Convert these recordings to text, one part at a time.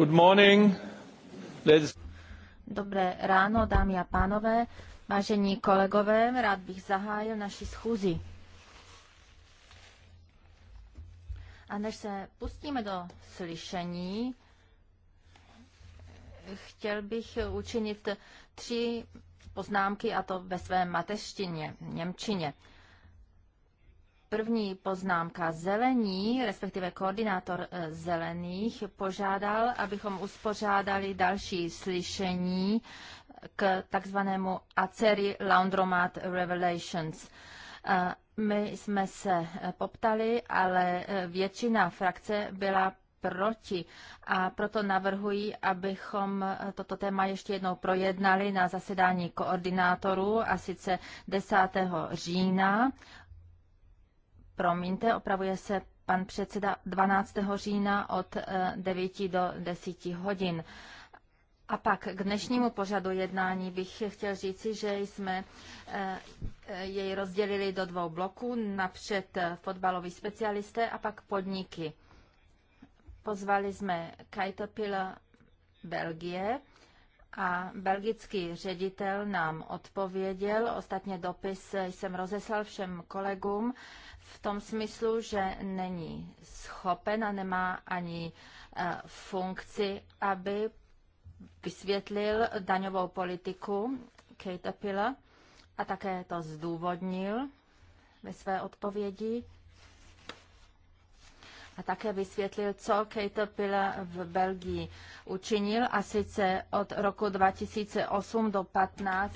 Good morning. Let's... Dobré ráno, dámy a pánové, vážení kolegové, rád bych zahájil naši schůzi. A než se pustíme do slyšení, chtěl bych učinit tři poznámky, a to ve své mateřštině, Němčině. První poznámka. Zelení, respektive koordinátor eh, zelených, požádal, abychom uspořádali další slyšení k takzvanému Aceri Laundromat Revelations. Eh, my jsme se eh, poptali, ale většina frakce byla proti. A proto navrhuji, abychom toto téma ještě jednou projednali na zasedání koordinátorů a sice 10. října promiňte, opravuje se pan předseda 12. října od 9 eh, do 10 hodin. A pak k dnešnímu pořadu jednání bych chtěl říci, že jsme eh, eh, jej rozdělili do dvou bloků, napřed fotbaloví specialisté a pak podniky. Pozvali jsme Caterpillar Belgie, a belgický ředitel nám odpověděl, ostatně dopis jsem rozeslal všem kolegům, v tom smyslu, že není schopen a nemá ani e, funkci, aby vysvětlil daňovou politiku Caterpillar a také to zdůvodnil ve své odpovědi a také vysvětlil, co Caterpillar v Belgii učinil a sice od roku 2008 do 15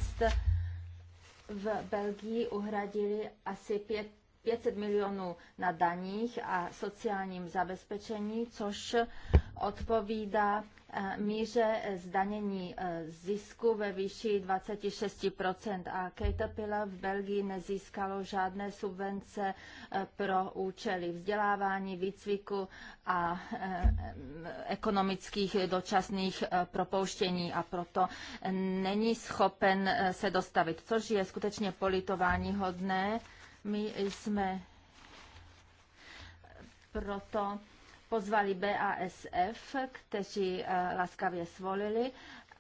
v Belgii uhradili asi 500 milionů na daních a sociálním zabezpečení, což odpovídá míře zdanění e, zisku ve výši 26% a Caterpillar v Belgii nezískalo žádné subvence e, pro účely vzdělávání, výcviku a e, ekonomických dočasných propouštění a proto není schopen se dostavit, což je skutečně politování hodné. My jsme proto pozvali BASF, kteří eh, laskavě svolili,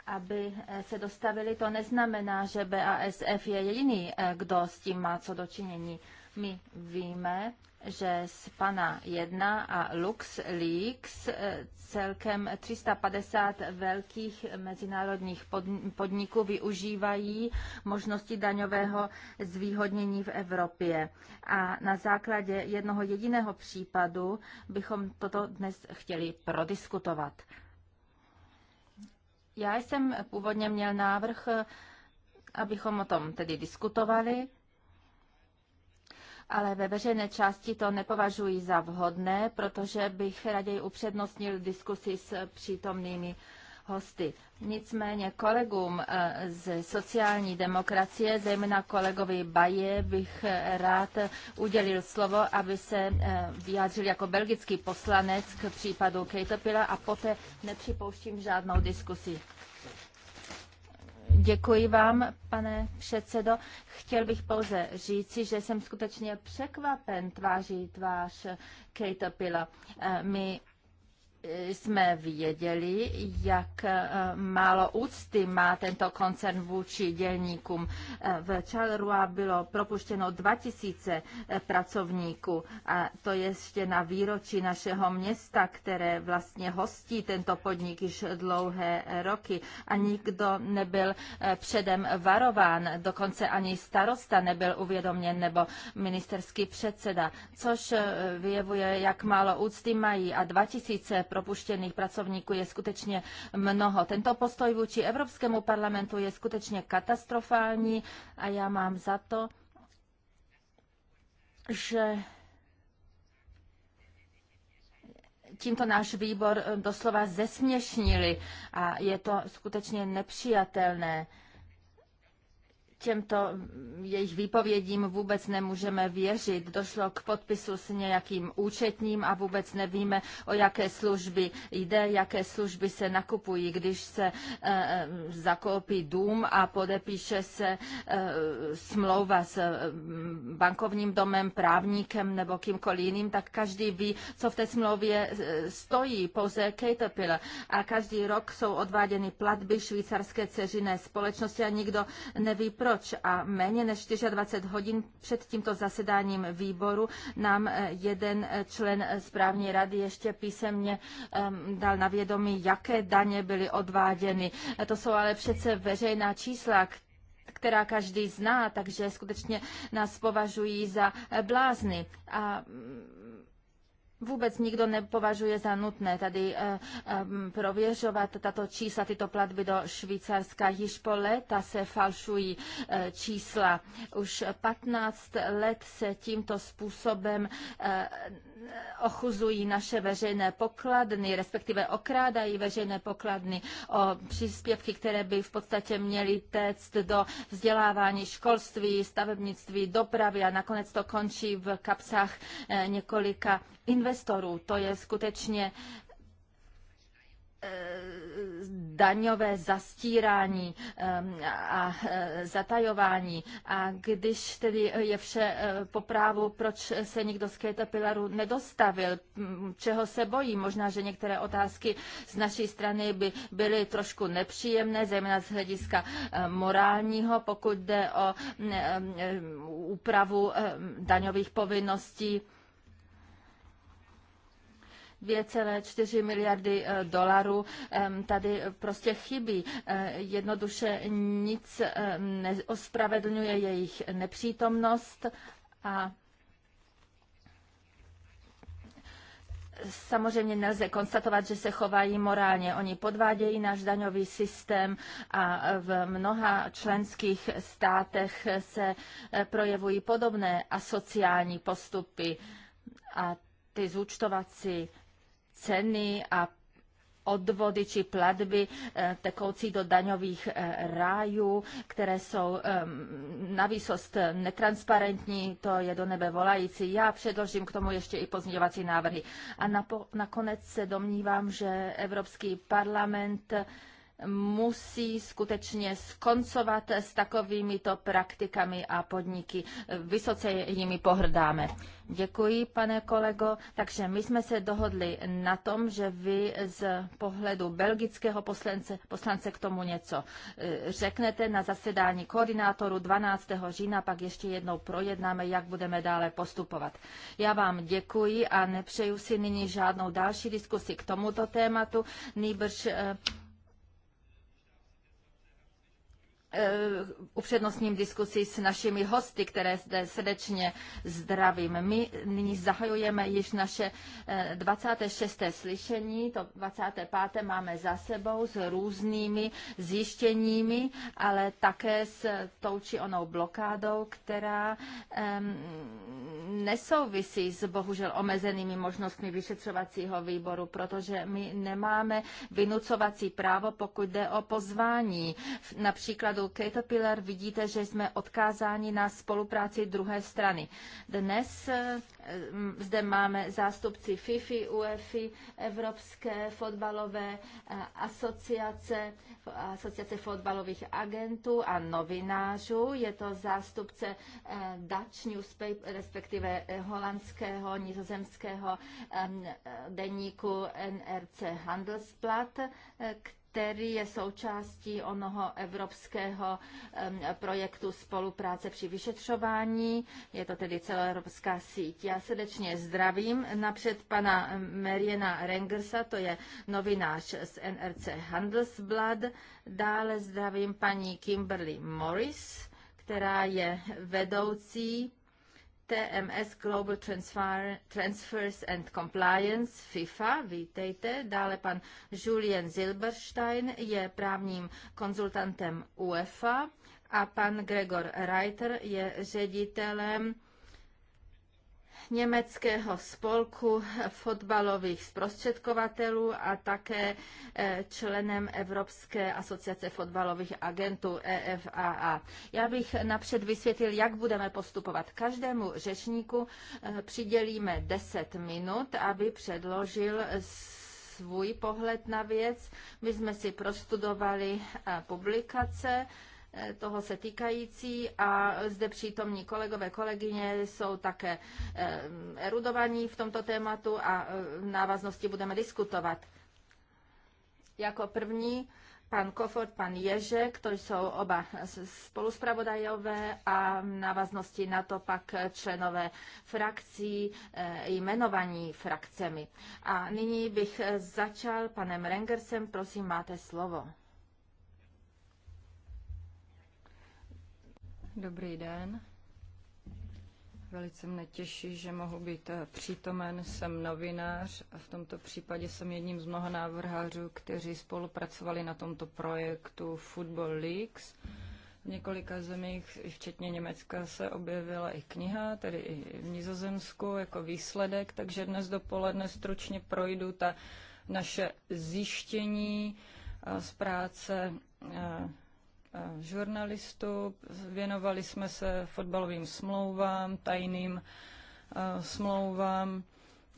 aby eh, se dostavili. To neznamená, že BASF je jediný, eh, kdo s tím má co dočinění. My víme, že z pana 1 a Lux Leaks eh, celkem 350 velkých mezinárodních podniků využívají možnosti daňového zvýhodnění v Evropě. A na základě jednoho jediného případu bychom toto dnes chtěli prodiskutovat. Já jsem původně měl návrh, eh, abychom o tom tedy diskutovali, ale ve veřejné části to nepovažuji za vhodné, protože bych raději upřednostnil diskusi s přítomnými hosty. Nicméně kolegům eh, z sociální demokracie, zejména kolegovi Baje, bych rád udělil slovo, aby se eh, vyjádřil jako belgický poslanec k případu Kejtopila a poté nepřipouštím žádnou diskusi. Děkuji vám, pane předsedo. Chtěl bych pouze říci, že jsem skutečně překvapen tváří tvář Kate Pilla. Eh, my jsme věděli, jak eh, málo úcty má tento koncern vůči dělníkům. Eh, v Charleroi bylo propuštěno 2000 eh, pracovníků a to je ještě na výročí našeho města, které vlastně hostí tento podnik již dlouhé roky a nikdo nebyl předem varován, dokonce ani starosta nebyl uvědoměn nebo ministerský předseda, což vyjevuje, jak málo úcty mají a 2000 propuštěných pracovníků je skutečně mnoho. Tento postoj vůči Evropskému parlamentu je skutečně katastrofální a já mám za to, že tímto náš výbor eh, doslova zesměšnili a je to skutečně nepřijatelné těmto jejich výpovědím vůbec nemůžeme věřit. Došlo k podpisu s nějakým účetním a vůbec nevíme, o jaké služby jde, jaké služby se nakupují. Když se eh, eh zakoupí dům a podepíše se eh, smlouva s eh, bankovním domem, právníkem nebo kýmkoliv jiným, tak každý ví, co v té smlouvě eh, stojí, pouze Caterpillar. A každý rok jsou odváděny platby švýcarské ceřiné společnosti a nikdo neví proč proč. A méně než 24 hodin před tímto zasedáním výboru nám eh, jeden eh, člen eh, správní rady ještě písemně ehm, dal na vědomí, jaké daně byly odváděny. To jsou ale přece veřejná čísla, která každý zná, takže skutečně nás považují za blázny. A mm, vůbec nikdo nepovažuje za nutné tady eh, eh, prověřovat tato čísla, tyto platby do Švýcarska. Již po léta se falšují eh, čísla. Už 15 let se tímto způsobem ochuzují naše veřejné pokladny, respektive okrádají veřejné pokladny o příspěvky, které by v podstatě měly téct do vzdělávání školství, stavebnictví, dopravy a nakonec to končí v kapsách eh, několika investorů. To je skutečně daňové zastírání ehm, a e, zatajování. A když tedy je vše e, po právu, proč se nikdo z Caterpillaru nedostavil, čeho se bojí. Možná, že některé otázky z naší strany by byly trošku nepříjemné, zejména z hlediska e, morálního, pokud jde o úpravu daňových povinností 2,4 miliardy eh, dolarů tady prostě chybí. Eh, jednoduše nic neospravedlňuje jejich nepřítomnost a samozřejmě nelze konstatovat, že se chovají morálně. Oni podvádějí náš daňový systém a v mnoha členských státech se eh, projevují podobné asociální postupy a ty zúčtovací ceny a odvody či platby eh, tekoucí do daňových eh, rájů, které jsou eh, na výsost netransparentní, to je do nebe volající. Já předložím k tomu ještě i pozměňovací návrhy. A napo- nakonec se domnívám, že Evropský parlament musí skutečně skoncovat s takovýmito praktikami a podniky. Vysoce jimi pohrdáme. Děkuji, pane kolego. Takže my jsme se dohodli na tom, že vy z pohledu belgického poslance, poslance k tomu něco e, řeknete na zasedání koordinátoru 12. října, pak ještě jednou projednáme, jak budeme dále postupovat. Já vám děkuji a nepřeju si nyní žádnou další diskusi k tomuto tématu, nýbrž e, Eh, upřednostním diskusi s našimi hosty, které zde srdečně zdravím. My nyní zahajujeme již naše 26. Eh, slyšení, to 25. máme za sebou s různými zjištěními, ale také s tou či onou blokádou, která um, nesouvisí s bohužel omezenými možnostmi vyšetřovacího výboru, protože my nemáme vynucovací právo, pokud jde o pozvání. Například Caterpillar vidíte, že jsme odkázáni na spolupráci druhé strany. Dnes eh, zde máme zástupci FIFI, UEFI, Evropské fotbalové eh, asociace, asociace fotbalových agentů a novinářů. Je to zástupce eh, Dutch Newspaper, respektive holandského, nizozemského deníku NRC Handelsblatt, který který je součástí onoho evropského projektu spolupráce při vyšetřování. Je to tedy celoevropská síť. Já srdečně zdravím napřed pana Meriena Rengersa, to je novinář z NRC Handelsblad. Dále zdravím paní Kimberly Morris, která je vedoucí TMS Global Transfer, Transfers and Compliance FIFA, vítejte. Dále pan Julian Zilberstein je právním konzultantem UEFA a pan Gregor Reiter je ředitelem Německého spolku fotbalových zprostředkovatelů a také eh, členem Evropské asociace fotbalových agentů EFAA. Já bych napřed vysvětlil, jak budeme postupovat. Každému řečníku eh, přidělíme 10 minut, aby předložil svůj pohled na věc. My jsme si prostudovali eh, publikace toho se týkající a zde přítomní kolegové, kolegyně jsou také eh, erudovaní v tomto tématu a eh, v návaznosti budeme diskutovat. Jako první pan Kofort, pan Ježek, to jsou oba spoluspravodajové a v návaznosti na to pak členové frakcí eh, jmenovaní frakcemi. A nyní bych začal panem Rengersem, prosím, máte slovo. Dobrý den. Velice mne těší, že mohu být eh, přítomen. Jsem novinář a v tomto případě jsem jedním z mnoha návrhářů, kteří spolupracovali na tomto projektu Football Leaks. V několika zemích, včetně Německa, se objevila i kniha, tedy i v Nizozemsku jako výsledek, takže dnes dopoledne stručně projdu ta naše zjištění eh, z práce eh, žurnalistů. Věnovali jsme se fotbalovým smlouvám, tajným e, smlouvám.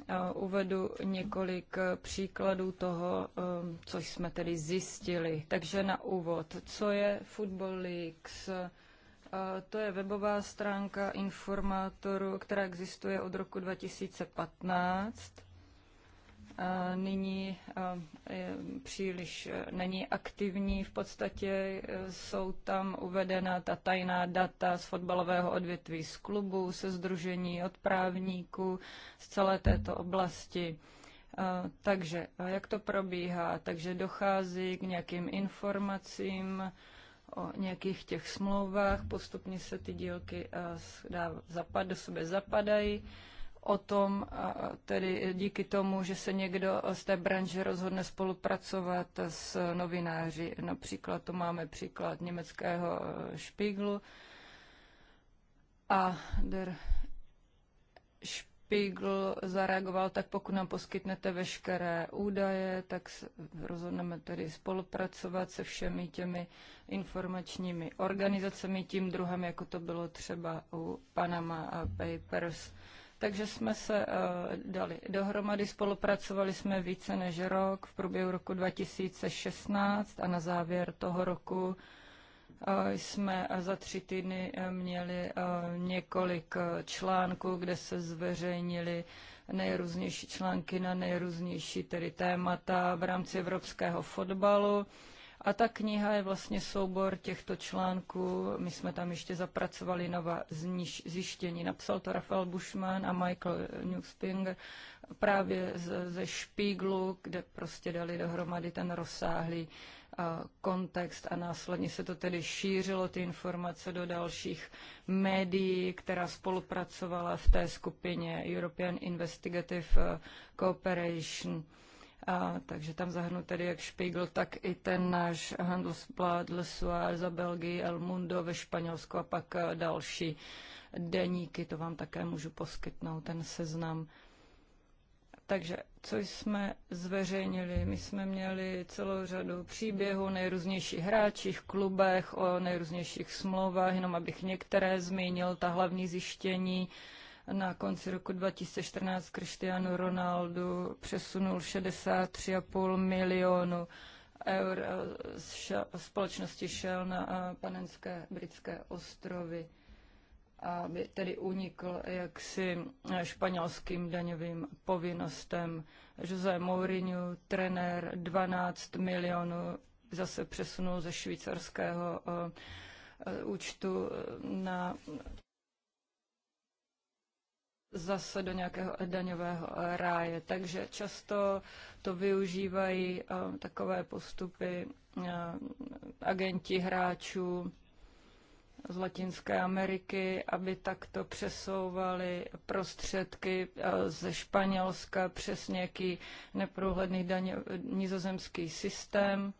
E, uvedu několik e, příkladů toho, co jsme tedy zjistili. Takže na úvod, co je Football Leaks? To je webová stránka informátoru, která existuje od roku 2015 Eh, nyní eh, příliš eh, není aktivní. V podstatě jsou tam uvedena ta tajná data z fotbalového odvětví z klubu, se združení od právníků z celé této oblasti. Takže jak to probíhá? Takže dochází k nějakým informacím o nějakých těch smlouvách, postupně se ty dílky zapad, do sebe zapadají o tom, tedy díky tomu, že se někdo z té branže rozhodne spolupracovat s novináři. Například to máme příklad německého e, Spiegelu a der Spiegel zareagoval, tak pokud nám poskytnete veškeré údaje, tak rozhodneme tedy spolupracovat se všemi těmi informačními organizacemi, tím druhem, jako to bylo třeba u Panama Papers. Takže jsme se eh, dali dohromady, spolupracovali jsme více než rok v průběhu roku 2016 a na závěr toho roku eh, jsme za tři týdny eh, měli několik článků, kde se zveřejnili nejrůznější články na nejrůznější tedy témata v rámci evropského fotbalu. A ta kniha je vlastně soubor těchto článků. My jsme tam ještě zapracovali nová zjištění. Napsal to Rafael Bushman a Michael Newspinger právě ze Špíglu, kde prostě dali dohromady ten rozsáhlý kontext a následně se to tedy šířilo ty informace do dalších médií, která spolupracovala v té skupině European Investigative Cooperation. A, takže tam zahrnu tedy jak Spiegel, tak i ten náš Handelsblatt, Le Soir za Belgii, El Mundo ve Španělsku a pak eh, další deníky. To vám také můžu poskytnout, ten seznam. Takže, co jsme zveřejnili? My jsme měli celou řadu příběhů o nejrůznějších hráčích, klubech, o nejrůznějších smlouvách, jenom abych některé zmínil, ta hlavní zjištění. Uh, na konci roku 2014 Cristiano Ronaldo přesunul 63,5 milionu eur společnosti šel na eh, panenské britské ostrovy, aby tedy unikl jaksi eh, španělským daňovým povinnostem. Jose Mourinho, trenér 12 milionů, zase přesunul ze švýcarského eh, účtu na zase do nějakého daňového ráje. Takže často to využívají eh, takové postupy eh, agenti hráčů z Latinské Ameriky, aby takto přesouvali prostředky eh, ze Španělska přes nějaký neprůhledný daně, nizozemský systém.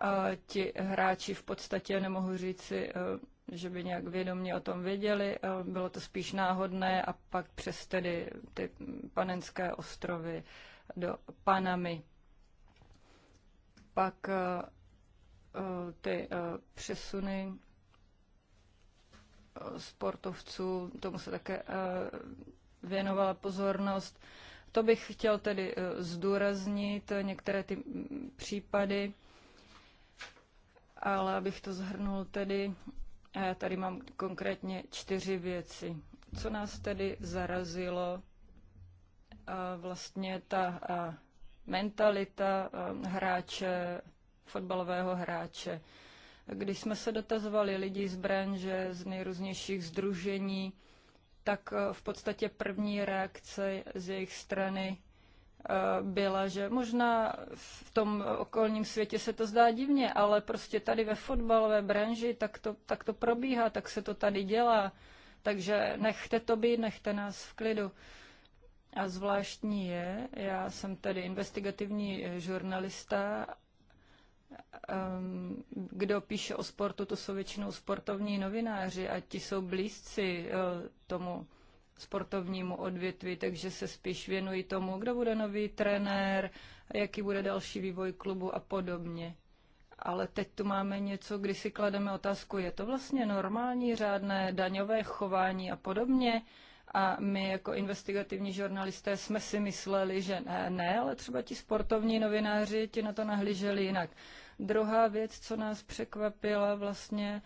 A ti hráči v podstatě, nemohu říci že by nějak vědomě o tom věděli, bylo to spíš náhodné a pak přes tedy ty panenské ostrovy do Panamy. Pak eh, eh, ty eh, přesuny sportovců, tomu se také věnovala pozornost. To bych chtěl tedy zdůraznit, některé ty mm, případy, ale abych to zhrnul tedy, já tady mám konkrétně čtyři věci. Co nás tedy zarazilo? A vlastně ta a mentalita hráče, fotbalového hráče. Když jsme se dotazovali lidí z branže, z nejrůznějších združení, tak v podstatě první reakce z jejich strany Eh, byla, že možná v tom okolním světě se to zdá divně, ale prostě tady ve fotbalové branži tak to, tak to probíhá, tak se to tady dělá. Takže nechte to být, nechte nás v klidu. A zvláštní je, já jsem tedy investigativní eh, žurnalista, ehm, kdo píše o sportu, to jsou většinou sportovní novináři a ti jsou blízci eh, tomu sportovnímu odvětví, takže se spíš věnují tomu, kdo bude nový trenér, jaký bude další vývoj klubu a podobně. Ale teď tu máme něco, kdy si klademe otázku, je to vlastně normální řádné daňové chování a podobně. A my jako investigativní žurnalisté jsme si mysleli, že ne, ne ale třeba ti sportovní novináři ti na to nahlíželi jinak. Druhá věc, co nás překvapila vlastně,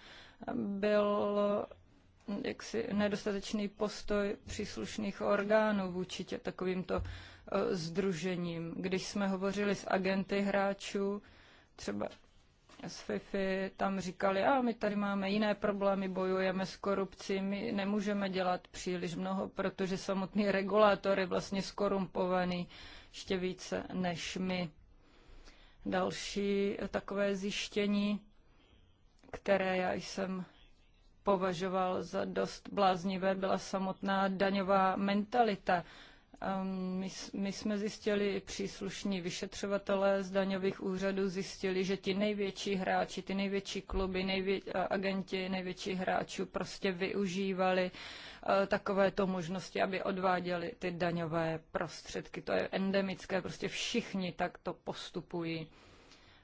byl jaksi nedostatečný postoj příslušných orgánů vůči tě, takovýmto e, združením. Když jsme hovořili s agenty hráčů, třeba s FIFI, tam říkali, a my tady máme jiné problémy, bojujeme s korupcí, my nemůžeme dělat příliš mnoho, protože samotný regulátor je vlastně skorumpovaný ještě více než my. Další e, takové zjištění, které já jsem považoval za dost bláznivé, byla samotná daňová mentalita. Ehm, my, my jsme zjistili, příslušní vyšetřovatelé z daňových úřadů zjistili, že ti největší hráči, ty největší kluby, nejvě, agenti největších hráčů prostě využívali eh, takovéto možnosti, aby odváděli ty daňové prostředky. To je endemické, prostě všichni takto postupují.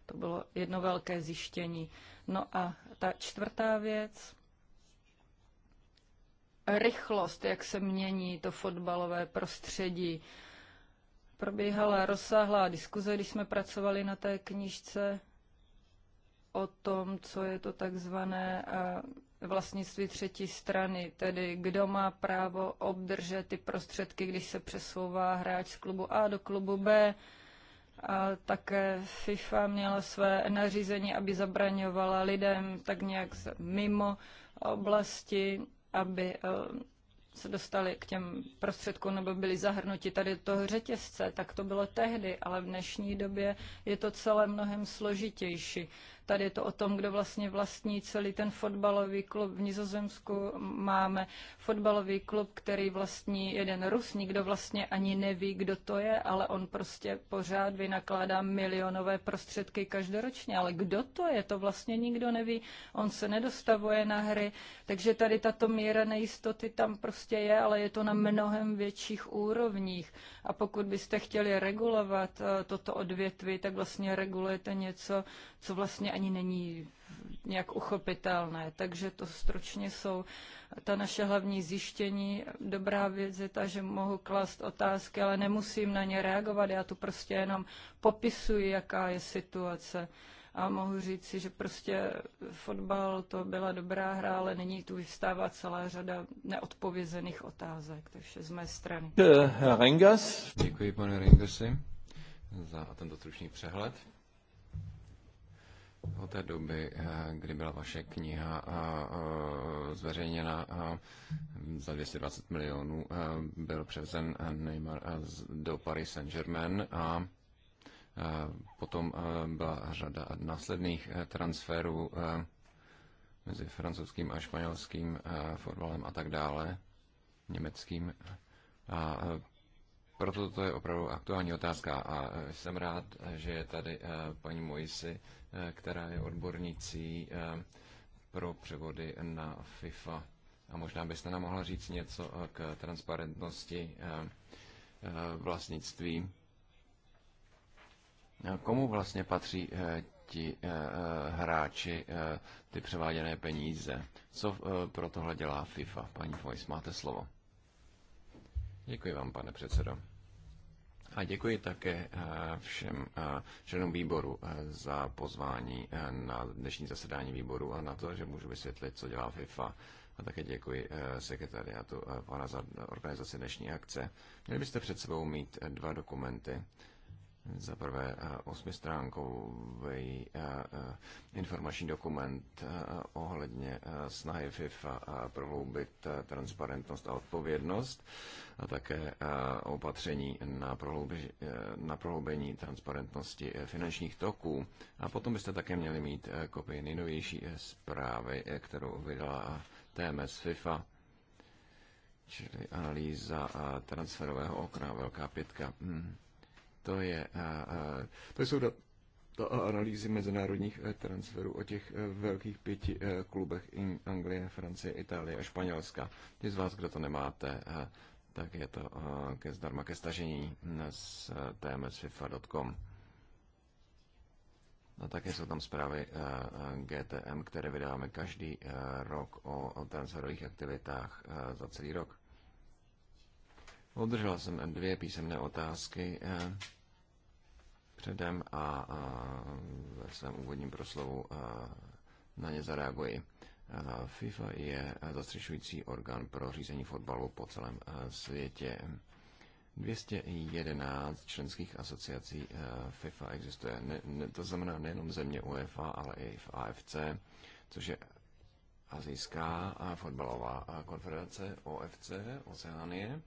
To bylo jedno velké zjištění. No a ta čtvrtá věc, rychlost, jak se mění to fotbalové prostředí. Probíhala rozsáhlá diskuze, když jsme pracovali na té knižce o tom, co je to takzvané vlastnictví třetí strany, tedy kdo má právo obdržet ty prostředky, když se přesouvá hráč z klubu A do klubu B. A také FIFA měla své nařízení, aby zabraňovala lidem tak nějak mimo oblasti aby eh, se dostali k těm prostředkům nebo byli zahrnuti tady toho řetězce, tak to bylo tehdy, ale v dnešní době je to celé mnohem složitější. Tady je to o tom, kdo vlastně vlastní celý ten fotbalový klub. V Nizozemsku máme fotbalový klub, který vlastní jeden Rus. Nikdo vlastně ani neví, kdo to je, ale on prostě pořád vynakládá milionové prostředky každoročně. Ale kdo to je, to vlastně nikdo neví. On se nedostavuje na hry. Takže tady tato míra nejistoty tam prostě je, ale je to na mnohem větších úrovních. A pokud byste chtěli regulovat eh, toto odvětví, tak vlastně regulujete něco, co vlastně ani ani není nějak uchopitelné. Takže to stručně jsou ta naše hlavní zjištění. Dobrá věc je ta, že mohu klást otázky, ale nemusím na ně reagovat. Já tu prostě jenom popisuji, jaká je situace. A mohu říci, že prostě fotbal to byla dobrá hra, ale nyní tu vyvstává celá řada neodpovězených otázek. To vše z mé strany. Eh, Rengas. Děkuji, pane Rengasi, za tento stručný přehled od té doby, eh, kdy byla vaše kniha eh, eh, zveřejněna za 220 milionů, byl převzen Neymar do Paris Saint-Germain a potom byla řada následných transferů mezi francouzským a španělským fotbalem a tak dále, německým. A proto to je opravdu aktuální otázka a jsem rád, že je tady paní Moisi Eh, která je odbornicí eh, pro převody na FIFA. A možná byste nám mohla říct něco eh, k transparentnosti vlastnictví. Komu vlastně patří ti hráči ty převáděné peníze? Co pro tohle dělá FIFA? Paní Fojs, máte slovo. Děkuji vám, pane předsedo. A děkuji také eh, všem eh, členům výboru eh, za pozvání na dnešní zasedání výboru a na to, že můžu vysvětlit, co dělá FIFA. A také děkuji sekretariátu pana za organizaci dnešní akce. Měli byste před sebou mít dva dokumenty. Za prvé eh, osmistránkový eh, eh, informační dokument ohledně snahy FIFA prohloubit transparentnost a odpovědnost a také opatření na, prohloubi, na prohloubení transparentnosti finančních toků. A potom byste také měli mít kopii nejnovější zprávy, kterou vydala TMS FIFA čili analýza transferového okna, velká pětka. Hmm. To, je, to jsou do, to analýzy mezinárodních e, transferů o těch e, velkých pěti e, klubech in Anglie, Francie, Itálie a Španělska. Ti z vás, kdo to nemáte, tak je to ke zdarma ke stažení z tmsfifa.com. A také jsou tam zprávy GTM, které vydáváme každý rok o transferových aktivitách za celý rok. Obdržel jsem dvě písemné otázky eh, předem a ve svém úvodním proslovu eh, na ně zareaguji. Eh, FIFA je zastřešující orgán pro řízení fotbalu po celém světě. 211 členských asociací FIFA existuje. Ne, ne, to znamená nejenom země UEFA, ale i v AFC, což je Azijská fotbalová konfederace OFC, Oceánie.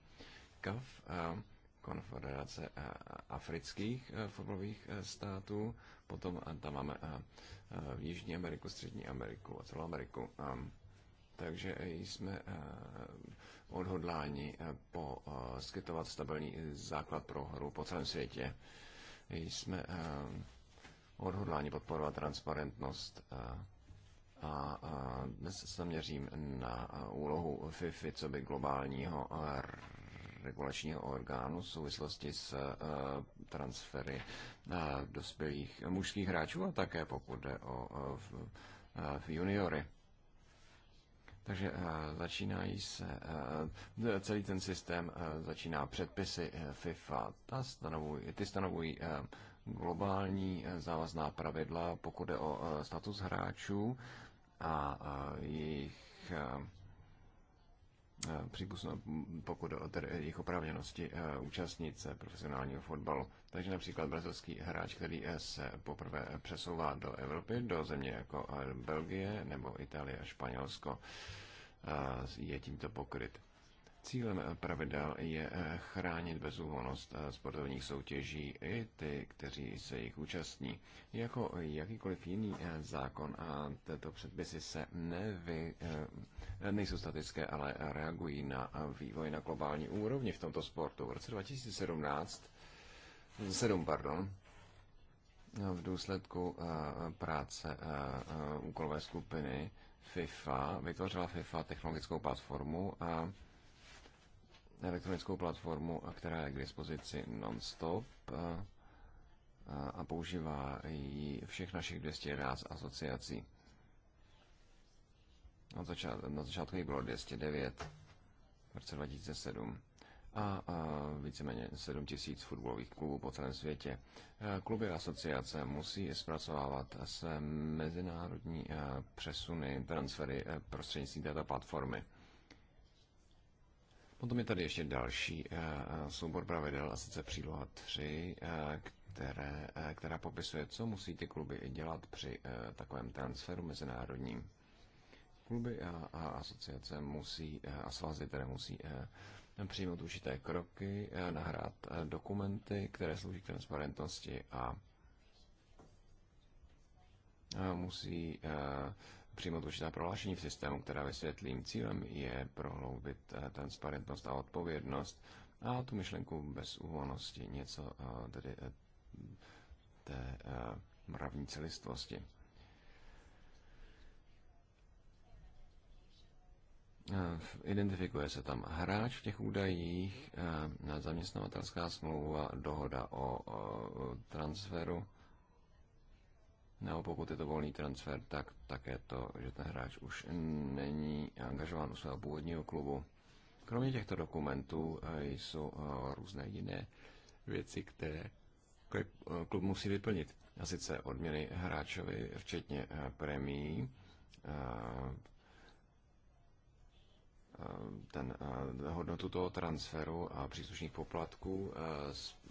CAF, eh, Konfederace eh, afrických eh, fotbalových států, potom tam máme Jižní Ameriku, Střední Ameriku a celou Ameriku. Ehm, takže jsme odhodláni poskytovat stabilní základ pro hru po celém světě. Jsme odhodláni podporovat transparentnost a dnes se zaměřím na úlohu FIFA co by globálního regulačního orgánu v souvislosti s eh, transfery eh, dospělých mužských hráčů a také pokud jde o eh, juniory. Takže začínají se, celý ten systém začíná předpisy FIFA. Ta stanovují, ty stanovují globální závazná pravidla, pokud je o status hráčů a jejich přípustno, pokud o jejich oprávněnosti eh, účastnice profesionálního fotbalu. Takže například brazilský hráč, který eh, se poprvé přesouvá do Evropy, do země jako eh, Belgie nebo Itálie a Španělsko, je tímto pokryt. Cílem eh, pravidel je eh, chránit bezúhonost eh, sportovních soutěží i ty, kteří se jich účastní. Jako jakýkoliv jiný zákon a tyto předpisy se nevy, nejsou statické, ale reagují na vývoj na globální úrovni v tomto sportu. V roce 2017 7, pardon, v důsledku práce úkolové skupiny FIFA vytvořila FIFA technologickou platformu a elektronickou platformu, která je k dispozici non-stop eh, eh, a používá ji všech našich 211 asociací. Na začátku, na začátku jich bylo 209 v roce 2007 a, a víceméně 7 tisíc fotbalových klubů po celém světě. Eh, kluby asociace musí zpracovávat se mezinárodní přesuny, transfery prostřednictvím této platformy. Potom je tady ještě další eh, eh, soubor pravidel, a sice příloha 3, eh, které, která popisuje, co musí ty kluby dělat při takovém transferu mezinárodním. Kluby a, a asociace musí, a svazy které musí přijmout určité kroky, nahrát dokumenty, které slouží k transparentnosti a musí přímo určitá prohlášení v systému, která vysvětlím. Cílem je prohloubit eh, transparentnost a odpovědnost a tu myšlenku bez uvolnosti, něco eh, tedy eh, té mravní celistvosti. Identifikuje se tam hráč v těch údajích, zaměstnavatelská smlouva, dohoda o transferu nebo pokud je to volný transfer, tak také to, že ten hráč už není angažován u svého původního klubu. Kromě těchto dokumentů eh, jsou eh, různé jiné věci, které eh, klub musí vyplnit. A sice odměny hráčovi, včetně premií, ten, hodnotu toho transferu a příslušných poplatků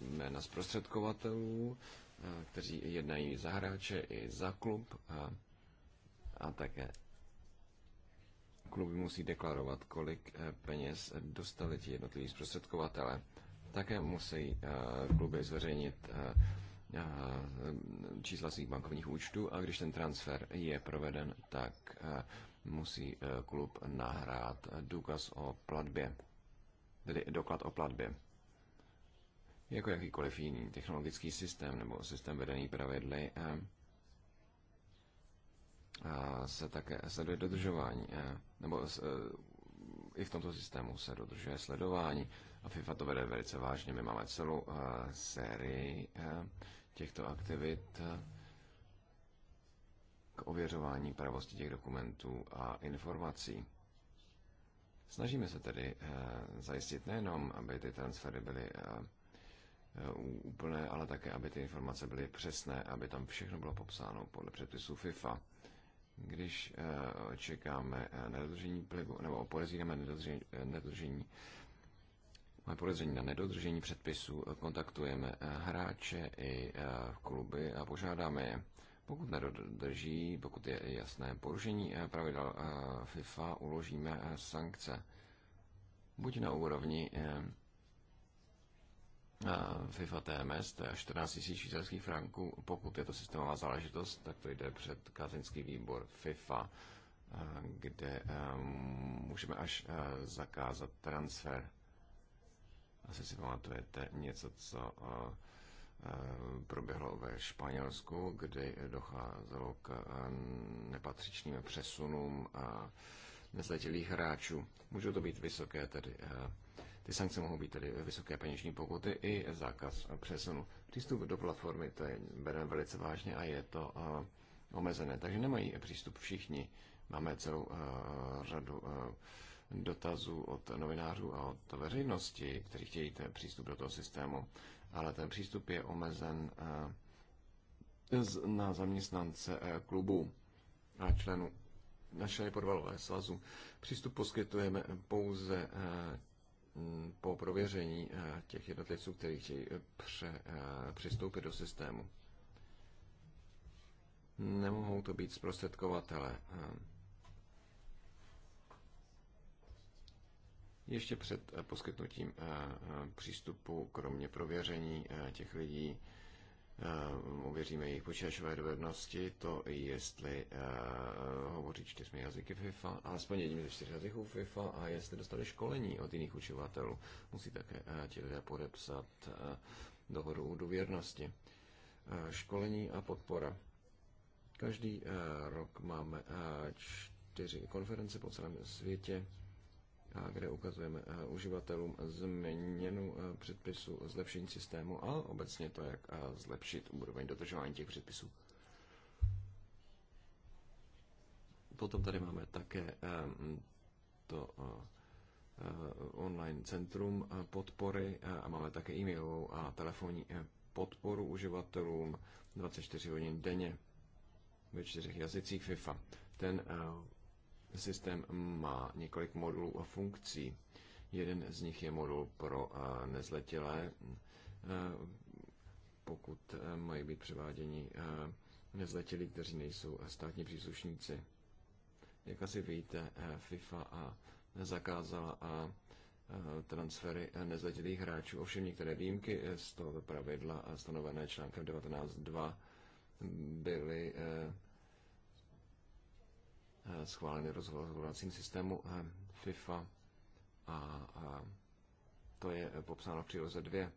jména zprostředkovatelů, Eh, kteří jednají za hráče i za klub a, a také kluby musí deklarovat, kolik eh, peněz dostali ti jednotliví zprostředkovatele. Také musí eh, kluby zveřejnit čísla svých bankovních účtů a když ten transfer je proveden, tak musí klub nahrát důkaz o platbě, tedy doklad o platbě jako jakýkoliv jiný technologický systém nebo systém vedený pravidly, a eh, eh, se také sleduje dodržování, eh, nebo i v tomto systému se dodržuje sledování a FIFA to vede velice vážně. My máme celou sérii těchto aktivit k ověřování pravosti těch dokumentů a informací. Snažíme se tedy zajistit nejenom, aby ty transfery byly Eh, úplné, ale také, aby ty informace byly přesné, aby tam všechno bylo popsáno podle předpisů FIFA. Když eh, čekáme eh, nedodržení plivu, nebo podezíráme nedodržení, nedodržení Máme podezření na nedodržení předpisů, kontaktujeme hráče i kluby a požádáme je. Pokud nedodrží, pokud je jasné porušení pravidel FIFA, uložíme sankce. Buď na úrovni FIFA TMS, to je 14 000 švýcarských franků. Pokud je to systémová záležitost, tak to jde před kazinský výbor FIFA, kde můžeme až zakázat transfer. Asi si pamatujete něco, co proběhlo ve Španělsku, kdy docházelo k nepatřičným přesunům nezletilých hráčů. Můžou to být vysoké tedy ty sankce mohou být tedy vysoké peněžní pokuty i zákaz přesunu. Přístup do platformy to je bereme velice vážně a je to eh, omezené, takže nemají přístup všichni. Máme celou eh, řadu eh, dotazů od novinářů a od veřejnosti, kteří chtějí ten přístup do toho systému, ale ten přístup je omezen na zaměstnance klubu a členů našeho členy podvalové svazu. Přístup poskytujeme pouze Mm, po prověření eh, těch jednotlivců, kteří chtějí eh, pře, eh, přistoupit do systému. Nemohou to být zprostředkovatele. Ještě před poskytnutím přístupu, kromě prověření těch lidí, Eh, ověříme jejich počítačové dovednosti, to jestli uh, hovoří čtyřmi jazyky FIFA, alespoň jedním ze čtyř jazyků FIFA, a jestli dostali školení od jiných učivatelů. Musí také uh, ti lidé podepsat uh, dohodu o důvěrnosti. Uh, školení a podpora. Každý uh, rok máme uh, čtyři konference po celém světě kde ukazujeme eh, uživatelům změnu eh, předpisu, zlepšení systému a obecně to, jak eh, zlepšit úroveň dodržování těch předpisů. Potom tady máme také to online centrum podpory a máme také e-mailovou a telefonní podporu uživatelům 24 hodin denně ve čtyřech jazycích FIFA. Ten systém má několik modulů a funkcí. Jeden z nich je modul pro eh, nezletilé, eh, pokud eh, mají být převáděni nezletilí, kteří nejsou státní příslušníci. Jak asi víte, FIFA zakázala transfery nezletilých hráčů. Ovšem některé výjimky z toho pravidla stanovené článkem 19.2 byly Eh, schváleny rozhodovacím systému eh, FIFA a to je eh, popsáno v příloze 2.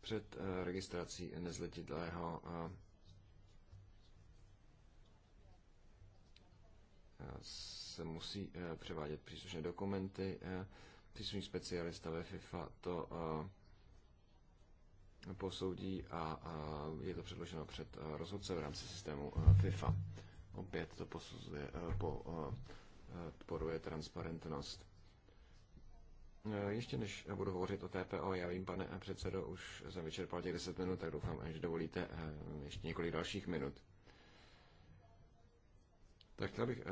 Před registrací nezletilého se musí převádět příslušné dokumenty. Příslušný specialista ve FIFA to posoudí a, je to předloženo před eh, rozhodce v rámci systému eh, FIFA. Opět to posuzuje, eh, po, podporuje transparentnost. Ještě než budu hovořit o TPO, já vím, pane předsedo, už jsem vyčerpal těch 10 minut, tak doufám, že dovolíte ještě několik dalších minut. Tak chtěl bych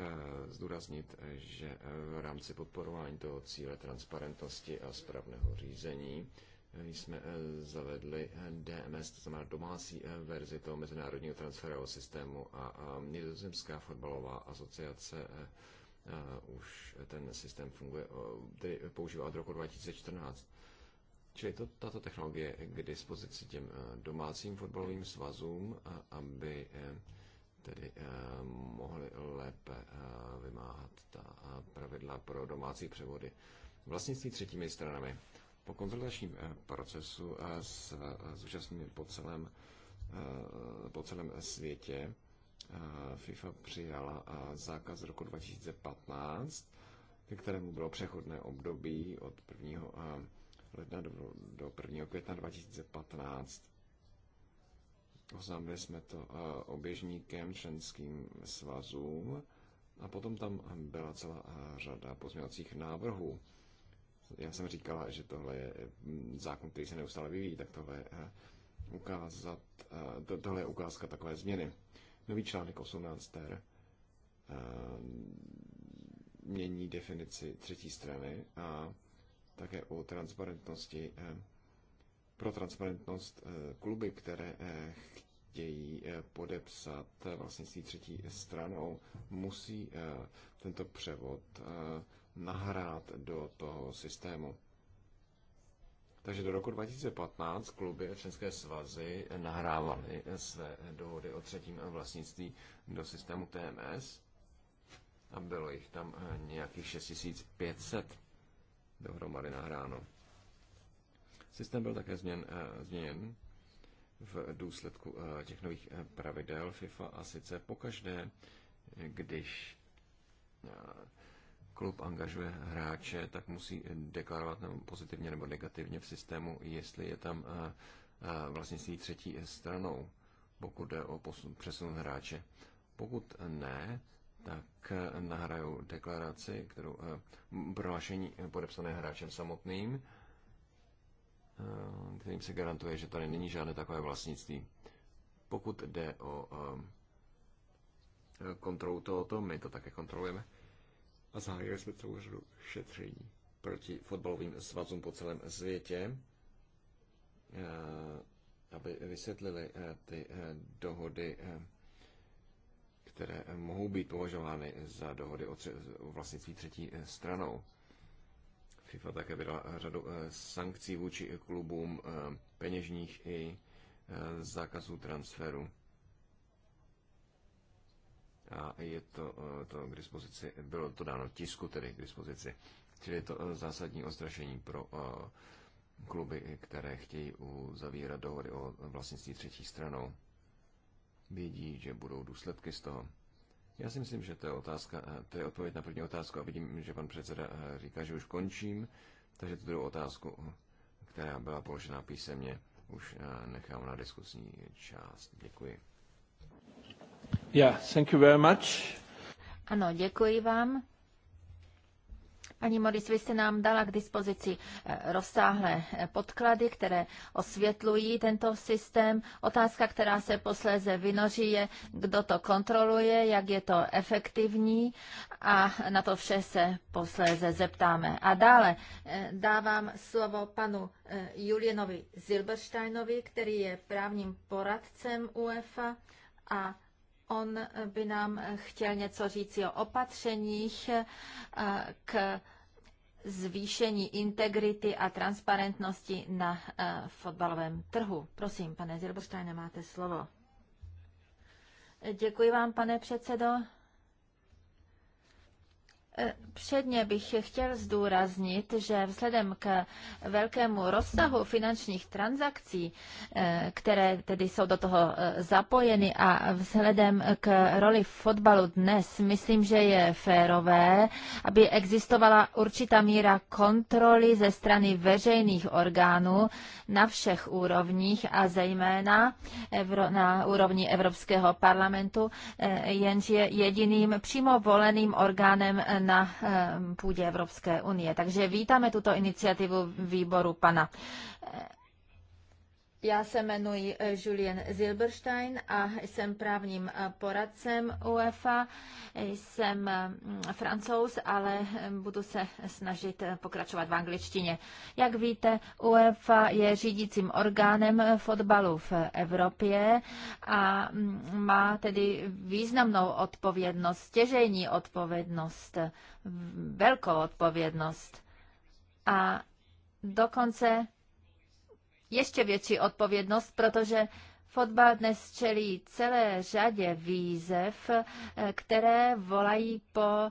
zdůraznit, že v rámci podporování toho cíle transparentnosti a správného řízení jsme eh, zavedli eh, DMS, to znamená domácí eh, verzi toho mezinárodního transferového systému a Nizozemská fotbalová asociace už ten systém funguje, tedy používá od roku 2014. Čili to, tato technologie je k dispozici těm domácím fotbalovým svazům, aby tedy mohli lépe vymáhat ta pravidla pro domácí převody. Vlastnictví třetími stranami po konzultačním eh, procesu a eh, s eh, účastními po celém, po celém světě FIFA přijala zákaz roku 2015, ke kterému bylo přechodné období od 1. ledna do, do 1. května 2015. Oznámili jsme to oběžníkem členským svazům a potom tam byla celá řada pozměňovacích návrhů já jsem říkala, že tohle je eh, zákon, který se neustále vyvíjí, tak tohle je, eh, ukázat, eh, tohle je ukázka takové změny. Nový článek 18 ter mění definici třetí strany a také o transparentnosti pro transparentnost kluby, které chtějí podepsat vlastnictví třetí stranou, musí tento převod nahrát do toho systému. Takže do roku 2015 kluby a členské svazy nahrávaly své dohody o třetím vlastnictví do systému TMS a bylo jich tam eh, nějakých 6500 dohromady nahráno. Systém byl také změn, eh, změněn v důsledku eh, těch nových pravidel FIFA a sice pokaždé, když klub angažuje hráče, tak musí deklarovat nebo pozitivně nebo negativně v systému, jestli je tam eh, eh, vlastnictví třetí stranou, pokud jde o posun, přesun hráče. Pokud ne, tak eh, nahrajou deklaraci, kterou prohlášení podepsané hráčem samotným, kterým se garantuje, že tady není žádné takové vlastnictví. Pokud jde o kontrolu tohoto, my to také kontrolujeme, a zahájili jsme celou řadu šetření proti fotbalovým svazům po celém světě, eh, aby vysvětlili eh, ty eh, dohody, které mohou být považovány za dohody o, vlastnictví třetí stranou. FIFA také vydala řadu sankcí vůči klubům peněžních i zákazů transferu a je to, eh, to k dispozici, bylo to dáno tisku tedy k dispozici. Čili je to eh, zásadní ostrašení pro eh, kluby, které chtějí uzavírat dohody o vlastnictví třetí stranou. Vědí, že budou důsledky z toho. Já si myslím, že to je, otázka, to je odpověď na první otázku a vidím, že pan předseda říká, že už končím, takže tu druhou otázku, která byla položena písemně, už nechám na diskusní část. Děkuji. Yeah, thank you very much. Ano, děkuji vám. Pani Moris, vy jste nám dala k dispozici eh, rozsáhlé eh, podklady, které osvětlují tento systém. Otázka, která se posléze vynoří, je, kdo to kontroluje, jak je to efektivní a na to vše se posléze zeptáme. A dále eh, dávám slovo panu Julienovi Zilbersteinovi, který je právním poradcem UEFA a On by nám chtěl něco říci o opatřeních eh, k zvýšení integrity a transparentnosti na eh, fotbalovém trhu. Prosím, pane Zilbersteine, máte slovo. Děkuji vám, pane předsedo. Předně bych chtěl zdůraznit, že vzhledem k velkému rozsahu finančních transakcí, eh, které tedy jsou do toho eh, zapojeny a vzhledem k roli fotbalu dnes, myslím, že je férové, aby existovala určitá míra kontroly ze strany veřejných orgánů na všech úrovních a zejména eh, na úrovni Evropského parlamentu, jenž je jediným přímo voleným orgánem na eh, půdě Evropské unie. Takže vítáme tuto iniciativu výboru pana já se jmenuji eh, Julien Zilberstein a jsem právním eh, poradcem UEFA. Jsem mm, francouz, ale eh, budu se snažit pokračovat v angličtině. Jak víte, UEFA je řídícím orgánem fotbalu v Evropě a mm, má tedy významnou odpovědnost, stěžejní odpovědnost, velkou odpovědnost. A dokonce ještě větší odpovědnost, protože fotbal dnes čelí celé řadě výzev, eh, které volají po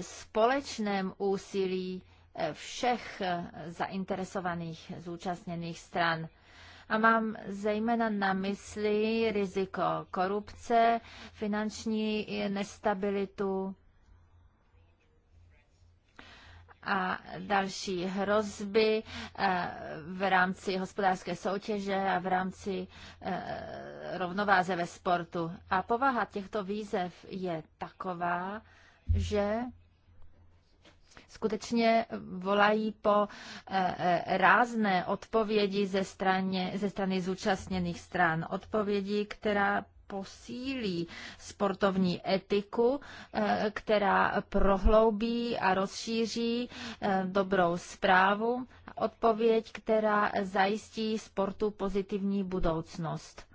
společném úsilí eh, všech eh, zainteresovaných zúčastněných stran. A mám zejména na mysli riziko korupce, finanční nestabilitu, a další hrozby eh, v rámci hospodářské soutěže a v rámci eh, rovnováze ve sportu. A povaha těchto výzev je taková, že skutečně volají po eh, rázné odpovědi ze, straně, ze strany zúčastněných stran. Odpovědi, která posílí sportovní etiku, eh, která prohloubí a rozšíří eh, dobrou zprávu, odpověď, která zajistí sportu pozitivní budoucnost.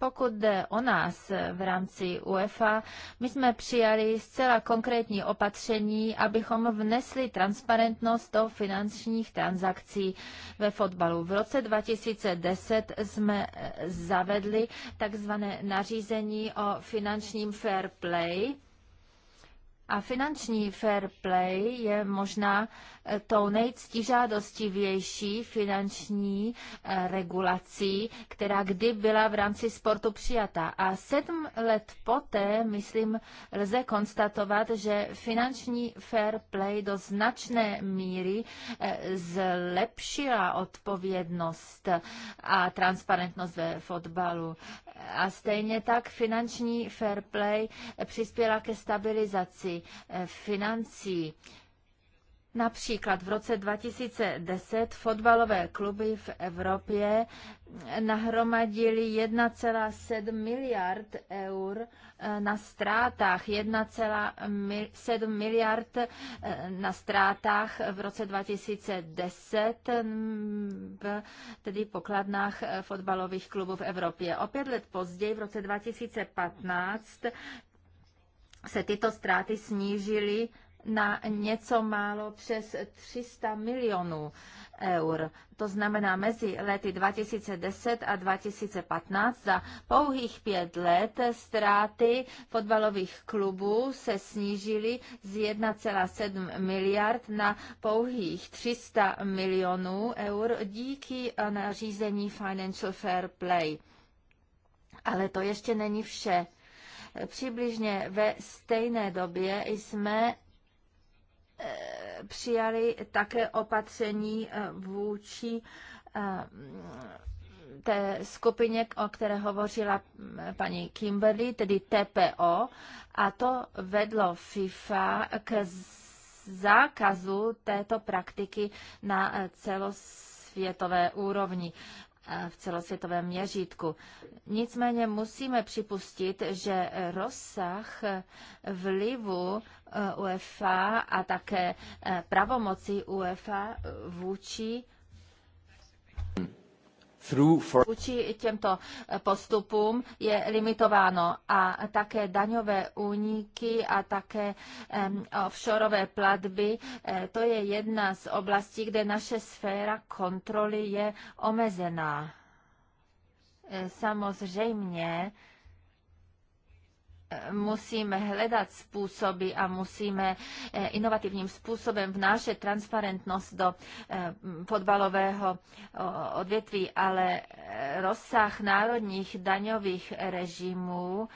Pokud jde o nás v rámci UEFA, my jsme přijali zcela konkrétní opatření, abychom vnesli transparentnost do finančních transakcí ve fotbalu. V roce 2010 jsme eh, zavedli takzvané nařízení o finančním fair play, a finanční fair play je možná eh, tou nejctižádostivější finanční eh, regulací, která kdy byla v rámci sportu přijata. A sedm let poté, myslím, lze konstatovat, že finanční fair play do značné míry eh, zlepšila odpovědnost a transparentnost ve fotbalu. A stejně tak finanční fair play přispěla ke stabilizaci Eh, financí. Například v roce 2010 fotbalové kluby v Evropě nahromadili 1,7 miliard eur eh, na ztrátách. 1,7 miliard eh, na ztrátách v roce 2010 mm, v tedy pokladnách fotbalových klubů v Evropě. O pět let později, v roce 2015, se tyto ztráty snížily na něco málo přes 300 milionů eur. To znamená, mezi lety 2010 a 2015 za pouhých pět let ztráty fotbalových klubů se snížily z 1,7 miliard na pouhých 300 milionů eur díky nařízení Financial Fair Play. Ale to ještě není vše. Přibližně ve stejné době jsme e, přijali také opatření e, vůči e, té skupině, o které hovořila paní Kimberly, tedy TPO, a to vedlo FIFA k zákazu této praktiky na celosvětové úrovni v celosvětovém měřítku. Nicméně musíme připustit, že rozsah vlivu eh, UEFA a také eh, pravomoci UEFA eh, vůči Vůči těmto eh, postupům je limitováno a také daňové úniky a také um, offshoreové platby. Eh, to je jedna z oblastí, kde naše sféra kontroly je omezená. Eh, samozřejmě musíme hledat způsoby a musíme eh, inovativním způsobem vnášet transparentnost do podbalového eh, odvětví, ale eh, rozsah národních daňových režimů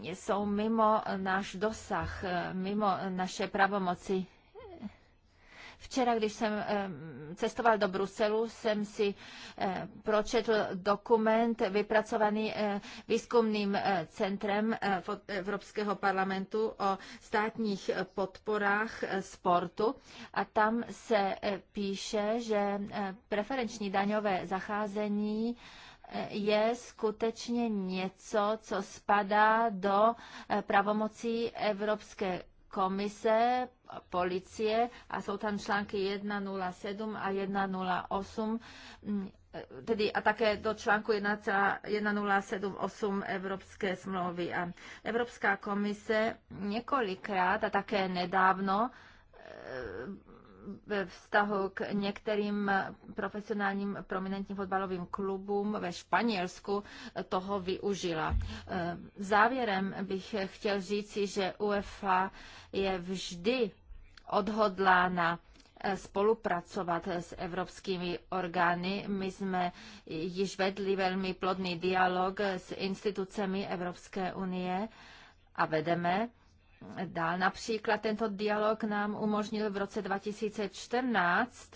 jsou mimo náš dosah, mimo naše pravomoci Včera, když jsem eh, cestoval do Bruselu, jsem si eh, pročetl dokument vypracovaný eh, výzkumným centrem Evropského parlamentu o státních podporách sportu a tam se píše, že preferenční daňové zacházení je skutečně něco, co spadá do pravomocí Evropské komise, policie a jsou tam články 107 a 108, mm, e, tedy a také do článku 1078 Evropské smlouvy. A Evropská komise několikrát a také nedávno e, ve vztahu k některým profesionálním prominentním fotbalovým klubům ve Španělsku toho využila. Eh, závěrem bych chtěl říci, že UEFA je vždy odhodlána eh, spolupracovat s evropskými orgány. My jsme již vedli velmi plodný dialog s institucemi Evropské unie a vedeme dál. Například tento dialog nám umožnil v roce 2014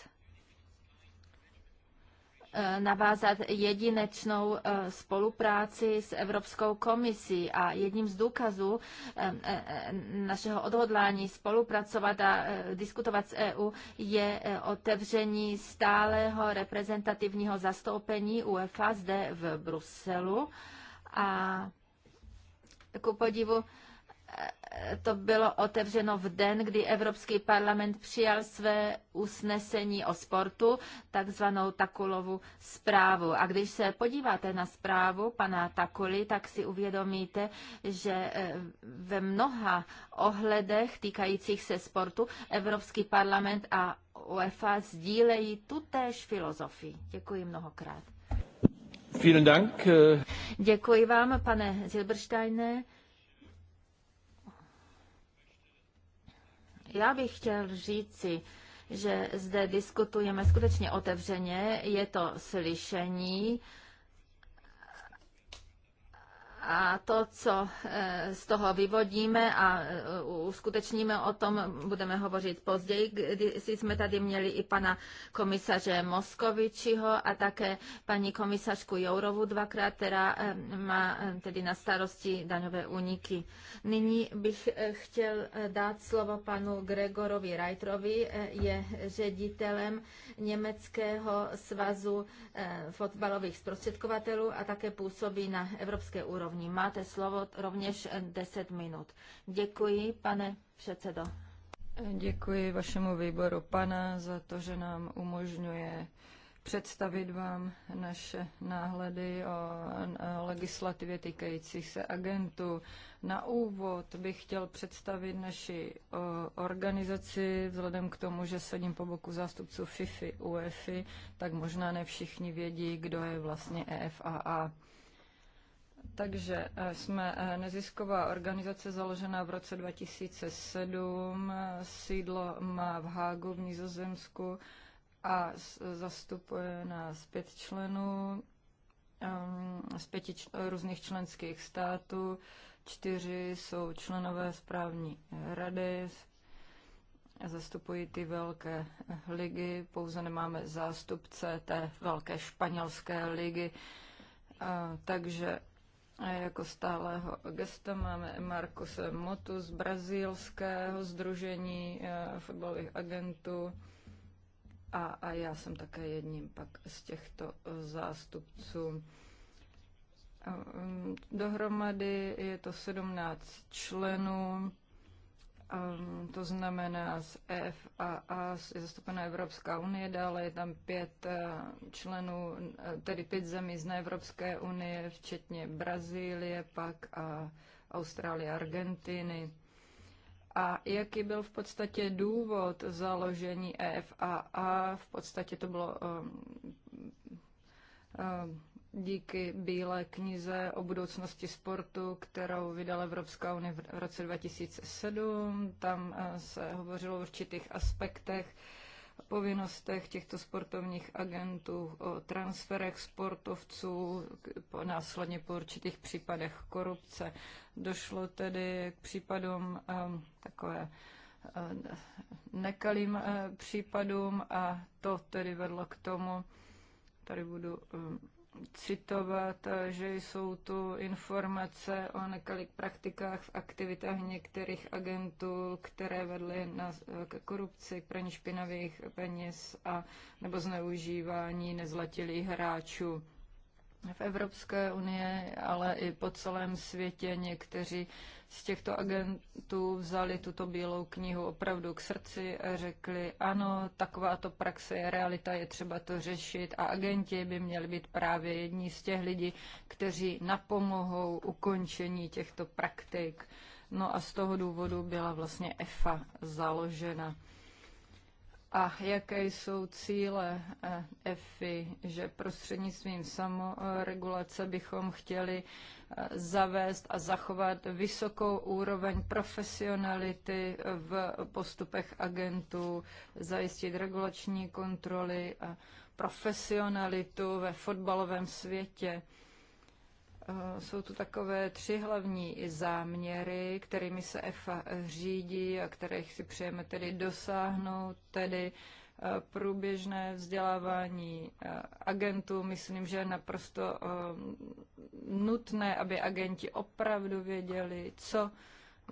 eh, navázat jedinečnou eh, spolupráci s Evropskou komisí a jedním z důkazů eh, našeho odhodlání spolupracovat a diskutovat s EU je otevření stálého reprezentativního zastoupení UEFA zde v Bruselu a ku podivu to bylo otevřeno v den, kdy Evropský parlament přijal své usnesení o sportu, takzvanou Takulovu zprávu. A když se podíváte na zprávu pana Takuly, tak si uvědomíte, že eh, ve mnoha ohledech týkajících se sportu Evropský parlament a UEFA sdílejí tutéž filozofii. Děkuji mnohokrát. Vielen Dank. Eh. Děkuji vám, pane Zilbersteine. Já bych chtěl říci, že zde diskutujeme skutečně otevřeně, je to slyšení, a to, co e, z toho vyvodíme a e, uskutečníme o tom, budeme hovořit později, když jsme tady měli i pana komisaře Moskovičiho a také paní komisařku Jourovu dvakrát, která e, má tedy na starosti daňové úniky. Nyní bych chtěl dát slovo panu Gregorovi Reitrovi, je ředitelem Německého svazu fotbalových zprostředkovatelů a také působí na evropské úrovni úrovni. Máte slovo rovněž 10 minut. Děkuji, pane předsedo. Děkuji vašemu výboru pana za to, že nám umožňuje představit vám naše náhledy o legislativě týkajících se agentů. Na úvod bych chtěl představit naši organizaci, vzhledem k tomu, že sedím po boku zástupců FIFI, UEFI, tak možná ne všichni vědí, kdo je vlastně EFAA. Takže eh, jsme eh, nezisková organizace založená v roce 2007, eh, sídlo má v Hágu v Nizozemsku a zastupuje nás pět členů ehm, z pěti různých členských států. Čtyři jsou členové správní rady, zastupují ty velké ligy, pouze nemáme zástupce té velké španělské ligy. takže a Jako stálého gesta máme Markose Motu z brazilského združení eh, fotbalových agentů a, a já jsem také jedním pak z těchto eh, zástupců. Eh, mm, dohromady je to 17 členů Ehm, to znamená z EFAA je zastoupena Evropská unie, dále je tam pět eh, členů, eh, tedy pět zemí z Evropské unie, včetně Brazílie, pak a Austrálie, Argentiny. A jaký byl v podstatě důvod založení EFAA? V podstatě to bylo um, um, díky Bílé knize o budoucnosti sportu, kterou vydala Evropská unie v roce 2007. Tam eh, se hovořilo o určitých aspektech, povinnostech těchto sportovních agentů, o transferech sportovců, následně po určitých případech korupce. Došlo tedy k případům eh, takové eh, nekalým případům a to tedy vedlo k tomu, tady budu citovat, že jsou tu informace o nekalých praktikách v aktivitách některých agentů, které vedly na, k korupci, k praní špinavých peněz a nebo zneužívání nezlatilých hráčů v Evropské unii, ale i po celém světě někteří z těchto agentů vzali tuto bílou knihu opravdu k srdci a řekli, ano, takováto praxe je realita, je třeba to řešit a agenti by měli být právě jedni z těch lidí, kteří napomohou ukončení těchto praktik. No a z toho důvodu byla vlastně EFA založena a jaké jsou cíle eh, EFI, že prostřednictvím samoregulace bychom chtěli eh, zavést a zachovat vysokou úroveň profesionality eh, v postupech agentů, zajistit regulační kontroly a profesionalitu ve fotbalovém světě. Eh, jsou tu takové tři hlavní záměry, kterými se EFA řídí a kterých si přejeme tedy dosáhnout, tedy eh, průběžné vzdělávání eh, agentů. Myslím, že je naprosto nutné, aby agenti opravdu věděli, co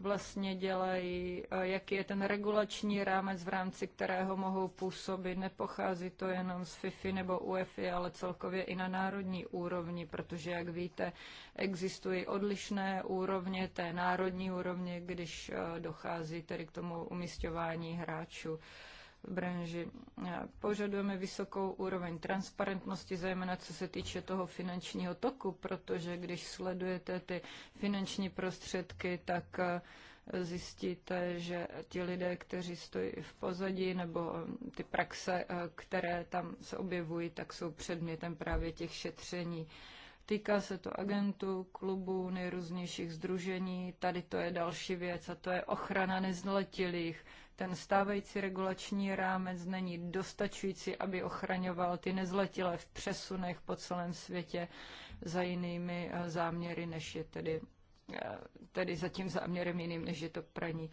vlastně dělají, eh, jaký je ten regulační rámec, v rámci kterého mohou působit. Nepochází to jenom z FIFI nebo UEFI, ale celkově i na národní úrovni, protože, jak víte, existují odlišné úrovně té národní úrovně, když eh, dochází tedy k tomu umistování hráčů branži. Požadujeme vysokou úroveň transparentnosti, zejména co se týče toho finančního toku, protože když sledujete ty finanční prostředky, tak e, zjistíte, že ti lidé, kteří stojí v pozadí, nebo e, ty praxe, e, které tam se objevují, tak jsou předmětem právě těch šetření. Týká se to agentů, klubů, nejrůznějších združení. Tady to je další věc a to je ochrana nezletilých. Ten stávající regulační rámec není dostačující, aby ochraňoval ty nezletilé v přesunech po celém světě za jinými eh, záměry, než je tedy, eh, tedy za tím záměrem jiným, než je to praní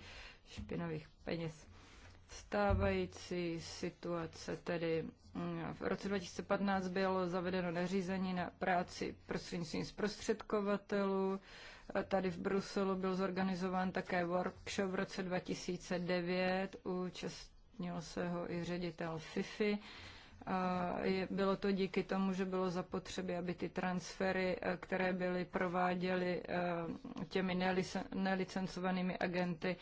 špinavých peněz. Stávající situace tedy mm, v roce 2015 bylo zavedeno nařízení na práci prostřednictvím zprostředkovatelů. Tady v Bruselu byl zorganizován také workshop v roce 2009, účastnil se ho i ředitel FIFI. bylo to díky tomu, že bylo zapotřebí, aby ty transfery, eh, které byly prováděly eh, těmi nelicencovanými agenty,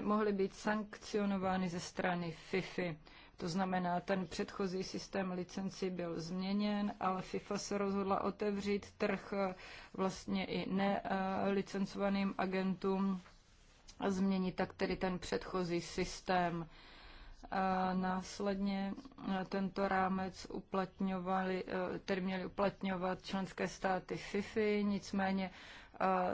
mohly být sankcionovány ze strany FIFI. To znamená, ten předchozí systém licencí byl změněn, ale FIFA se rozhodla otevřít trh eh, vlastně i nelicencovaným eh, agentům a změnit tak tedy ten předchozí systém. A následně eh, tento rámec uplatňovali, tedy měli uplatňovat členské státy FIFA. nicméně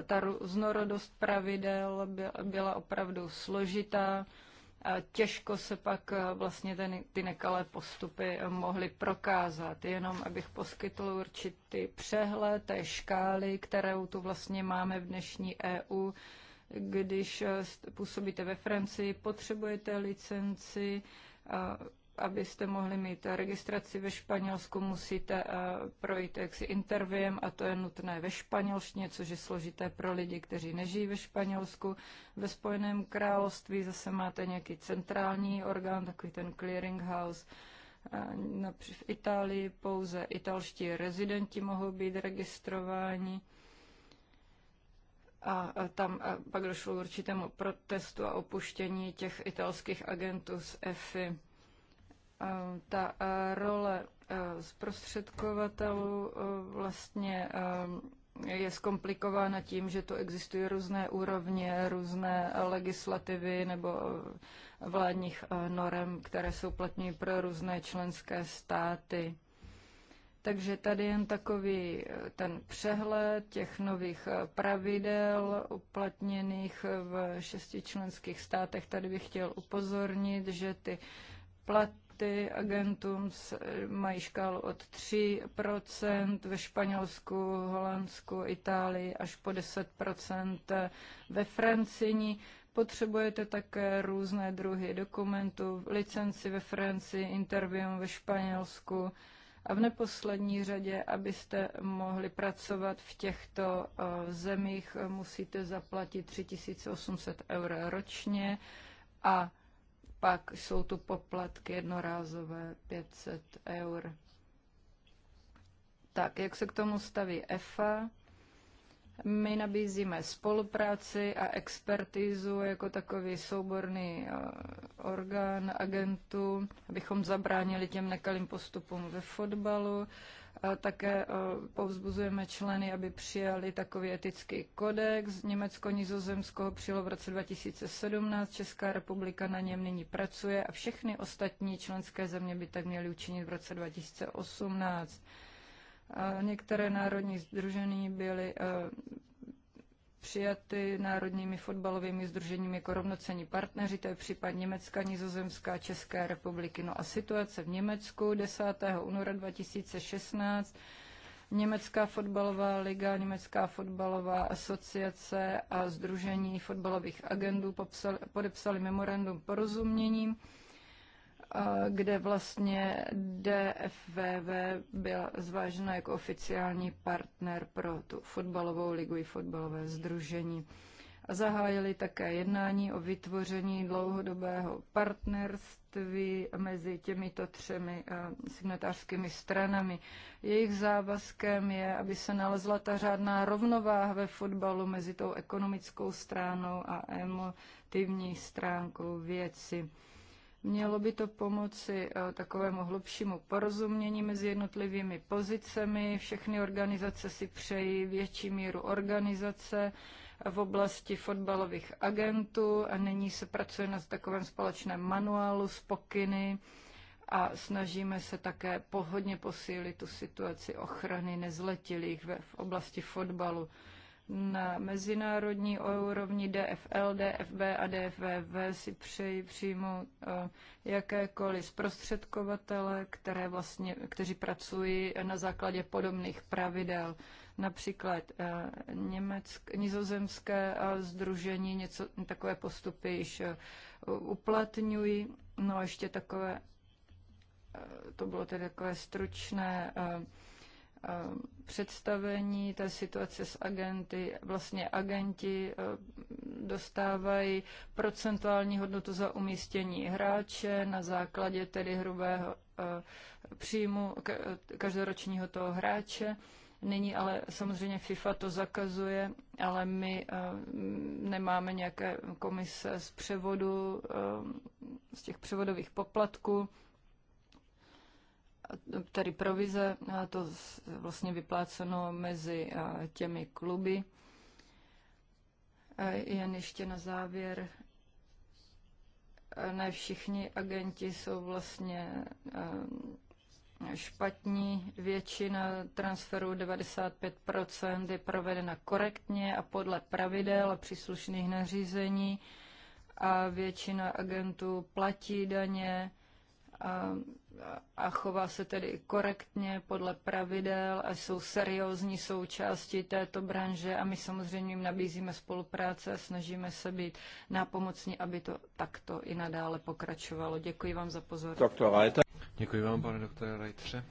ta různorodost pravidel byla opravdu složitá těžko se pak eh, vlastně ten, ty nekalé postupy eh, mohly prokázat. Jenom abych poskytl určitý přehled té škály, kterou tu vlastně máme v dnešní EU. Když eh, působíte ve Francii, potřebujete licenci, abyste mohli mít registraci ve Španělsku, musíte eh, projít jaksi interviem a to je nutné ve španělštině, což je složité pro lidi, kteří nežijí ve Španělsku. Ve Spojeném království zase máte nějaký centrální orgán, takový ten clearing house, eh, V Itálii pouze italští rezidenti mohou být registrováni a tam a pak došlo k určitému protestu a opuštění těch italských agentů z EFI. Eh, ta eh, role eh, zprostředkovatelů vlastně je zkomplikována tím, že tu existují různé úrovně, různé legislativy nebo vládních norem, které jsou platní pro různé členské státy. Takže tady jen takový ten přehled těch nových pravidel uplatněných v šesti členských státech. Tady bych chtěl upozornit, že ty plat, platy agentům mají škálu od 3% ve Španělsku, Holandsku, Itálii až po 10% ve Francii. Potřebujete také různé druhy dokumentů, licenci ve Francii, intervium ve Španělsku a v neposlední řadě, abyste mohli pracovat v těchto eh, zemích, musíte zaplatit 3800 eur ročně a pak jsou tu poplatky jednorázové 500 eur. Tak, jak se k tomu staví EFA? My nabízíme spolupráci a expertizu jako takový souborný eh, orgán agentu, abychom zabránili těm nekalým postupům ve fotbalu. Také e, povzbuzujeme členy, aby přijali takový etický kodex. Německo, Nizozemsko ho přijalo v roce 2017, Česká republika na něm nyní pracuje a všechny ostatní členské země by tak měly učinit v roce 2018. některé národní združení byly e, přijaty národními fotbalovými združeními jako rovnocení partneři, to je případ Německa, Nizozemská, České republiky. No a situace v Německu 10. února 2016 Německá fotbalová liga, Německá fotbalová asociace a Združení fotbalových agentů podepsali memorandum porozuměním kde vlastně DFVV byla zvážena jako oficiální partner pro tu fotbalovou ligu i fotbalové združení. A zahájili také jednání o vytvoření dlouhodobého partnerství mezi těmito třemi signatářskými stranami. Jejich závazkem je, aby se nalezla ta řádná rovnováha ve fotbalu mezi tou ekonomickou stránou a emotivní stránkou věci. Mělo by to pomoci eh, takovému hlubšímu porozumění mezi jednotlivými pozicemi. Všechny organizace si přejí větší míru organizace eh, v oblasti fotbalových agentů a nyní se pracuje na takovém společném manuálu s pokyny a snažíme se také pohodně posílit tu situaci ochrany nezletilých v oblasti fotbalu na mezinárodní úrovni DFL, DFB a DFVV si přeji přijmout eh, jakékoliv zprostředkovatele, které vlastně, kteří pracují na základě podobných pravidel. Například eh, Německ, nizozemské združení eh, něco, takové postupy již uplatňují. No a ještě takové, to bylo tedy takové stručné Eh, představení té situace s agenty. Vlastně agenti eh, dostávají procentuální hodnotu za umístění hráče na základě tedy hrubého eh, příjmu každoročního toho hráče. Nyní ale samozřejmě FIFA to zakazuje, ale my nemáme nějaké komise z převodu, z těch převodových poplatků tedy provize, to vlastně vypláceno mezi těmi kluby. Jen ještě na závěr, ne všichni agenti jsou vlastně špatní. Většina transferů 95% je provedena korektně a podle pravidel a příslušných nařízení a většina agentů platí daně. A a chová se tedy korektně podle pravidel a jsou seriózní součástí této branže a my samozřejmě jim nabízíme spolupráce a snažíme se být nápomocní, aby to takto i nadále pokračovalo. Děkuji vám za pozornost. Děkuji vám, pane doktore Rajtře.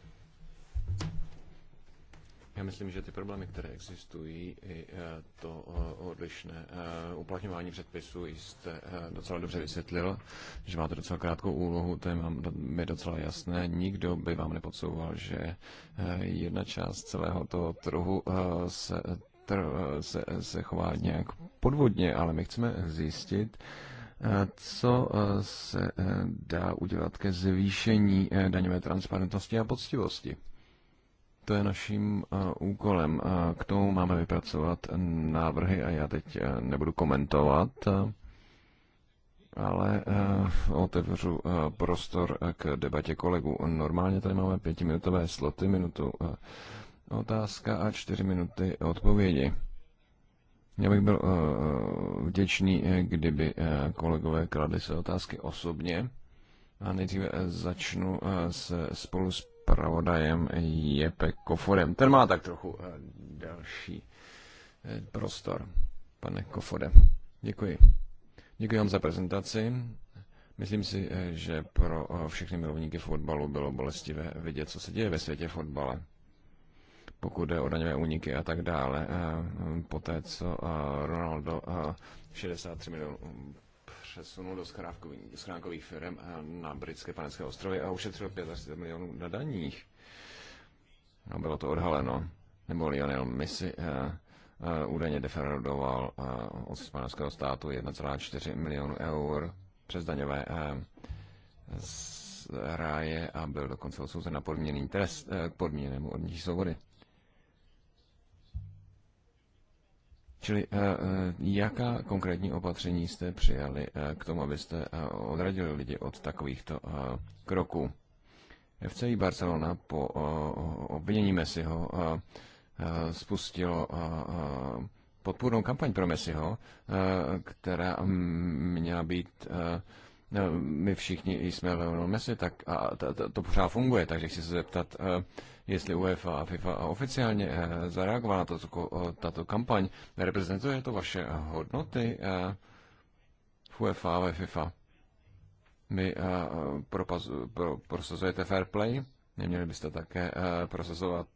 Já myslím, že ty problémy, které existují, i e, to e, odlišné e, uplatňování předpisu jste docela dobře vysvětlil, že máte docela krátkou úlohu, to je docela jasné. Nikdo by vám nepodsouval, že jedna část celého toho trhu se, tr, se, se chová nějak podvodně, ale my chceme zjistit, co se dá udělat ke zvýšení daňové transparentnosti a poctivosti. To je naším eh, úkolem. Eh, k tomu máme vypracovat návrhy a já teď eh, nebudu komentovat, ale otevřu prostor k debatě kolegů. Normálně tady máme pětiminutové sloty, minutu otázka a čtyři minuty odpovědi. Já bych byl vděčný, kdyby kolegové kladli své otázky osobně. A nejdříve začnu se spolu s zpravodajem Jepe Kofodem. Ten má tak trochu eh, další eh, prostor, pane Kofode. Děkuji. Děkuji vám za prezentaci. Myslím si, eh, že pro všechny milovníky fotbalu bylo bolestivé vidět, co se děje ve světě fotbale. Pokud jde o daňové úniky a tak dále, poté co Ronaldo 63 milionů přesunul do schránkových firm eh, na britské panenské ostrovy a ušetřil 25 milionů na daních. No, bylo to odhaleno. Nebo Lionel Messi uh, uh, údajně defraudoval uh, od španělského státu 1,4 milionů eur přes daňové uh, z ráje a byl dokonce odsouzen na podmíněný trest uh, k podmíněnému odnětí svobody. Čili eh, eh, jaká konkrétní opatření jste přijali eh, k tomu, abyste odradili lidi od takovýchto kroků? FC Barcelona po obvinění Messiho spustilo podpůrnou kampaň pro Messiho, která měla být No, my všichni jsme Leonel Messi, tak a to, to pořád funguje, takže chci se zeptat, eh, jestli UEFA a FIFA oficiálně eh, zareagovala na to, eh, tato kampaň. Reprezentuje to vaše hodnoty v UEFA a ve FIFA? Vy propaz, pro, prosazujete fair play? Neměli byste také prosazovat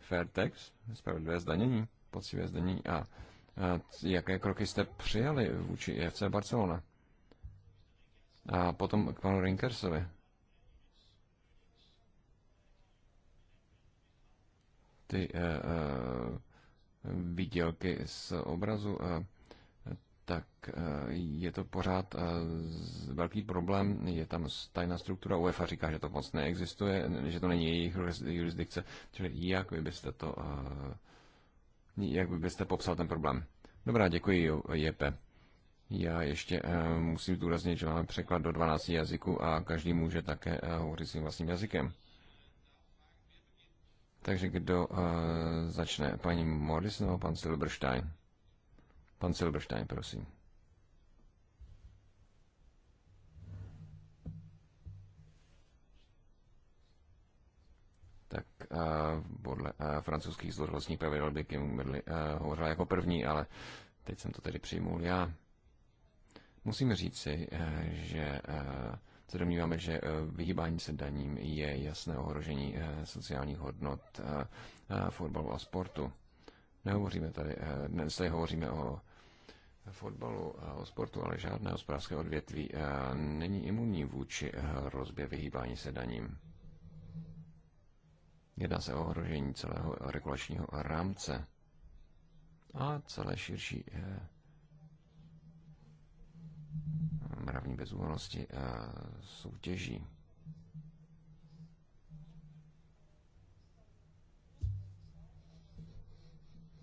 fair tax, spravedlivé zdanění, poctivé zdanění a jaké kroky jste přijali vůči FC Barcelona? A potom k panu Rinkersovi. Ty uh, eh, uh, eh, vidělky z obrazu, uh, tak uh, je to pořád uh, velký problém. Je tam tajná struktura UEFA, říká, že to moc neexistuje, že to není jejich jurisdikce. Čili jak vy byste to, uh, jak byste popsal ten problém? Dobrá, děkuji, JP. Já ještě uh, musím zdůraznit, že máme překlad do 12 jazyků a každý může také uh, hovořit svým vlastním jazykem. Takže kdo uh, začne? Paní Morris nebo pan Silberstein? Pan Silberstein, prosím. tak uh, podle uh, francouzských zdvořilostních pravidel by Kim Medley uh, hovořila jako první, ale teď jsem to tedy přijmul já. Musíme říci, eh, že eh, se domníváme, že eh, vyhýbání se daním je jasné ohrožení sociálních hodnot fotbalu a sportu. Nehovoříme tady, dnes tady hovoříme o fotbalu a o sportu, ale žádné hospodářské odvětví není imunní vůči hrozbě vyhýbání se daním. Jedná se o ohrožení celého regulačního rámce a celé širší mravní bezúhonosti eh, soutěží.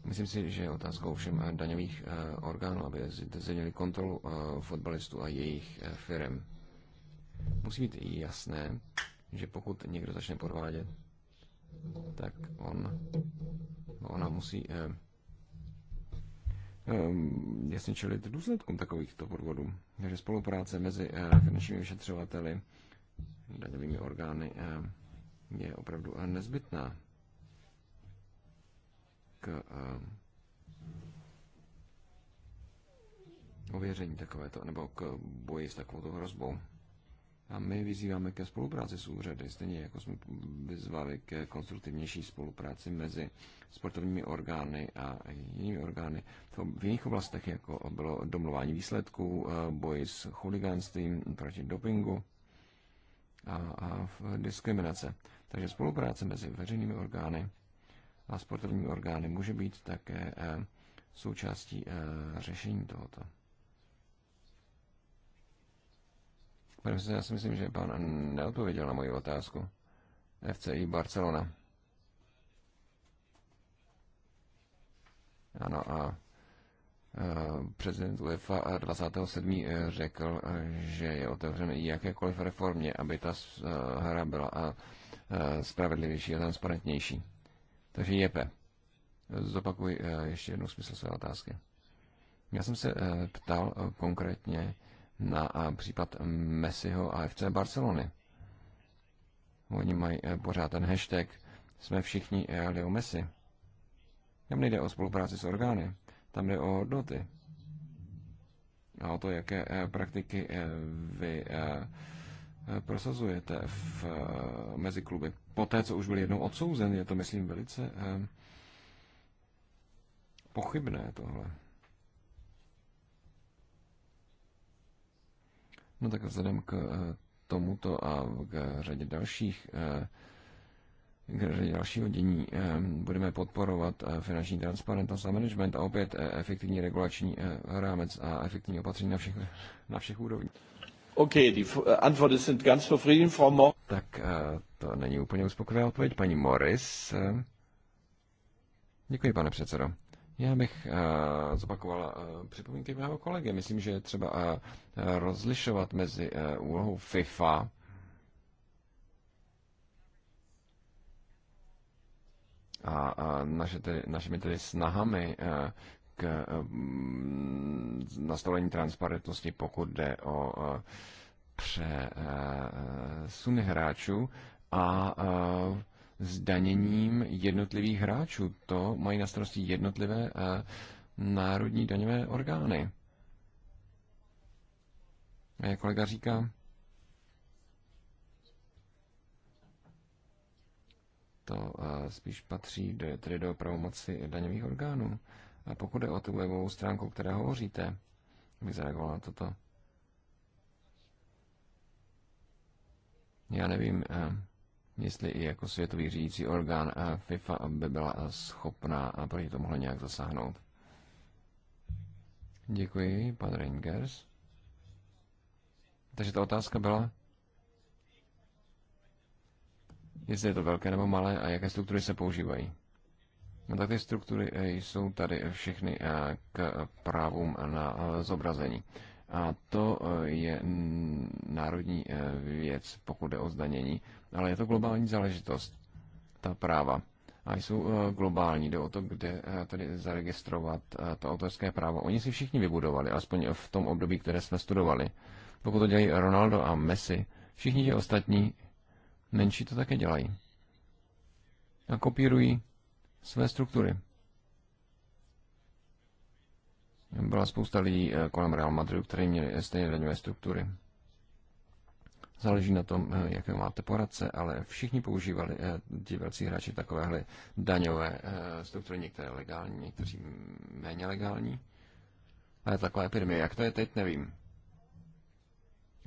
Myslím si, že je otázkou všem eh, daňových eh, orgánů, aby zdenili kontrolu fotbalistů a jejich firm. Musí být jasné, že pokud někdo začne podvádět, tak on, ona musí Ehm, jasně čelit důsledkům takovýchto podvodů. Takže spolupráce mezi eh, finančními vyšetřovateli, daňovými orgány ehm, je opravdu eh, nezbytná k ehm, ověření takovéto, nebo k boji s takovou hrozbou. A my vyzýváme ke spolupráci s úřady, stejně jako jsme vyzvali ke konstruktivnější spolupráci mezi sportovními orgány a jinými orgány v jiných oblastech, jako bylo domluvání výsledků, eh, boj s chuligánstvím, proti dopingu a, a diskriminace. Takže spolupráce mezi veřejnými orgány a sportovními orgány může být také eh, součástí eh, řešení tohoto. Pane se, já si myslím, že pan neodpověděl na moji otázku. FCI Barcelona. Ano a e, prezident UEFA 27. E, řekl, že je otevřen jakékoliv reformě, aby ta e, hra byla spravedlivější a transparentnější. Takže jepe. Zopakuj ještě jednou smysl své otázky. Já jsem se ptal konkrétně na případ Messiho a FC Barcelony. Oni mají e, pořád ten hashtag Jsme všichni Leo Messi. Tam nejde o spolupráci s orgány, tam jde o hodnoty. A o to, jaké e, praktiky e, vy prosazujete v, mezi kluby. Poté, co už byl jednou odsouzen, je to, myslím, velice pochybné tohle. No tak vzhledem k eh, tomuto a k řadě dalších eh, k řadě dalšího dění eh, budeme podporovat finanční transparentnost a management a opět efektivní regulační rámec a efektivní opatření na všech, na všech úrovních. Okay, die Antworten sind ganz zufrieden, Frau Mor. Tak to není úplně uspokojivá odpověď. Paní Morris. Děkuji, pane předsedo. Já bych uh, zopakovala uh, připomínky mého kolegy. Myslím, že je třeba uh, rozlišovat mezi uh, úlohou FIFA a, a naše tedy, našimi tedy snahami uh, k uh, nastolení transparentnosti, pokud jde o uh, přesuny hráčů a uh, zdaněním jednotlivých hráčů. To mají na starosti jednotlivé eh, národní daňové orgány. A jak kolega říká, to eh, spíš patří do, tedy do pravomoci daňových orgánů. A pokud je o tu webovou stránku, které hovoříte, bych zareagoval na toto. Já nevím, eh, jestli i jako světový řídící orgán eh, FIFA by byla eh, schopná eh, proti tomuhle nějak zasáhnout. Děkuji, pan Reingers. Takže ta otázka byla, jestli je to velké nebo malé a jaké struktury se používají. No tak ty struktury jsou tady všechny k právům na zobrazení. A to eh, je národní eh, věc, pokud jde o zdanění, ale je to globální záležitost, ta práva. A jsou eh, globální, jde o to, kde tedy zaregistrovat to autorské právo. Oni si všichni vybudovali, aspoň v tom období, které jsme studovali. Pokud to dělají Ronaldo a Messi, všichni ti ostatní menší to také dělají. A kopírují své struktury. Byla spousta lidí eh, kolem Real Madridu, kteří měli stejné daňové struktury. Záleží na tom, eh, jaké máte poradce, ale všichni používali eh, ti velcí hráči takovéhle daňové struktury, některé legální, někteří méně legální. Ale taková epidemie, jak to je teď, nevím.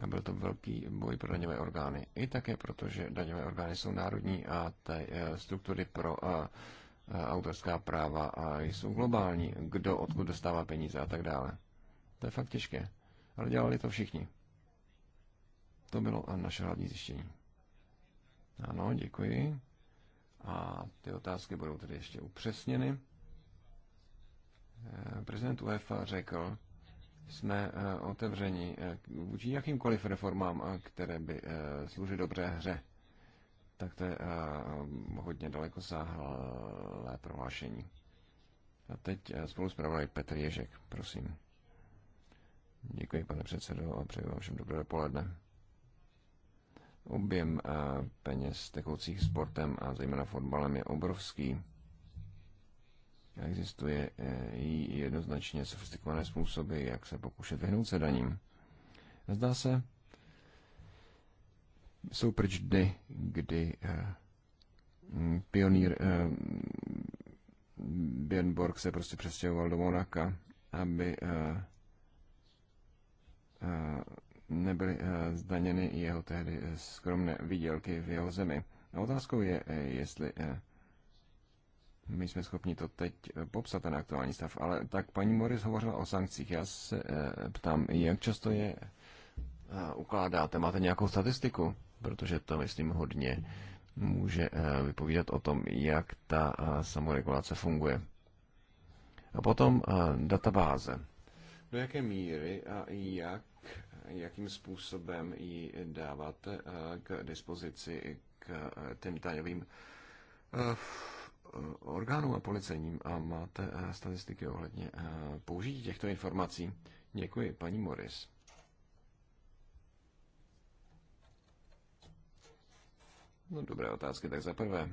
A byl to velký boj pro daňové orgány. I také proto, že daňové orgány jsou národní a ty struktury pro uh, Eh, autorská práva a jsou globální, kdo odkud dostává peníze a tak dále. To je fakt těžké. Ale dělali to všichni. To bylo eh, naše hlavní zjištění. Ano, děkuji. A ty otázky budou tedy ještě upřesněny. Eh, prezident UEFA řekl, jsme otevřeni vůči jakýmkoliv reformám, které by sloužily dobré hře tak to je eh, hodně daleko záhlé prohlášení. A teď eh, spolu s Petr Ježek, prosím. Děkuji, pane předsedo, a přeji vám všem dobré dopoledne. Objem eh, peněz tekoucích sportem a zejména fotbalem je obrovský. Existuje i jednoznačně sofistikované způsoby, jak se pokoušet vyhnout se daním. Zdá se, jsou pryč dny, kdy eh, pionýr eh, Björnborg se prostě přestěhoval do Monaka, aby eh, nebyly zdaněny jeho tehdy skromné výdělky v jeho zemi. A otázkou je, jestli my jsme schopni to teď popsat, ten aktuální stav, ale tak paní Morris hovořila o sankcích. Já se ptám, jak často je ukládáte? Máte nějakou statistiku? protože to, myslím, hodně může eh, vypovídat o tom, jak ta eh, samoregulace funguje. A potom eh, databáze. Do jaké míry a jak, jakým způsobem ji dáváte k dispozici k těm tajovým orgánům a policejním a máte statistiky ohledně použití těchto informací? Děkuji, paní Morris. No, dobré otázky, tak za prvé.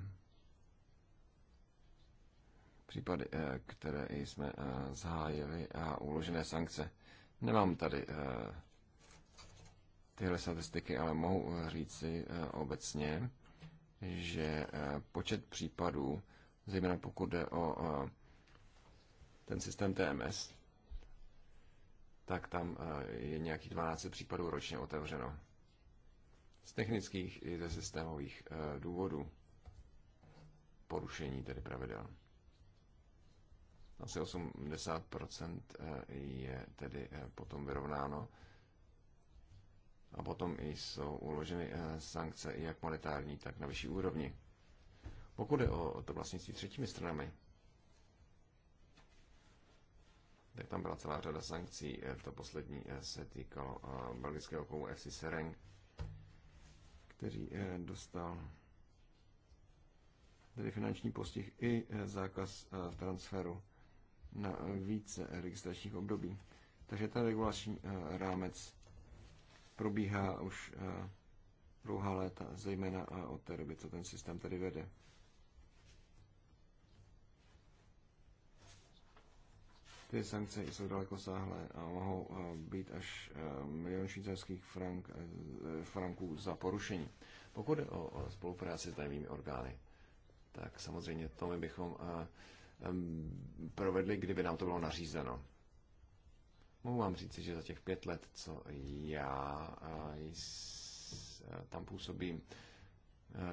Případy, eh, které jsme eh, zahájili a uložené sankce. Nemám tady eh, tyhle statistiky, ale mohu říci obecně, že počet případů, zejména pokud jde o ten systém TMS, tak tam je nějakých 12 případů ročně otevřeno z technických i ze systémových eh, důvodů porušení tedy pravidel. Asi 80% eh, je tedy eh, potom vyrovnáno a potom jsou uloženy sankce jak monetární, tak na vyšší úrovni. Pokud je o to vlastnictví třetími stranami, tak tam byla celá řada sankcí. To poslední se týkalo belgického kovu FC Sereng, který eh, dostal tedy finanční postih i eh, zákaz eh, transferu na více registračních období. Takže ten regulační rámec probíhá už dlouhá léta, zejména od té doby, co ten systém tady vede. Ty sankce jsou daleko sáhlé a mohou eh, být až eh, milion švýcarských frank, eh, franků za porušení. Pokud jde o spolupráci s tajnými orgány, tak samozřejmě to my bychom provedli, kdyby nám to bylo nařízeno. Mohu vám říct, že za těch pět let, co já tam působím,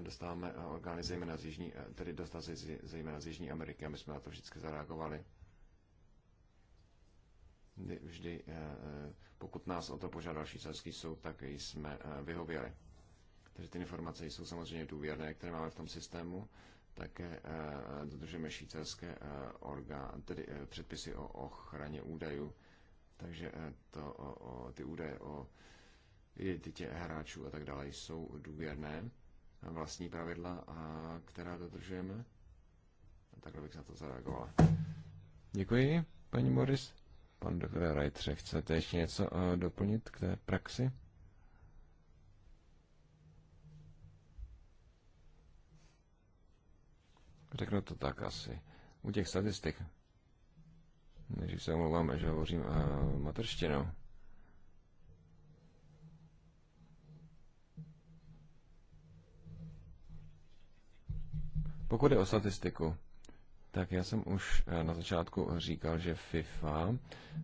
dostáváme orgány zejména z Jižní, tedy dostal se zejména z Jižní Ameriky a my jsme na to vždycky zareagovali vždy, eh, eh, pokud nás o to požádal švýcarský soud, tak jsme eh, vyhověli. Takže ty informace jsou samozřejmě důvěrné, které máme v tom systému. Také dodržujeme švýcarské orgány, tedy předpisy o ochraně údajů, takže to, o, o, ty údaje o identitě hráčů a tak dále jsou důvěrné vlastní pravidla, a která dodržujeme. Takhle bych na to zareagovala. Děkuji, paní Boris. Pan doktor Rajtře, chcete ještě něco eh, doplnit k té praxi? Řeknu to tak asi. U těch statistik, než se omlouvám, že hovořím uh, materštinou, Pokud je o statistiku, tak já jsem už eh, na začátku říkal, že FIFA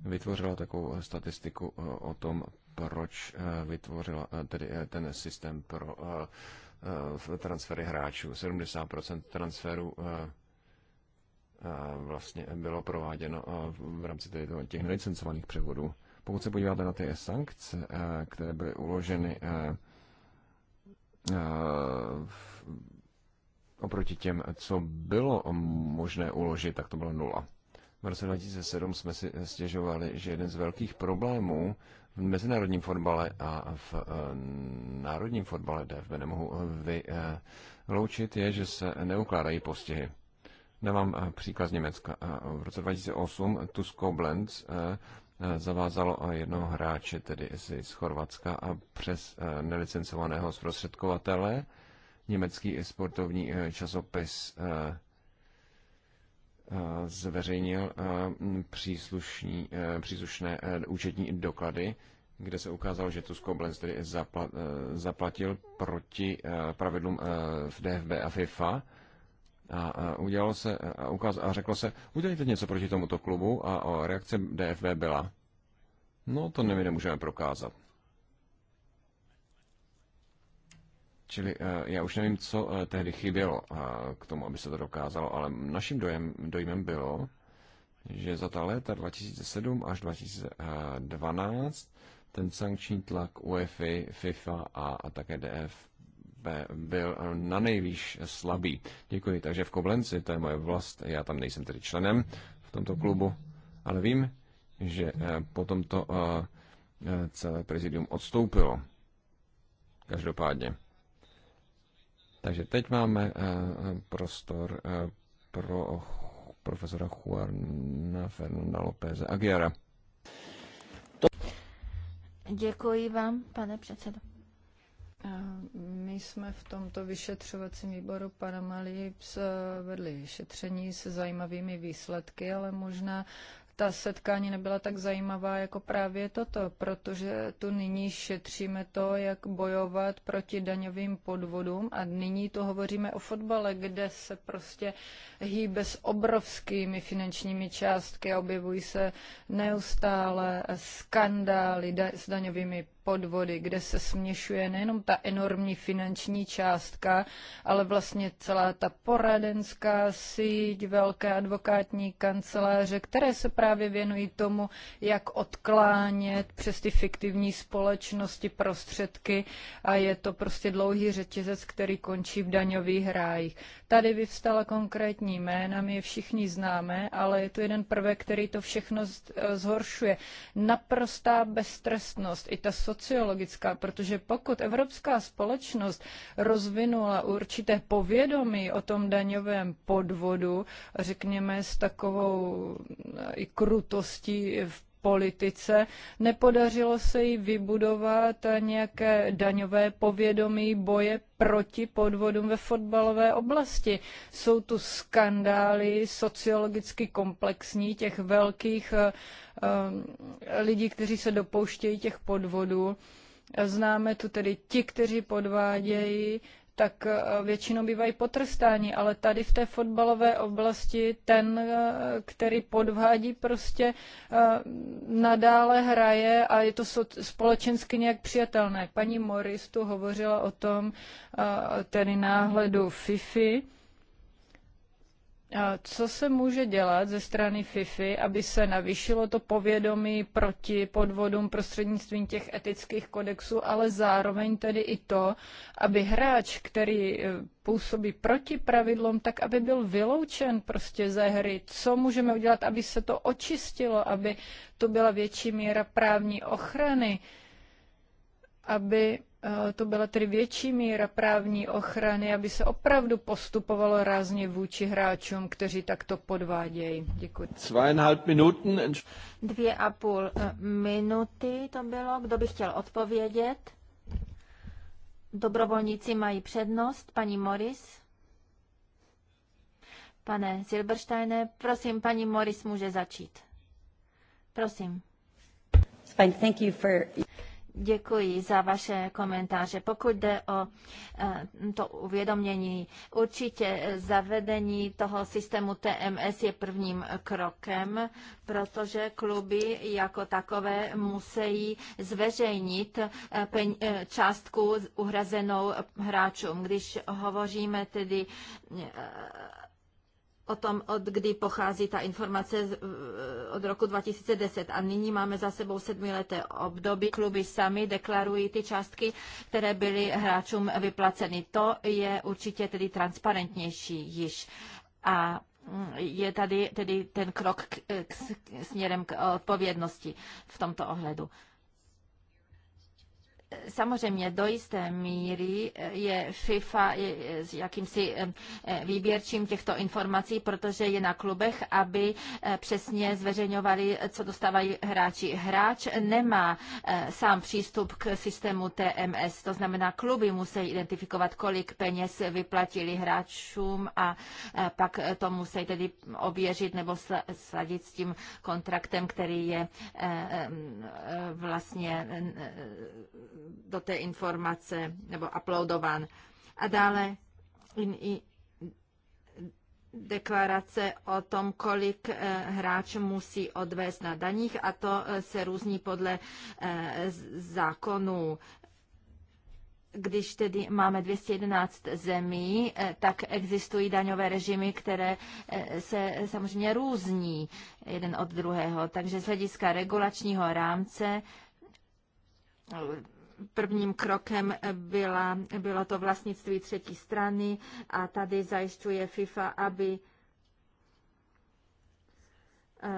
vytvořila takovou eh, statistiku eh, o tom, proč vytvořila tedy ten systém pro transfery hráčů. 70% transferů vlastně bylo prováděno v rámci tedy těch nelicencovaných převodů. Pokud se podíváte na ty sankce, které byly uloženy oproti těm, co bylo možné uložit, tak to bylo nula. V roce 2007 jsme si stěžovali, že jeden z velkých problémů v mezinárodním fotbale a v eh, národním fotbale DFB nemohu eh, vyloučit, je, že se neukládají postihy. Nemám eh, příklad z Německa. V roce 2008 Tusko Blends zavázalo jednoho hráče, tedy z Chorvatska, a přes nelicencovaného zprostředkovatele německý sportovní eh, časopis eh, eh, zveřejnil příslušní, příslušné účetní doklady, kde se ukázalo, že Tusko Blends tedy zaplatil proti pravidlům v DFB a FIFA. A, udělalo se, a, ukaz, a řeklo se, udělejte něco proti tomuto klubu a o reakce DFB byla. No, to my nemůžeme prokázat. Čili eh, já už nevím, co eh, tehdy chybělo eh, k tomu, aby se to dokázalo, ale naším dojem, dojmem bylo, že za ta léta 2007 až 2012 ten sankční tlak UEFA, FIFA a, a také DF byl na nejvýš slabý. Děkuji. Takže v Koblenci, to je moje vlast, já tam nejsem tedy členem v tomto klubu, ale vím, že po tomto celé prezidium odstoupilo. Každopádně. Takže teď máme eh, prostor eh, pro profesora Juana Fernanda López Aguiara. Děkuji vám, pane předsedo. Eh, my jsme v tomto vyšetřovacím výboru Paramalips vedli šetření se zajímavými výsledky, ale možná ta setkání nebyla tak zajímavá jako právě toto, protože tu nyní šetříme to, jak bojovat proti daňovým podvodům a nyní tu hovoříme o fotbale, kde se prostě hýbe s obrovskými finančními částky a objevují se neustále skandály da- s daňovými podvody, kde se směšuje nejenom ta enormní finanční částka, ale vlastně celá ta poradenská síť, velké advokátní kanceláře, které se právě věnují tomu, jak odklánět přes ty fiktivní společnosti prostředky a je to prostě dlouhý řetězec, který končí v daňových rájích. Tady vyvstala konkrétní jména, my je všichni známe, ale je tu jeden prvek, který to všechno e, zhoršuje. Naprostá beztrestnost, i ta so sociologická, protože pokud evropská společnost rozvinula určité povědomí o tom daňovém podvodu, řekněme s takovou eh, i krutostí v politice. Nepodařilo se jí vybudovat nějaké daňové povědomí boje proti podvodům ve fotbalové oblasti. Jsou tu skandály sociologicky komplexní těch velkých um, lidí, kteří se dopouštějí těch podvodů. Známe tu tedy ti, kteří podvádějí, tak eh, většinou bývají potrstáni, ale tady v té fotbalové oblasti ten, eh, který podvádí, prostě eh, nadále hraje a je to společensky nějak přijatelné. Paní Moris tu hovořila o tom, tedy náhledu FIFI, co se může dělat ze strany FIFI, aby se navýšilo to povědomí proti podvodům prostřednictvím těch etických kodexů, ale zároveň tedy i to, aby hráč, který e, působí proti pravidlům, tak aby byl vyloučen prostě ze hry. Co můžeme udělat, aby se to očistilo, aby to byla větší míra právní ochrany, aby Eh, to byla tedy větší míra právní ochrany, aby se opravdu postupovalo rázně vůči hráčům, kteří takto podvádějí. Děkuji. Dvě a půl eh, minuty to bylo. Kdo by chtěl odpovědět? Dobrovolníci mají přednost. Paní Morris. Pane Silbersteine, prosím, paní Morris může začít. Prosím. fine. Thank you for... Děkuji za vaše komentáře. Pokud jde o eh, to uvědomění, určitě zavedení toho systému TMS je prvním krokem, protože kluby jako takové musí zveřejnit eh, eh, částku uhrazenou hráčům. Když hovoříme tedy o tom, od kdy pochází ta informace od roku 2010. A nyní máme za sebou sedmileté období. Kluby sami deklarují ty částky, které byly hráčům vyplaceny. To je určitě tedy transparentnější již. A je tady tedy ten krok k, k, směrem k odpovědnosti v tomto ohledu. Samozřejmě do jisté míry eh, je FIFA jakýmsi eh, eh, výběrčím těchto informací, protože je na klubech, aby přesně zveřejňovali, co dostávají hráči. Hráč nemá sám přístup k systému TMS, to znamená, kluby musí identifikovat, kolik peněz vyplatili hráčům a pak to musí tedy ověřit nebo sladit s tím kontraktem, který je vlastně do té informace nebo uploadován. A dále i deklarace o tom, kolik eh, hráč musí odvést na daních a to eh, se různí podle eh, zákonů když tedy máme 211 zemí, tak existují daňové režimy, které se samozřejmě různí jeden od druhého. Takže z hlediska regulačního rámce Prvním krokem byla, bylo to vlastnictví třetí strany a tady zajišťuje FIFA, aby eh,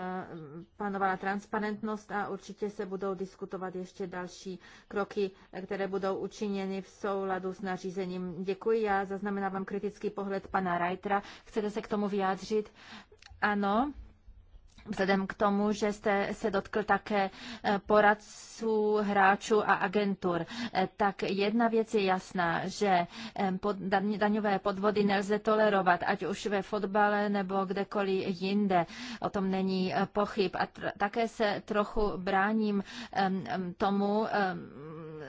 panovala transparentnost a určitě se budou diskutovat ještě další kroky, které budou učiněny v souladu s nařízením. Děkuji, já zaznamenávám kritický pohled pana Reitera. Chcete se k tomu vyjádřit? Ano, Vzhledem k tomu, že jste se dotkl také eh, poradců, hráčů a agentur, eh, tak jedna věc je jasná, že eh, pod, daňové podvody nelze tolerovat, ať už ve fotbale nebo kdekoliv jinde. O tom není pochyb. A tr- také se trochu bráním um, tomu, um,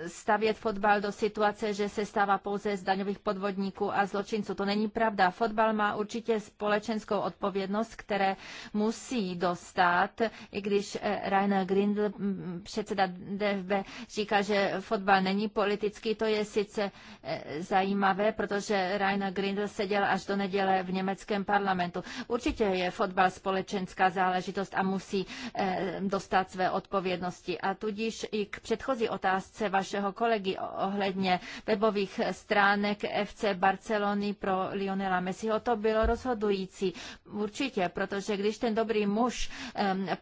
stavět fotbal do situace, že se stává pouze z daňových podvodníků a zločinců. To není pravda. Fotbal má určitě společenskou odpovědnost, které musí dostat, i když eh, Rainer Grindl, mm, předseda DFB, říká, že fotbal není politický, to je sice eh, zajímavé, protože Rainer Grindl seděl až do neděle v německém parlamentu. Určitě je fotbal společenská záležitost a musí eh, dostat své odpovědnosti. A tudíž i k předchozí otázce vaše našeho kolegy ohledně webových stránek FC Barcelony pro Lionela Messiho, to bylo rozhodující. Určitě, protože když ten dobrý muž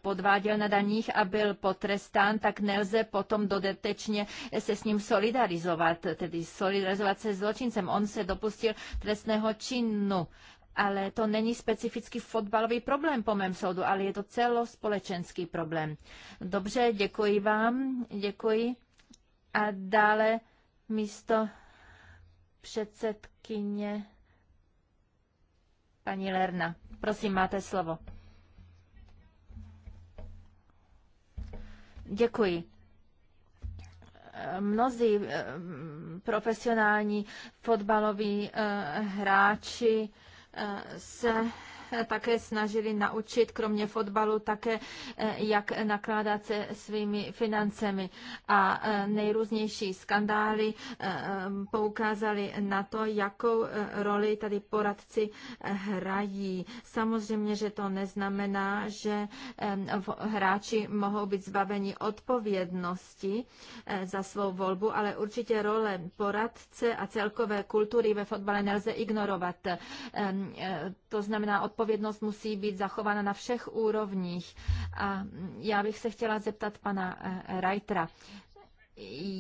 podváděl na daních a byl potrestán, tak nelze potom dodatečně se s ním solidarizovat, tedy solidarizovat se zločincem. On se dopustil trestného činu ale to není specificky fotbalový problém po mém soudu, ale je to celospolečenský problém. Dobře, děkuji vám, děkuji a dále místo předsedkyně paní Lerna. Prosím, máte slovo. Děkuji. Mnozí eh, profesionální fotbaloví eh, hráči eh, se Eh, také snažili naučit, kromě fotbalu, také eh, jak nakládat se svými financemi. A eh, nejrůznější skandály poukázali na to, jakou roli tady poradci hrají. Samozřejmě, že to neznamená, že hráči mohou být zbaveni odpovědnosti za svou volbu, ale určitě role poradce a celkové kultury ve fotbale nelze ignorovat. Ehm, to znamená, odpovědnost musí být zachována na všech úrovních. A já bych se chtěla zeptat pana eh, Reitera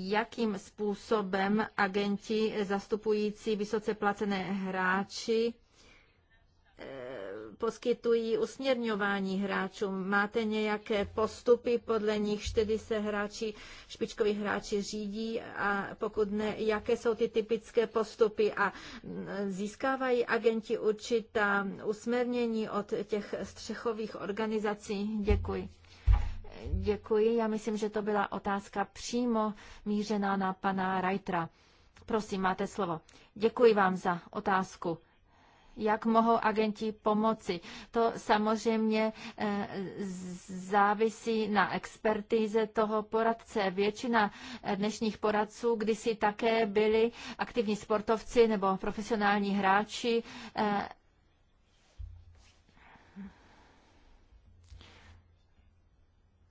jakým způsobem agenti zastupující vysoce placené hráči eh, poskytují usměrňování hráčům? Máte nějaké postupy, podle nich tedy se hráči, špičkoví hráči řídí a pokud ne, jaké jsou ty typické postupy a získávají agenti určitá usměrnění od těch střechových organizací? Děkuji. Děkuji. Já myslím, že to byla otázka přímo mířená na pana Rajtra. Prosím, máte slovo. Děkuji vám za otázku jak mohou agenti pomoci. To samozřejmě eh, závisí na expertíze toho poradce. Většina eh, dnešních poradců kdysi také byli aktivní sportovci nebo profesionální hráči. Eh,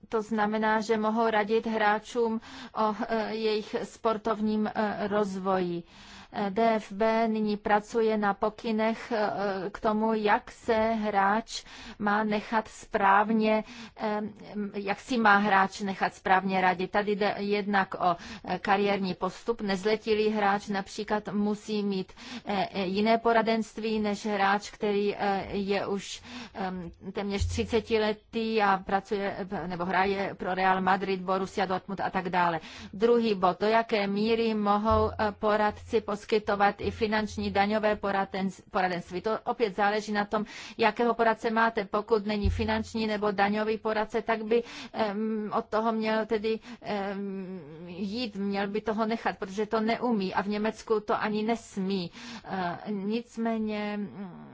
to znamená, že mohou radit hráčům o jejich sportovním rozvoji. DFB nyní pracuje na pokynech e, k tomu, jak se hráč má nechat správně, e, jak si má hráč nechat správně radit. Tady jde jednak o e, kariérní postup. Nezletilý hráč například musí mít jiné poradenství než hráč, který je už téměř 30 letý a pracuje nebo hraje pro Real Madrid, Borussia Dortmund a tak dále. Druhý bod, do jaké míry mohou poradci poskytnout poskytovat i finanční daňové poradenství. To opět záleží na tom, jakého poradce máte. Pokud není finanční nebo daňový poradce, tak by od toho měl tedy jít, měl by toho nechat, protože to neumí a v Německu to ani nesmí. E, nicméně mm,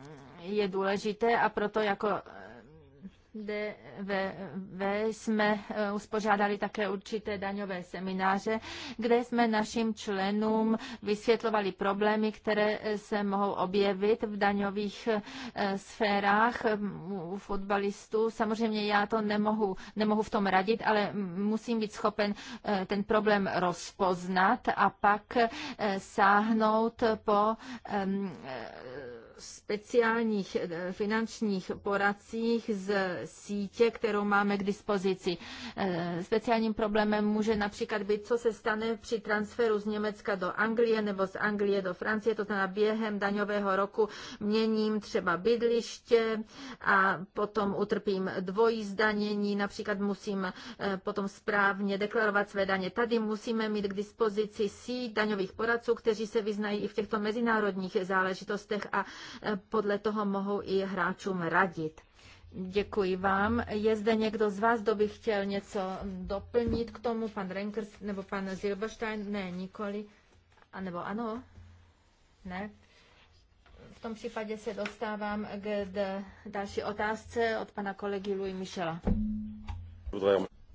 je důležité a proto jako ve ve jsme eh, uspořádali také určité daňové semináře, kde jsme našim členům vysvětlovali problémy, které eh, se mohou objevit v daňových eh, sférách u fotbalistů. Samozřejmě já to nemohu, nemohu v tom radit, ale musím být schopen ten problém rozpoznat a pak sáhnout po speciálních eh, finančních poradcích z sítě, kterou máme k dispozici. Eh, speciálním problémem může například být, co se stane při transferu z Německa do Anglie nebo z Anglie do Francie, to znamená během daňového roku měním třeba bydliště a potom utrpím dvojí zdanění, například musím eh, potom správně deklarovat své daně. Tady musíme mít k dispozici síť daňových poradců, kteří se vyznají i v těchto mezinárodních záležitostech a Eh, podle toho mohou i hráčům radit. Děkuji vám. Je zde někdo z vás, kdo by chtěl něco doplnit k tomu? Pan Renkers nebo pan Zilberstein? Ne, nikoli. A nebo ano? Ne? V tom případě se dostávám k další otázce od pana kolegy Louis Michela.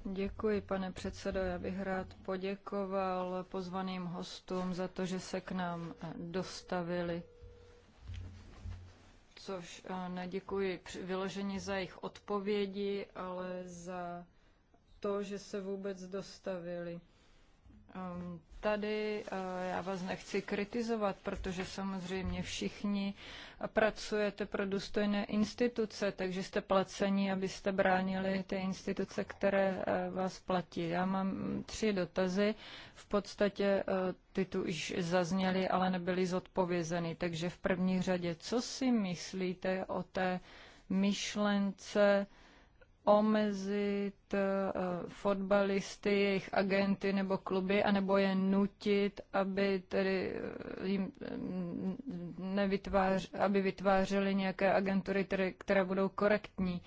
Děkuji, pane předsedo. Já bych rád poděkoval pozvaným hostům za to, že se k nám eh, dostavili což eh, neděkuji vyloženě za jejich odpovědi, ale za to, že se vůbec dostavili. Ehm, tady. Eh, já vás nechci kritizovat, protože samozřejmě všichni pracujete pro důstojné instituce, takže jste placení, abyste bránili ty instituce, které eh, vás platí. Já mám tři dotazy. V podstatě eh, ty tu již zazněly, ale nebyly zodpovězeny. Takže v první řadě, co si myslíte o té myšlence, omezit eh, fotbalisty, jejich agenty nebo kluby, anebo je nutit, aby tedy eh, jim mm, nevytvář, aby vytvářeli nějaké agentury, které, které budou korektní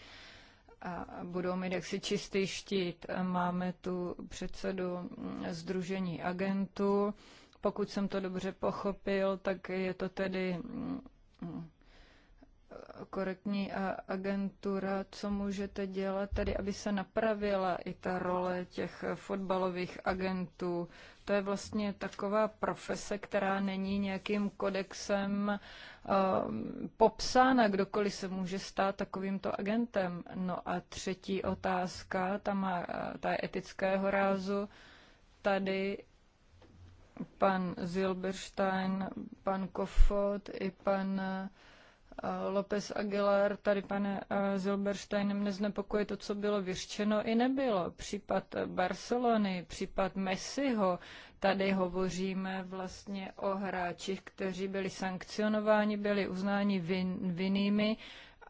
a budou mít jaksi čistý štít. Máme tu předsedu Združení mm, agentů. Pokud jsem to dobře pochopil, tak je to tedy mm, korektní agentura, co můžete dělat tady, aby se napravila i ta role těch fotbalových agentů. To je vlastně taková profese, která není nějakým kodexem um, popsána. Kdokoliv se může stát takovýmto agentem. No a třetí otázka, ta, má, ta je etického rázu. Tady pan Zilberstein, pan Kofot i pan uh, Eh, López Aguilar, tady pane eh, Zilbersteinem neznepokoje to, co bylo vyřčeno i nebylo. Případ Barcelony, případ Messiho, tady hovoříme vlastně o hráčích, kteří byli sankcionováni, byli uznáni vin, vinnými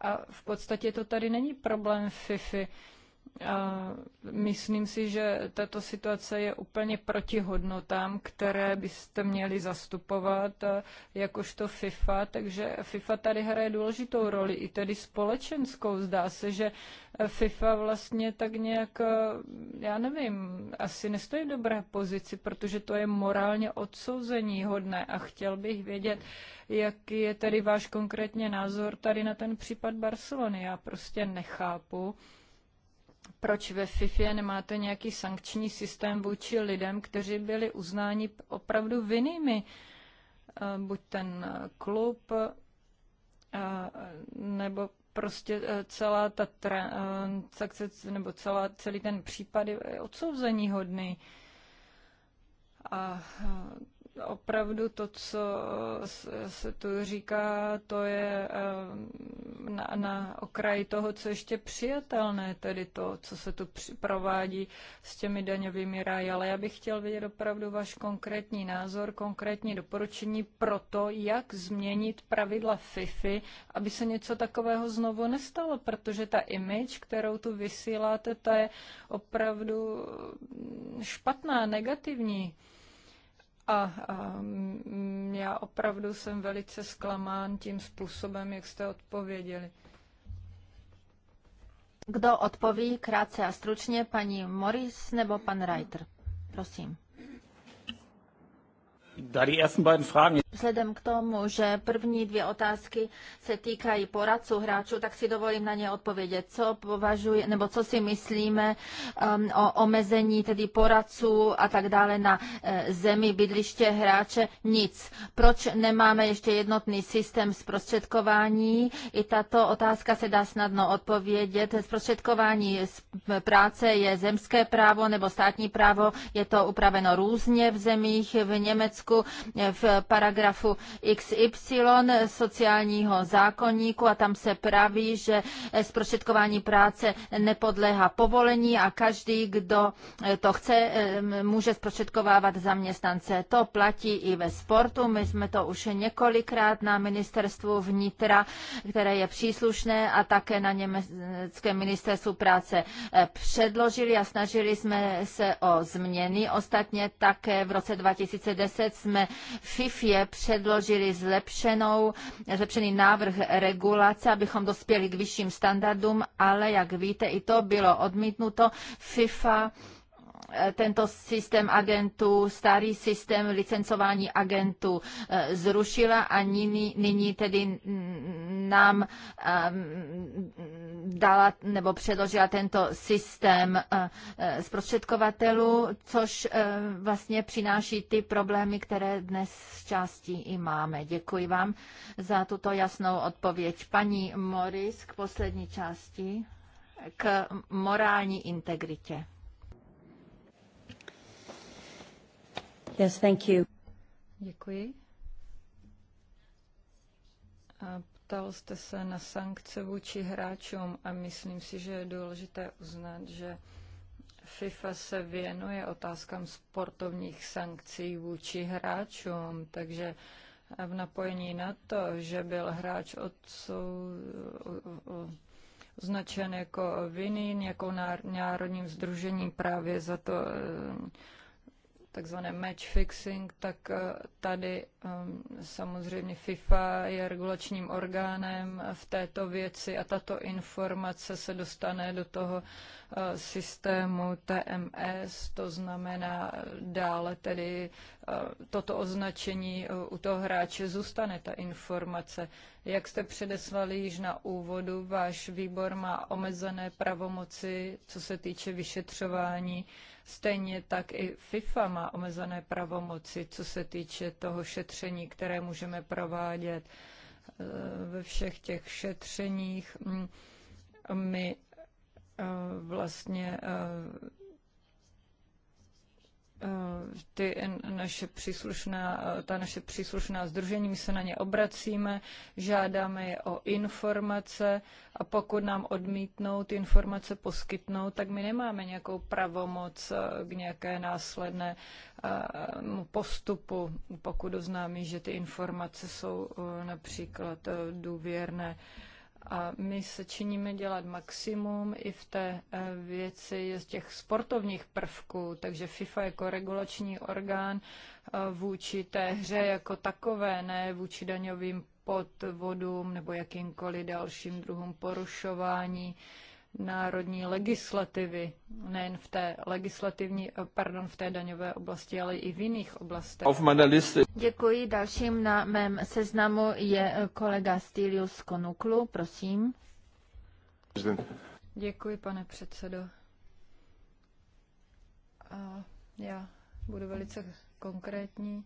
a v podstatě to tady není problém FIFA. A myslím si, že tato situace je úplně proti hodnotám, které byste měli zastupovat eh, jakožto FIFA, takže FIFA tady hraje důležitou roli, i tedy společenskou. Zdá se, že eh, FIFA vlastně tak nějak, eh, já nevím, asi nestojí v dobré pozici, protože to je morálně odsouzení hodné a chtěl bych vědět, jaký je tedy váš konkrétně názor tady na ten případ Barcelony. Já prostě nechápu, proč ve FIFA nemáte nějaký sankční systém vůči lidem, kteří byli uznáni opravdu vinnými. Eh, buď ten eh, klub, eh, nebo prostě celá ta nebo celá, celý ten případ je odsouzení hodný. A opravdu to, co se tu říká, to je eh, na, na okraji toho, co ještě přijatelné, tedy to, co se tu provádí s těmi daňovými ráji. Ale já bych chtěl vidět opravdu váš konkrétní názor, konkrétní doporučení pro to, jak změnit pravidla FIFI, aby se něco takového znovu nestalo, protože ta image, kterou tu vysíláte, ta je opravdu špatná, negativní. A, a já opravdu jsem velice zklamán tím způsobem, jak jste odpověděli. Kdo odpoví krátce a stručně, paní Morris nebo pan Reiter? Prosím. Da die ersten beiden Fragen Vzhledem k tomu, že první dvě otázky se týkají poradců hráčů, tak si dovolím na ně odpovědět. Co považuje, nebo co si myslíme um, o omezení tedy poradců a tak dále na e, zemi, bydliště hráče? Nic. Proč nemáme ještě jednotný systém zprostředkování? I tato otázka se dá snadno odpovědět. Zprostředkování práce je zemské právo nebo státní právo. Je to upraveno různě v zemích. V Německu eh, v paragrafu paragrafu XY sociálního zákonníku a tam se praví, že zprostředkování práce nepodléhá povolení a každý, kdo eh, to chce, eh, může zprostředkovávat zaměstnance. To platí i ve sportu. My jsme to už několikrát na ministerstvu vnitra, které je příslušné a také na německém ministerstvu práce eh, předložili a snažili jsme se o změny. Ostatně také v roce 2010 jsme FIFA předložili zlepšenou, zlepšený návrh regulace, abychom dospěli k vyšším standardům, ale jak víte, i to bylo odmítnuto. FIFA Eh, tento systém agentů, starý systém licencování agentů eh, zrušila a nyní, nyní tedy nám eh, dala nebo předložila tento systém zprostředkovatelů, což vlastně přináší ty problémy, které dnes z částí i máme. Děkuji vám za tuto jasnou odpověď. Paní Moris k poslední části, k morální integritě. Yes, thank you. Děkuji. A ptal jste se na sankce vůči hráčům a myslím si, že je důležité uznat, že FIFA se věnuje otázkám sportovních sankcí vůči hráčům, takže v napojení na to, že byl hráč odsou, označen jako vinný jako národním združením právě za to eh, takzvané match fixing, tak eh, tady ehm, samozřejmě FIFA je regulačním orgánem v této věci a tato informace se dostane do toho eh, systému TMS, to znamená eh, dále tedy toto označení u toho hráče zůstane ta informace. Jak jste předeslali již na úvodu, váš výbor má omezené pravomoci, co se týče vyšetřování Stejně tak i FIFA má omezené pravomoci, co se týče toho šetření, které můžeme provádět eh, ve všech těch šetřeních. Mm, my eh, vlastně eh, ty naše příslušná, ta naše příslušná združení, my se na ně obracíme, žádáme je o informace a pokud nám odmítnou ty informace poskytnou, tak my nemáme nějakou pravomoc eh, k nějaké následné eh, postupu, pokud oznámí, že ty informace jsou eh, například důvěrné. A my se činíme dělat maximum i v té eh, věci z těch sportovních prvků, takže FIFA jako regulační orgán eh, vůči té hře jako takové, ne vůči daňovým podvodům nebo jakýmkoliv dalším druhům porušování národní legislativy, nejen v té legislativní, pardon, v té daňové oblasti, ale i v jiných oblastech. Děkuji. Dalším na mém seznamu je kolega Stylius Konuklu, prosím. Děkuji, pane předsedo. A já budu velice konkrétní.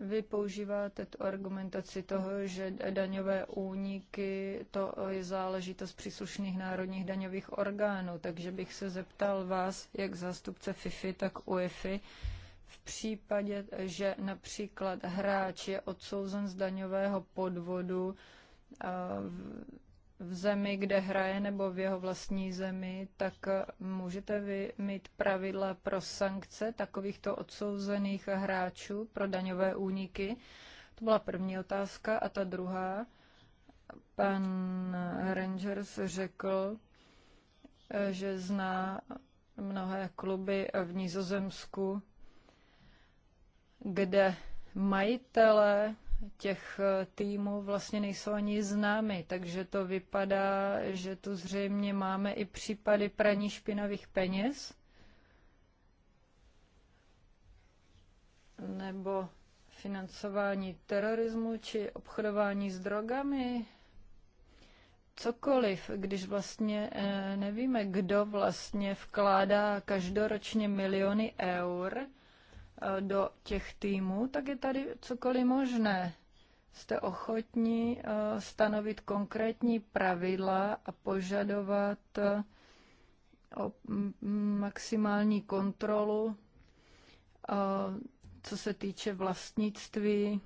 Vy používáte tu argumentaci toho, že daňové úniky to je záležitost příslušných národních daňových orgánů, takže bych se zeptal vás, jak zástupce FIFI, tak UEFI, v případě, že například hráč je odsouzen z daňového podvodu v zemi, kde hraje nebo v jeho vlastní zemi, tak eh, můžete vy mít pravidla pro sankce takovýchto odsouzených hráčů pro daňové úniky? To byla první otázka. A ta druhá, pan Rangers řekl, eh, že zná mnohé kluby v Nizozemsku, kde majitele těch eh, týmů vlastně nejsou ani známy, takže to vypadá, že tu zřejmě máme i případy praní špinavých peněz nebo financování terorismu či obchodování s drogami, cokoliv, když vlastně eh, nevíme, kdo vlastně vkládá každoročně miliony eur – Eh, do těch týmů, tak je tady cokoliv možné. Jste ochotní eh, stanovit konkrétní pravidla a požadovat eh, o maximální kontrolu, co se týče vlastnictví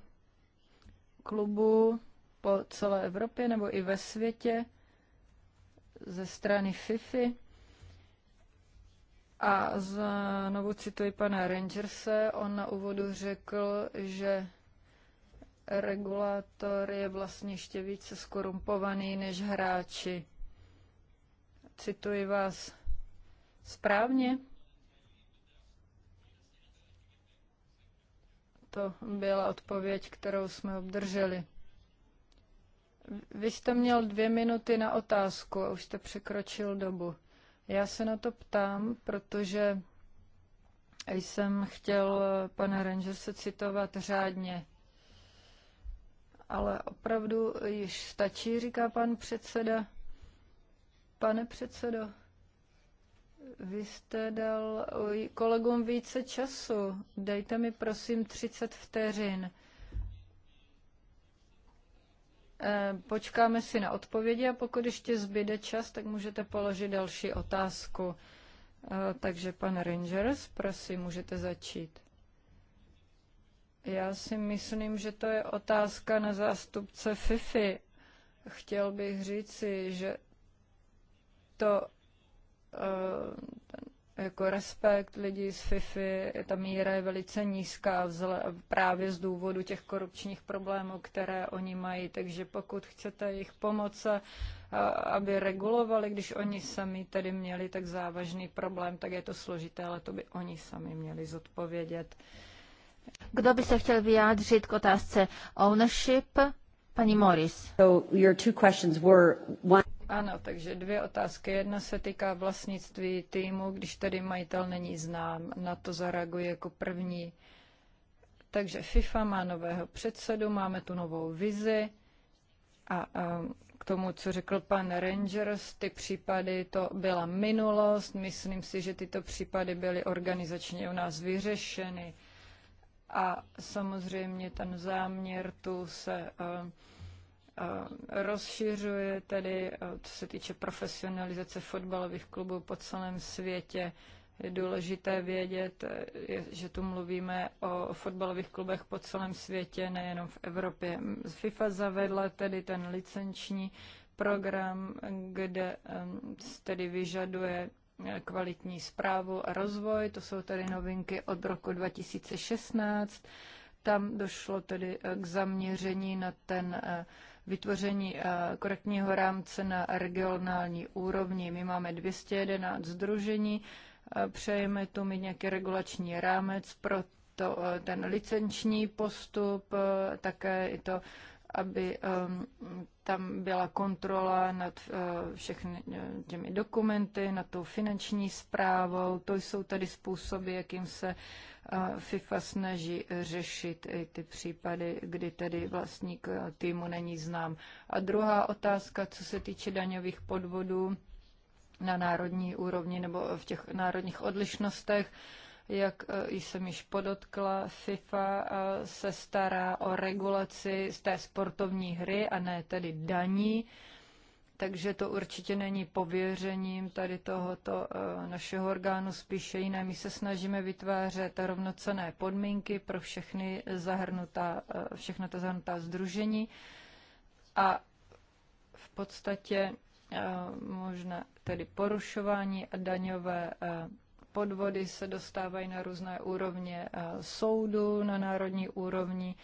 klubu po celé Evropě nebo i ve světě ze strany FIFI. A znovu cituji pana Rangerse, on na úvodu řekl, že regulátor je vlastně ještě více skorumpovaný než hráči. Cituji vás správně? To byla odpověď, kterou jsme obdrželi. Vy jste měl dvě minuty na otázku a už jste překročil dobu. Já se na to ptám, protože jsem chtěl pana Rangerse citovat řádně. Ale opravdu již stačí, říká pan předseda. Pane předsedo, vy jste dal kolegům více času. Dejte mi prosím 30 vteřin. Eh, počkáme si na odpovědi a pokud ještě zbyde čas, tak můžete položit další otázku. Eh, takže pan Rangers, prosím, můžete začít. Já si myslím, že to je otázka na zástupce FIFI. Chtěl bych říci, že to eh, jako respekt lidí z FIFI, ta míra je velice nízká vzle, právě z důvodu těch korupčních problémů, které oni mají. Takže pokud chcete jejich pomoc, aby regulovali, když oni sami tedy měli tak závažný problém, tak je to složité, ale to by oni sami měli zodpovědět. Kdo by se chtěl vyjádřit k otázce ownership? Paní Morris. So your two questions were one... Ano, takže dvě otázky. Jedna se týká vlastnictví týmu, když tady majitel není znám. Na to zareaguje jako první. Takže FIFA má nového předsedu, máme tu novou vizi a, a k tomu, co řekl pan Rangers, ty případy to byla minulost. Myslím si, že tyto případy byly organizačně u nás vyřešeny. A samozřejmě ten záměr tu se A, rozšiřuje tedy, co se týče profesionalizace fotbalových klubů po celém světě. Je důležité vědět, že tu mluvíme o fotbalových klubech po celém světě, nejenom v Evropě. FIFA zavedla tedy ten licenční program, kde tedy vyžaduje e, kvalitní zprávu a rozvoj. To jsou tedy novinky od roku 2016. Tam došlo tedy e, k zaměření na ten e, vytvoření eh, korektního rámce na regionální úrovni. My máme 211 združení, eh, přejeme tu mít nějaký regulační rámec pro to, eh, ten licenční postup, také i to aby um, tam byla kontrola nad uh, všechny eh, těmi dokumenty, nad tou finanční zprávou. To jsou tady způsoby, jakým se eh, FIFA snaží řešit i ty případy, kdy tedy vlastník eh, týmu není znám. A druhá otázka, co se týče daňových podvodů na národní úrovni nebo v těch národních odlišnostech, jak eh, jsem již podotkla, FIFA eh, se stará o regulaci z té sportovní hry a ne tedy daní, takže to určitě není pověřením tady tohoto eh, našeho orgánu, spíše jiné. My se snažíme vytvářet rovnocené podmínky pro všechny zahrnutá, všechna ta zahrnutá združení a v podstatě možná tedy porušování a daňové podvody se dostávají na různé úrovně eh, soudu, na národní úrovni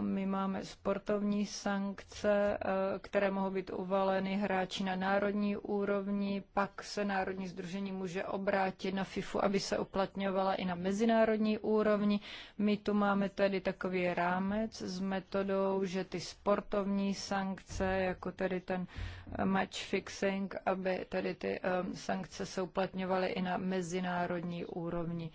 my máme sportovní sankce, eh, které mohou být uvaleny hráči na národní úrovni, pak se Národní združení může obrátit na FIFU, aby se uplatňovala i na mezinárodní úrovni. My tu máme tedy takový rámec s metodou, že ty sportovní sankce, jako tedy ten eh, match fixing, aby tedy ty eh, sankce se uplatňovaly i na mezinárodní úrovni.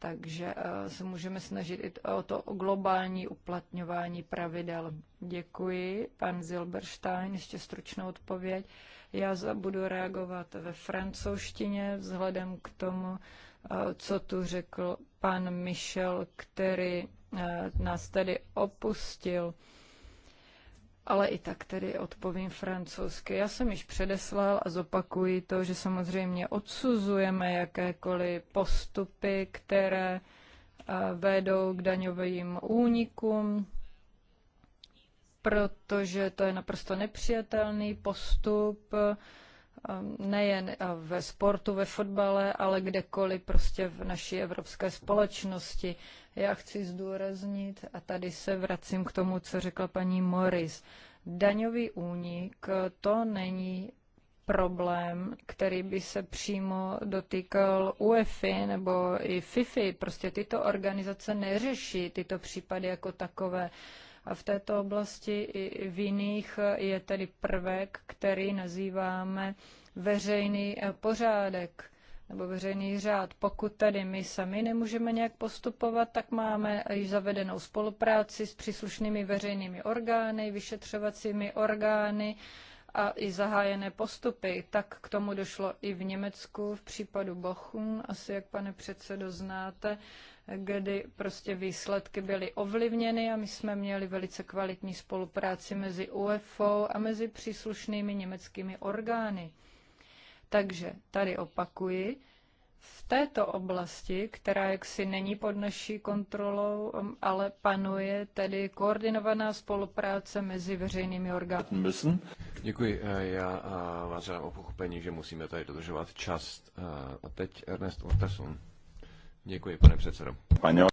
Takže eh, se můžeme snažit i o to globální uplatňování pravidel. Děkuji. Pan Zilberstein, ještě stručnou odpověď. Já budu reagovat ve francouzštině vzhledem k tomu, eh, co tu řekl pan Michel, který eh, nás tady opustil ale i tak tedy odpovím francouzsky. Já jsem již předeslal a zopakuji to, že samozřejmě odsuzujeme jakékoliv postupy, které eh, vedou k daňovým únikům, protože to je naprosto nepřijatelný postup, eh, nejen eh, ve sportu, ve fotbale, ale kdekoliv prostě v naší evropské společnosti. Já chci zdůraznit, a tady se vracím k tomu, co řekla paní Morris, daňový únik to není problém, který by se přímo dotýkal UEFI nebo i FIFI. Prostě tyto organizace neřeší tyto případy jako takové. A v této oblasti i v jiných je tedy prvek, který nazýváme veřejný pořádek nebo veřejný řád. Pokud tedy my sami nemůžeme nějak postupovat, tak máme již zavedenou spolupráci s příslušnými veřejnými orgány, vyšetřovacími orgány a i zahájené postupy. Tak k tomu došlo i v Německu v případu Bochum, asi jak pane předsedo znáte, kdy prostě výsledky byly ovlivněny a my jsme měli velice kvalitní spolupráci mezi UFO a mezi příslušnými německými orgány. Takže tady opakuji, v této oblasti, která jaksi není pod naší kontrolou, um, ale panuje tedy koordinovaná spolupráce mezi veřejnými orgány. Děkuji. Eh, já vás žádám o pochopení, že musíme tady dodržovat čas. Eh, a teď Ernest Ortasun. Děkuji, pane předsedo.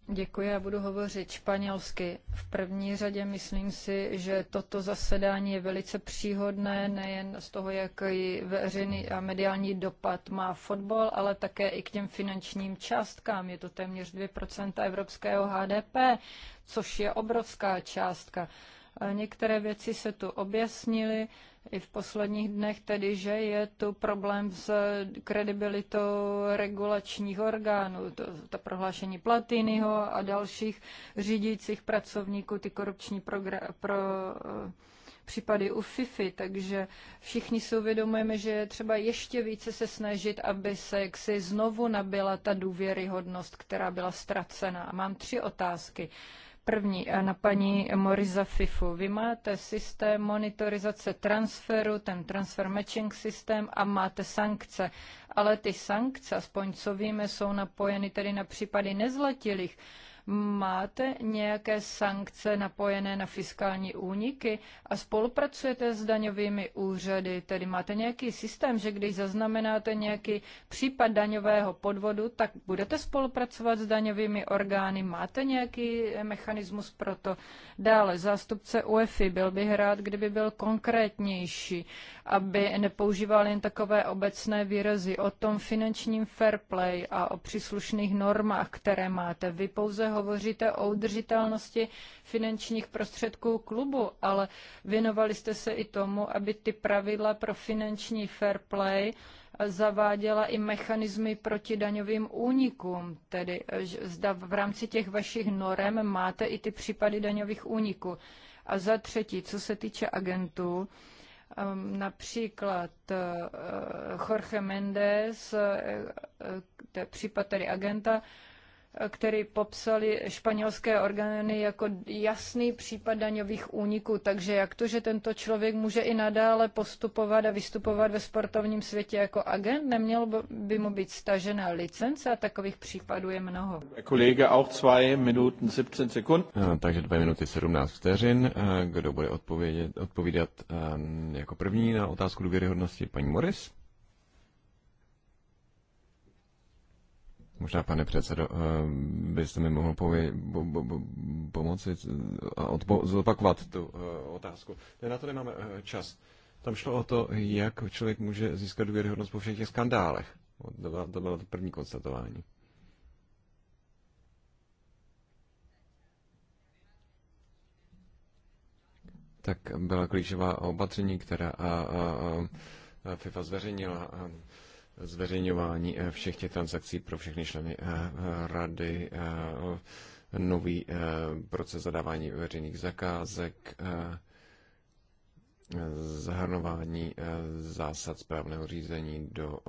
Děkuji, já budu hovořit španělsky. V první řadě myslím si, že toto zasedání je velice příhodné, nejen z toho, jaký veřejný a mediální dopad má fotbal, ale také i k těm finančním částkám. Je to téměř 2% evropského HDP, což je obrovská částka. Některé věci se tu objasnily i v posledních dnech, tedy že je tu problém s kredibilitou regulačních orgánů, to, to prohlášení Platinyho a dalších řídících pracovníků, ty korupční progra- pro, eh, případy u FIFI, takže všichni si uvědomujeme, že je třeba ještě více se snažit, aby se jaksi znovu nabila ta důvěryhodnost, která byla ztracena. A mám tři otázky. První eh, na paní Moriza Fifu. Vy máte systém monitorizace transferu, ten transfer matching systém a máte sankce. Ale ty sankce, aspoň co víme, jsou napojeny tedy na případy nezlatilých. Máte nějaké sankce napojené na fiskální úniky a spolupracujete s daňovými úřady? Tedy máte nějaký systém, že když zaznamenáte nějaký případ daňového podvodu, tak budete spolupracovat s daňovými orgány? Máte nějaký mechanismus pro to? Dále, zástupce UEFI, byl bych rád, kdyby byl konkrétnější, aby nepoužíval jen takové obecné výrazy o tom finančním fair play a o příslušných normách, které máte. Vy pouze hovoříte o udržitelnosti finančních prostředků klubu, ale věnovali jste se i tomu, aby ty pravidla pro finanční fair play zaváděla i mechanismy proti daňovým únikům. Tedy zda v rámci těch vašich norem máte i ty případy daňových úniků. A za třetí, co se týče agentů, um, například uh, Jorge Mendes, uh, uh, to je případ tedy agenta, který popsali španělské orgány jako jasný případ daňových úniků. Takže jak to, že tento člověk může i nadále postupovat a vystupovat ve sportovním světě jako agent? Neměl by mu být stažená licence a takových případů je mnoho. Kolega, auch 2 minuten 17 sekund. No, takže 2 minuty 17 vteřin. Eh, kdo bude odpovědět, odpovídat eh, jako první na otázku důvěryhodnosti? Paní Morris? Možná, pane předsedo, eh, byste mi mohl pově- bo- bo- bo- pomoci a odpo- zopakovat tu eh, otázku. Ne, na to nemáme eh, čas. Tam šlo o to, jak člověk může získat důvěryhodnost po všech těch skandálech. To bylo to první konstatování. Tak byla klíčová opatření, která a, a, a FIFA zveřejnila. A, zveřejňování eh, všech těch transakcí pro všechny členy eh, rady, eh, nový proces zadávání veřejných zakázek, zahrnování zásad správného řízení do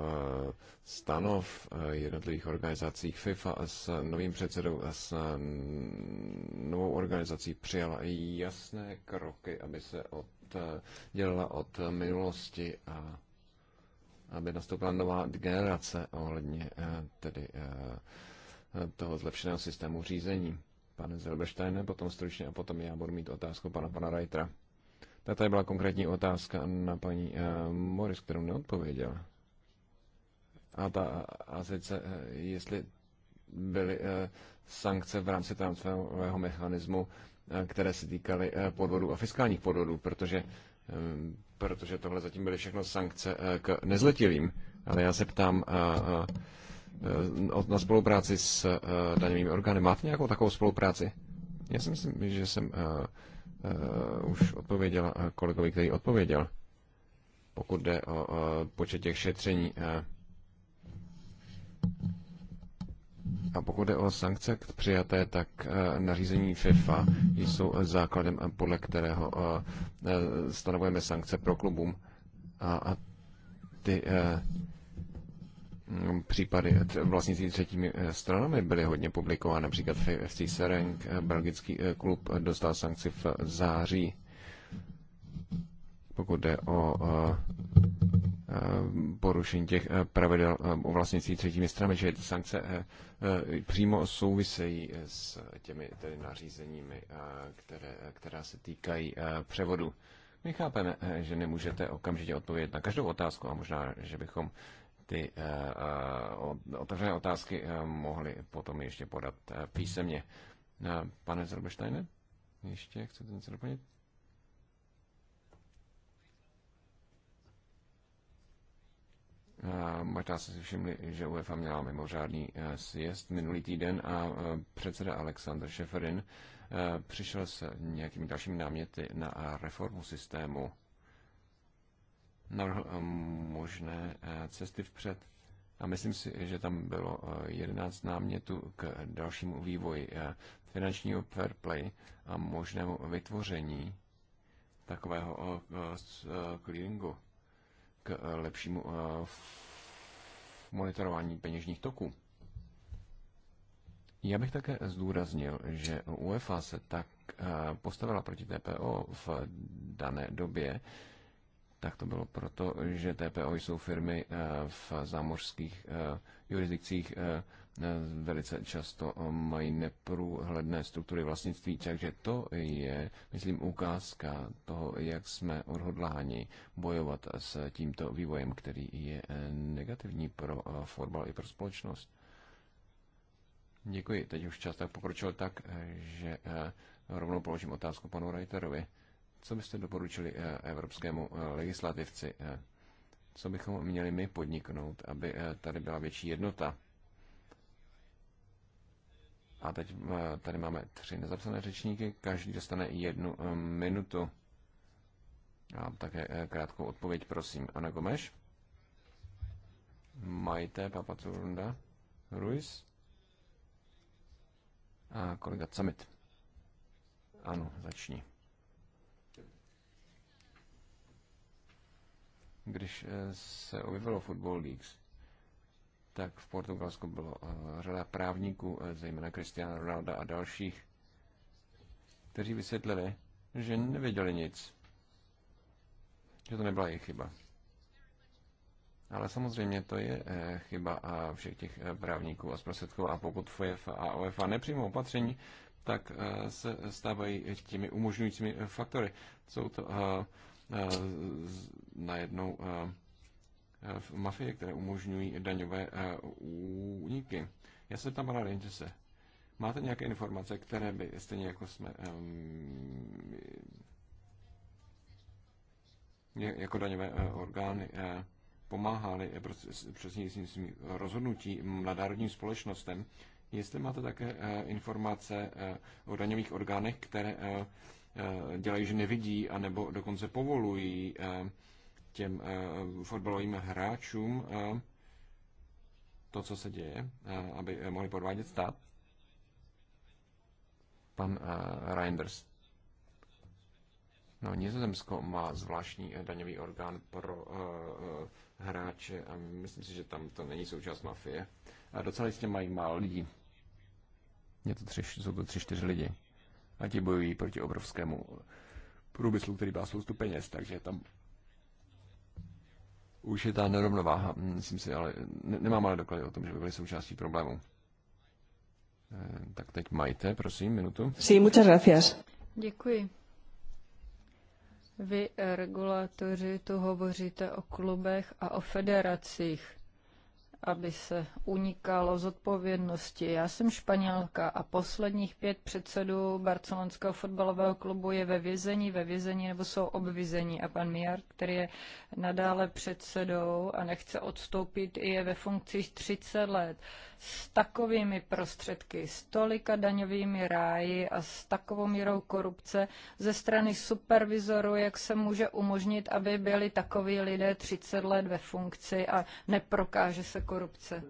stanov jednotlivých organizací FIFA s novým předsedou a s novou organizací přijala jasné kroky, aby se od, od minulosti a aby nastoupila nová generace ohledně eh, tedy eh, toho zlepšeného systému řízení. Pane Zelbersteine, potom stručně a potom já budu mít otázku pana pana Reitera. Tak tady byla konkrétní otázka na paní eh, Morris, kterou neodpověděl. A, ta, a sice, jestli byly sankce v rámci transferového mechanismu, které se týkaly podvodů a fiskálních podvodů, protože Ehm, protože tohle zatím byly všechno sankce eh, k nezletilým. Ale já se ptám eh, eh, na spolupráci s daňovými orgány. Máte nějakou takovou spolupráci? Já si myslím, že jsem už odpověděl kolegovi, který odpověděl. Pokud jde o počet těch šetření, a pokud jde o sankce přijaté, tak eh, nařízení FIFA jsou základem, eh, podle kterého eh, stanovujeme sankce pro klubům. A ty mm, případy vlastnictví třetími stranami byly hodně publikovány. Například FC Sereng, belgický klub, dostal sankci v září pokud jde o eh, eh, porušení těch eh, pravidel o vlastnictví třetími stranami, že ty sankce přímo souvisejí s těmi tedy nařízeními, které, která se týkají převodu. My chápeme, že nemůžete okamžitě odpovědět na každou otázku a možná, že bychom ty otevřené otázky mohli potom ještě podat písemně. Pane Zelbeštajne, ještě chcete něco doplnit? Možná jste si všimli, že UEFA měla mimořádný eh, sjezd minulý týden a eh, předseda Aleksandr Šeferin eh, přišel s nějakými dalšími náměty na reformu systému. Navrhl možné cesty vpřed. A myslím si, že tam bylo 11 námětů k dalšímu vývoji finančního fair play a možnému vytvoření takového clearingu k eh, lepšímu eh, monitorování peněžních toků. Já bych také zdůraznil, že UEFA se tak eh, postavila proti TPO v dané době, tak to bylo proto, že TPO jsou firmy v zámořských jurisdikcích Eh, velice často eh, mají neprůhledné struktury vlastnictví, takže to je, myslím, ukázka toho, jak jsme odhodláni bojovat s tímto vývojem, který je eh, negativní pro fotbal i pro společnost. Děkuji. Teď už čas tak pokročil tak, že rovnou položím otázku panu Reiterovi. Co byste doporučili evropskému legislativci? Co bychom měli my podniknout, aby tady byla větší jednota? A teď eh, tady máme tři nezapsané řečníky, každý dostane jednu eh, minutu. A také eh, krátkou odpověď, prosím. Ana Gomeš? Majte Papaturunda Ruiz? A kolega Camit. Ano, začni. Když se objevilo Football Leagues, tak v Portugalsku bylo eh, řada právníků, eh, zejména Cristiano Ronaldo a dalších, kteří vysvětlili, že nevěděli nic. Že to nebyla jejich chyba. Ale samozřejmě to je eh, chyba všech těch právníků a zprostředků. A pokud FUEF a UEFA nepřijmou opatření, tak se stávají těmi umožňujícími faktory. Jsou to najednou Eh, v mafie, které umožňují daňové eh, úniky. Já se tam pana se. Máte nějaké informace, které by, stejně jako jsme, um, jako daňové eh, orgány pomáhali s tím rozhodnutí nadárodním společnostem, jestli máte také informace o daňových orgánech, které dělají, že nevidí, anebo dokonce povolují těm eh, fotbalovým hráčům eh, to, co se děje, eh, aby mohli podvádět stát? Pan Reinders. No, Nizozemsko má zvláštní daňový orgán pro uh, uh, hráče a myslím si, že tam to není součást mafie. A docela jistě mají málo lidí. Je to tři, jsou to tři, čtyři lidi. A ti bojují proti obrovskému průmyslu, který má spoustu peněz, takže tam už je ta nerovnováha. Myslím si, ale ne, nemám ale doklady o tom, že by byly součástí problému. Eh, tak teď majte, prosím, minutu. Sí, muchas gracias. Děkuji. Vy, eh, regulátoři, tu hovoříte o klubech a o federacích aby se unikalo z odpovědnosti. Já jsem Španělka a posledních pět předsedů barcelonského fotbalového klubu je ve vězení, ve vězení nebo jsou obvizení. A pan Miar, který je nadále předsedou a nechce odstoupit, je ve funkcích 30 let. S takovými prostředky, s tolika daňovými ráji a s takovou mírou korupce ze strany supervizoru, jak se může umožnit, aby byli takoví lidé 30 let ve funkci a neprokáže se korupce?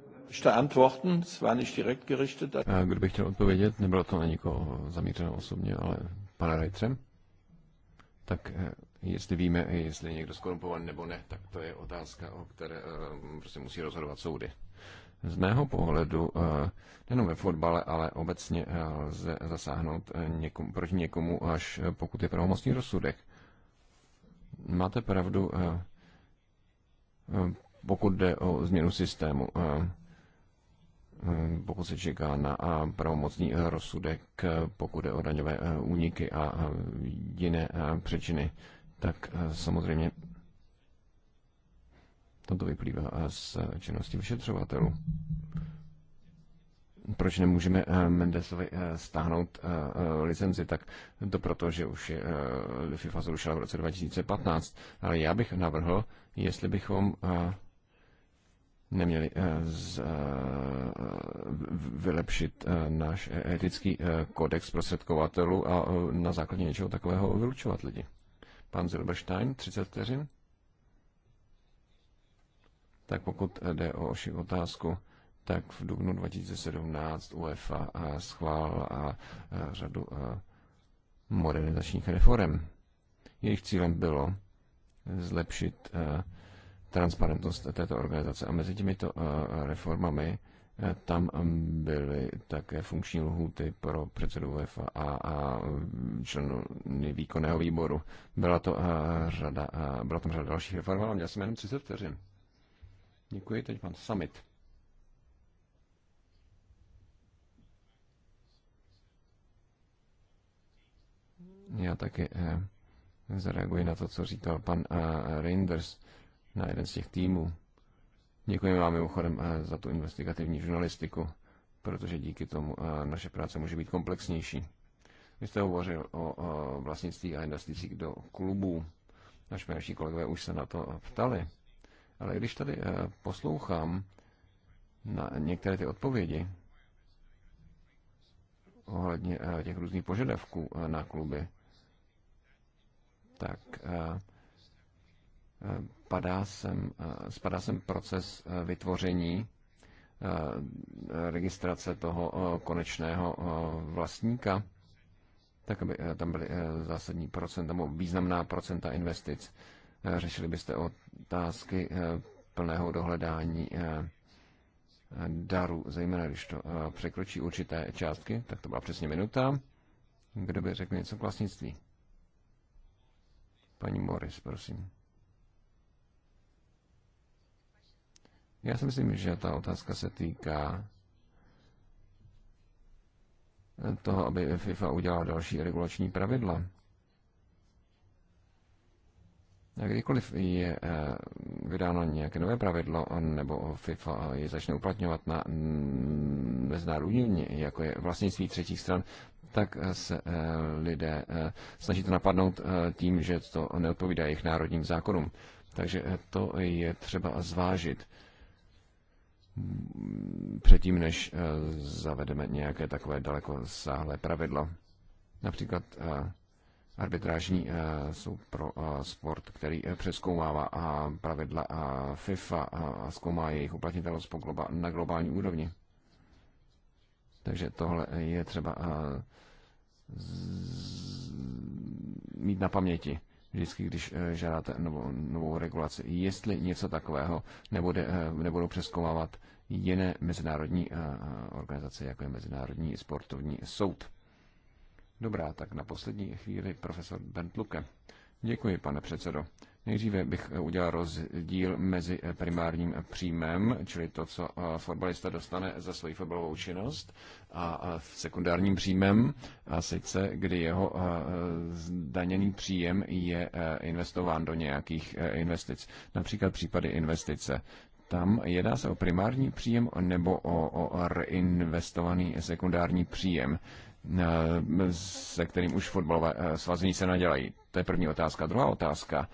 Kdo chtěl odpovědět, nebylo to na nikoho zamířeno osobně, ale pana Reitrem, Tak eh, jestli víme, jestli je někdo skorumpovaný nebo ne, tak to je otázka, o které eh, prostě musí rozhodovat soudy. Z mého pohledu, eh, nejenom ve fotbale, ale obecně lze zasáhnout někomu, proti někomu, až pokud je pravomocný rozsudek. Máte pravdu, pokud jde o změnu systému. Eh, eh, pokud se čeká na eh, pravomocný rozsudek, pokud jde o daňové úniky a jiné přečiny, tak samozřejmě toto vyplývá z činnosti vyšetřovatelů. Proč nemůžeme Mendesovi stáhnout licenci? Tak to proto, že už je FIFA zrušila v roce 2015. Ale já bych navrhl, jestli bychom neměli eh, z, eh, vylepšit eh, náš e- etický kodex prostředkovatelů a na základě něčeho takového vylučovat lidi. Pan Zilberstein, 30 vteřin. Tak pokud jde o oši otázku, tak v dubnu 2017 UEFA schválila řadu modernizačních reform. Jejich cílem bylo zlepšit transparentnost této organizace. A mezi těmito eh, reformami eh, tam mm, byly také funkční lhůty pro předsedu UEFA a, a mm, členů výkonného výboru. Byla, to, a, eh, řada, a, byla tam řada dalších reform, ale měl jsem jenom 30 vteřin. Děkuji, teď pan Summit. Já taky eh, zareaguji na to, co říkal pan eh, Reinders na jeden z těch týmů. Děkujeme vám mimochodem eh, za tu investigativní žurnalistiku, protože díky tomu eh, naše práce může být komplexnější. Vy jste hovořil o eh, vlastnictví a investicích do klubů. Naši naši kolegové už se na to ptali. Ale když tady poslouchám na některé ty odpovědi ohledně těch různých požadavků na kluby, tak Eh, padá sem, eh, spadá sem proces eh, vytvoření registrace toho konečného vlastníka, tak aby tam byly zásadní procenta nebo významná procenta investic. Řešili byste otázky plného dohledání daru, zejména když to překročí určité částky, tak to byla přesně minuta. Kdo by řekl něco k vlastnictví? Paní Morris, prosím. Já si myslím, že ta otázka se týká toho, aby FIFA udělala další regulační pravidla. A kdykoliv je eh, vydáno nějaké nové pravidlo, nebo FIFA je začne uplatňovat na mezinárodní úrovni, jako je vlastnictví třetích stran, tak eh, se eh, lidé snaží to napadnout tím, že to neodpovídá jejich národním zákonům. Takže to je třeba zvážit předtím, než eh, zavedeme nějaké takové daleko sáhlé pravidlo. Například eh, arbitrážní eh, soud pro sport, který přeskoumává pravidla FIFA a zkoumá jejich uplatnitelnost na globální úrovni. Takže tohle je třeba mít na paměti vždycky, když eh, žádáte novou, novou regulaci, jestli něco takového nebude, eh, nebudou přeskoumávat jiné mezinárodní eh, organizace, jako je Mezinárodní sportovní soud. Dobrá, tak na poslední chvíli profesor Bentluke. Děkuji, pane předsedo. Nejdříve bych eh, udělal rozdíl mezi eh, primárním příjmem, čili to, co eh, fotbalista dostane za svoji fotbalovou činnost, a sekundárním příjmem, a sice kdy jeho zdaněný příjem je investován do nějakých investic, například případy investice. Tam jedná se o primární příjem nebo o, o reinvestovaný sekundární příjem se kterým už fotbalové svazení se nadělají? To je první otázka. Druhá otázka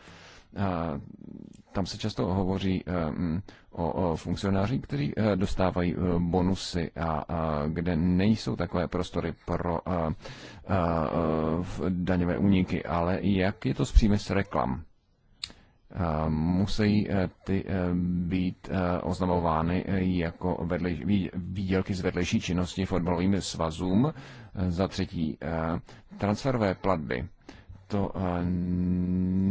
tam se často hovoří ehm, o funkcionáři, kteří eh, dostávají eh, bonusy a kde nejsou takové prostory pro eh, daňové úniky, ale jak je to s příjmy s reklam? musí ty být oznamovány jako vedlej, výdělky z vedlejší činnosti fotbalovým svazům. Za třetí, transferové platby to eh,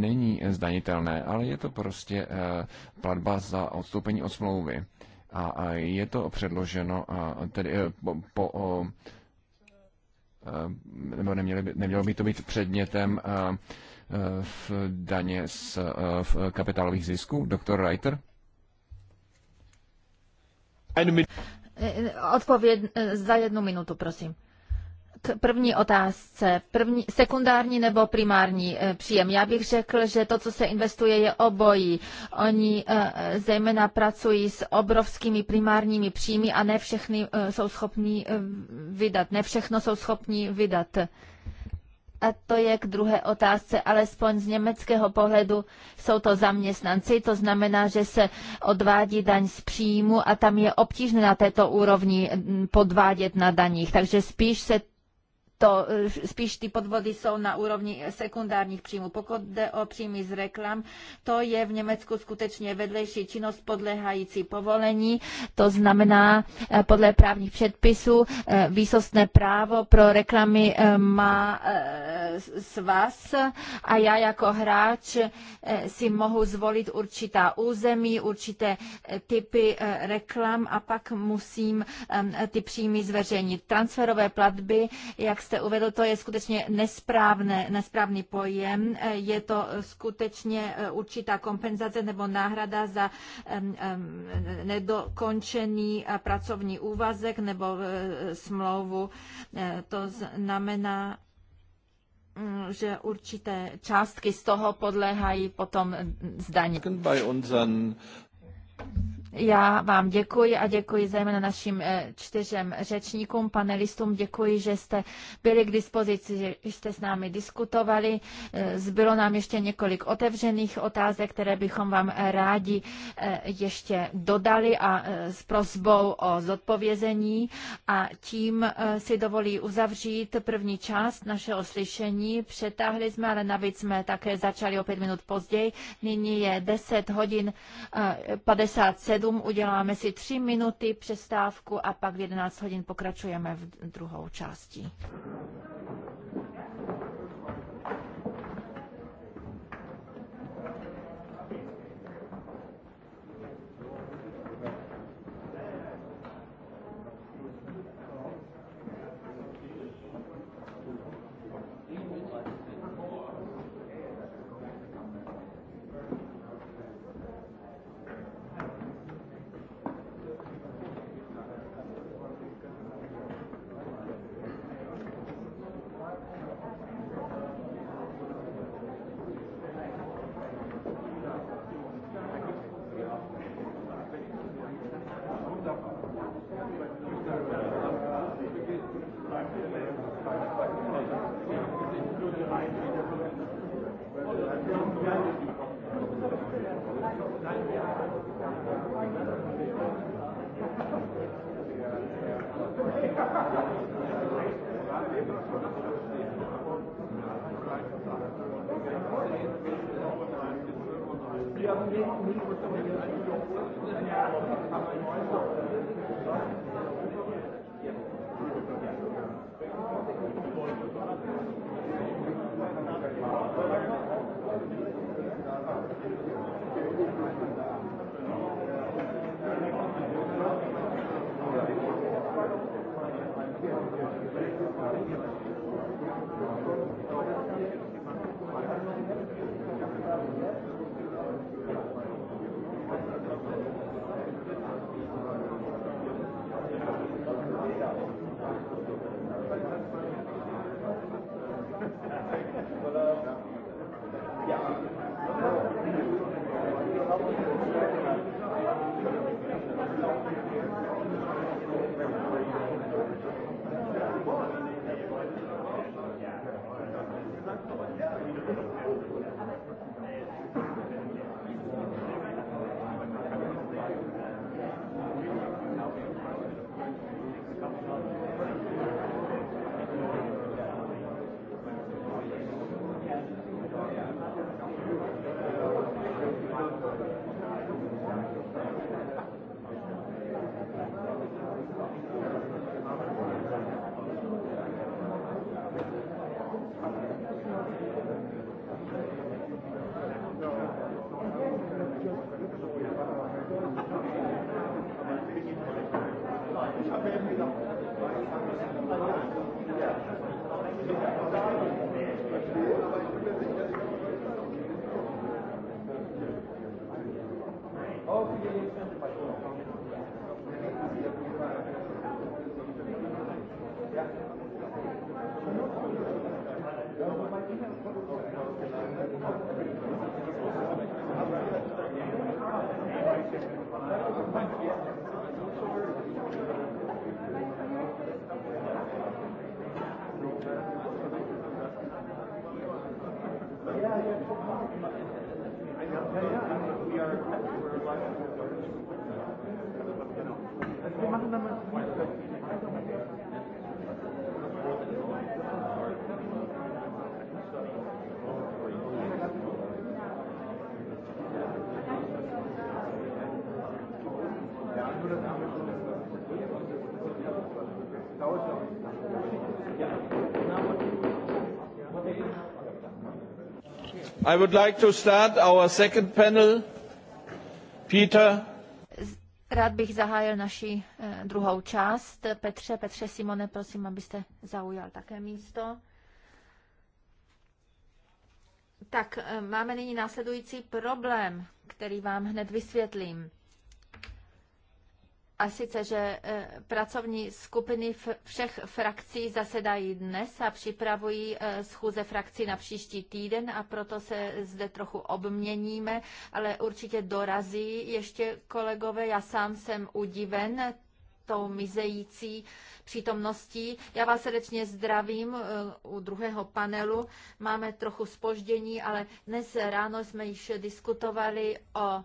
není zdanitelné, ale je to prostě eh, platba za odstoupení od smlouvy. A je to předloženo, tedy eh, po, po nebo neměli, by, nemělo by to být předmětem v daně z v kapitálových zisků, doktor Reiter? Odpověd za jednu minutu, prosím k první otázce. První, sekundární nebo primární eh, příjem? Já bych řekl, že to, co se investuje, je obojí. Oni eh, zejména pracují s obrovskými primárními příjmy a ne všechny eh, jsou schopni vydat. Ne všechno jsou schopni vydat. A to je k druhé otázce, alespoň z německého pohledu jsou to zaměstnanci, to znamená, že se odvádí daň z příjmu a tam je obtížné na této úrovni mm, podvádět na daních. Takže spíš se to eh, spíš ty podvody jsou na úrovni sekundárních příjmů. Pokud jde o příjmy z reklam, to je v Německu skutečně vedlejší činnost podléhající povolení, to znamená eh, podle právních předpisů eh, výsostné právo pro reklamy má vás a já jako hráč si mohu zvolit určitá území, určité typy reklam a pak musím ty příjmy zveřejnit. Transferové platby, jak jste uvedl, to je skutečně nesprávné, nesprávný pojem. Eh, je to eh, skutečně eh, určitá kompenzace nebo náhrada za nedokončený pracovní úvazek nebo smlouvu. To znamená, mm, že určité částky z toho podléhají potom zdaní. Já vám děkuji a děkuji zejména našim eh, čtyřem řečníkům, panelistům. Děkuji, že jste byli k dispozici, že jste s námi diskutovali. Eh, zbylo nám ještě několik otevřených otázek, které bychom vám eh, rádi ještě dodali a s prozbou o zodpovězení. A tím si dovolí uzavřít první část našeho slyšení. Přetáhli jsme, ale navíc jsme také začali o pět minut později. Nyní je 10 hodin 57 7 uděláme si 3 minuty přestávku a pak v 11 hodin pokračujeme v druhou části. I would like to start our second panel. Peter. Rád bych zahájil naši eh, druhou část. Petře, Petře Simone, prosím, abyste zaujal také místo. Tak eh, máme nyní následující problém, který vám hned vysvětlím a sice, že e, pracovní skupiny všech frakcí zasedají dnes a připravují e, schůze frakcí na příští týden a proto se zde trochu obměníme, ale určitě dorazí ještě kolegové. Já sám jsem udiven tou mizející přítomností. Já vás srdečně zdravím e, u druhého panelu. Máme trochu spoždění, ale dnes ráno jsme již diskutovali o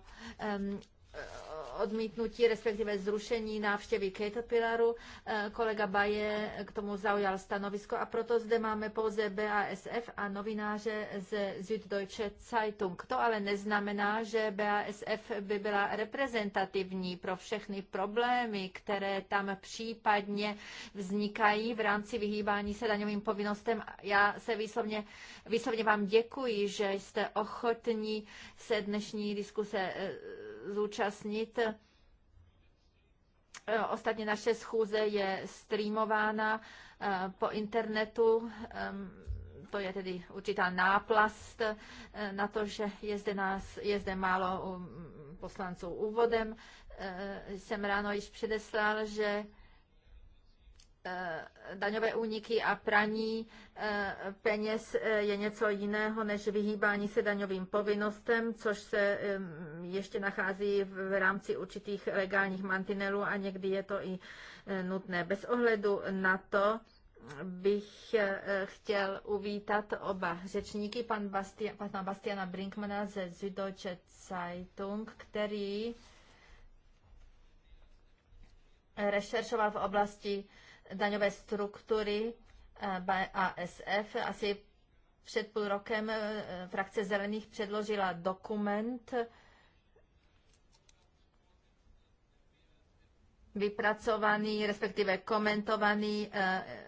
odmítnutí, respektive zrušení návštěvy Caterpillaru. Eh, kolega Baje k tomu zaujal stanovisko a proto zde máme pouze BASF a novináře ze Süddeutsche Zeitung. To ale neznamená, že BASF by byla reprezentativní pro všechny problémy, které tam případně vznikají v rámci vyhýbání se daňovým povinnostem. Já se výslovně, výslovně vám děkuji, že jste ochotní se dnešní diskuse eh, zúčastnit. E, ostatně naše schůze je streamována e, po internetu. E, to je tedy určitá náplast na to, že je zde, nás, je zde málo poslanců úvodem. Jsem ráno již předeslal, že Eh, daňové úniky a praní eh, peněz eh, je něco jiného než vyhýbání se daňovým povinnostem, což se ještě nachází v rámci určitých legálních mantinelů a někdy je to i nutné. Bez ohledu na to bych chtěl uvítat oba řečníky, pan Bastia, pana Bastiana Brinkmana ze Süddeutsche Zeitung, který rešeršoval v oblasti daňové struktury eh, ASF. Asi před půl rokem eh, frakce zelených předložila dokument, vypracovaný, respektive komentovaný eh,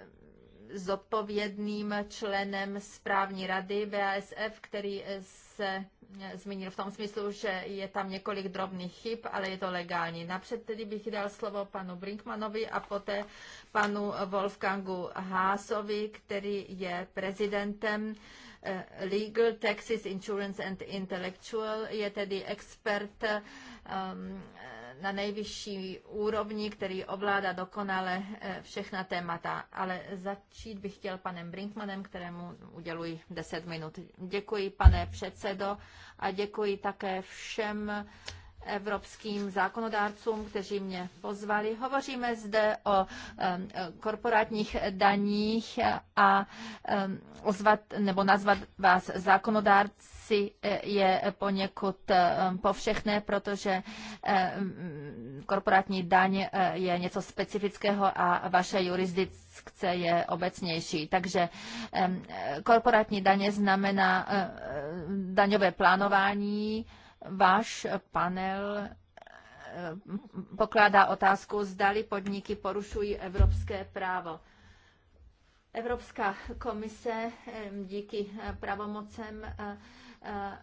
zodpovědným členem správní rady BASF, který se zmínil v tom smyslu, že je tam několik drobných chyb, ale je to legální. Napřed tedy bych dal slovo panu Brinkmanovi a poté panu Wolfgangu Hásovi, který je prezidentem eh, Legal Taxes Insurance and Intellectual, je tedy expert um, na nejvyšší úrovni, který ovládá dokonale eh, všechna témata. Ale začít bych chtěl panem Brinkmanem, kterému uděluji 10 minut. Děkuji, pane předsedo, a děkuji také všem evropským zákonodárcům, kteří mě pozvali. Hovoříme zde o korporátních daních a ozvat nebo nazvat vás zákonodárci asi eh, je poněkud eh, povšechné, protože eh, mm, korporátní daň je něco specifického a vaše jurisdikce je obecnější. Takže korporátní daně znamená daňové plánování. Váš panel pokládá otázku, zdali podniky porušují evropské právo. Evropská komise díky pravomocem Eh,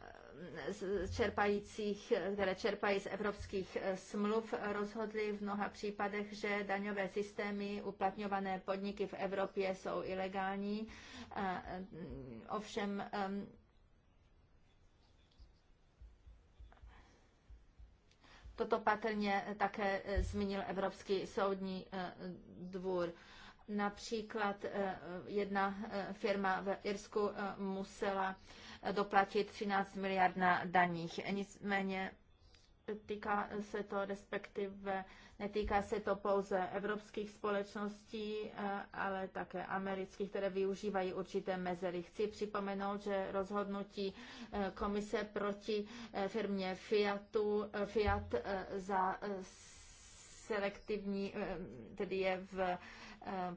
čerpajících, které čerpají z evropských eh, smluv, rozhodli v mnoha případech, že daňové systémy uplatňované podniky v Evropě jsou ilegální. Eh, ovšem toto patrně také zmínil Evropský soudní dvůr. Například jedna firma v Irsku musela doplatit 13 miliard na daních. Nicméně týká se to respektive, netýká se to pouze evropských společností, eh, ale také amerických, které využívají určité mezery. Chci připomenout, že rozhodnutí eh, komise proti eh, firmě Fiatu, Fiat za selektivní, tedy je v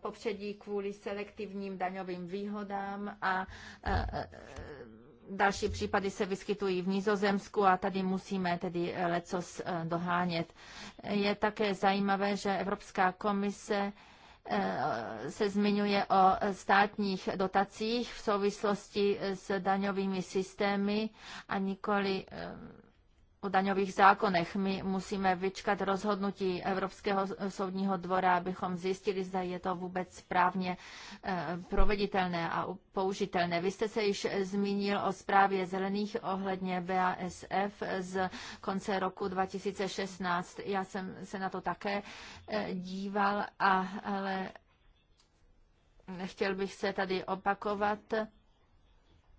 popředí kvůli selektivním daňovým výhodám a Další případy se vyskytují v Nizozemsku a tady musíme tedy eh, lecos eh, dohánět. Je také zajímavé, že Evropská komise eh, se zmiňuje o státních dotacích v souvislosti s daňovými systémy a nikoli o daňových zákonech. My musíme vyčkat rozhodnutí Evropského soudního dvora, abychom zjistili, zda je to vůbec správně eh, proveditelné a použitelné. Vy jste se již zmínil o zprávě zelených ohledně BASF z konce roku 2016. Já jsem se na to také eh, díval, a, ale nechtěl bych se tady opakovat.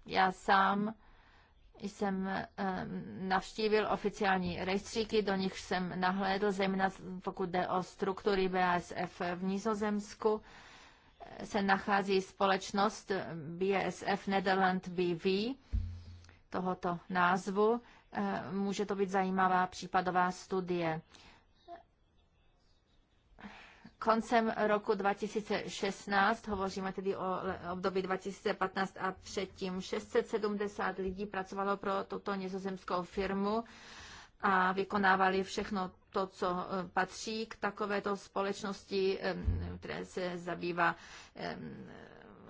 Já sám jsem navštívil oficiální rejstříky, do nich jsem nahlédl, zejména pokud jde o struktury BASF v Nizozemsku, se nachází společnost BASF Netherland BV tohoto názvu. Může to být zajímavá případová studie koncem roku 2016, hovoříme tedy o období 2015 a předtím, 670 lidí pracovalo pro tuto nizozemskou firmu a vykonávali všechno to, co eh, patří k takovéto společnosti, které se zabývá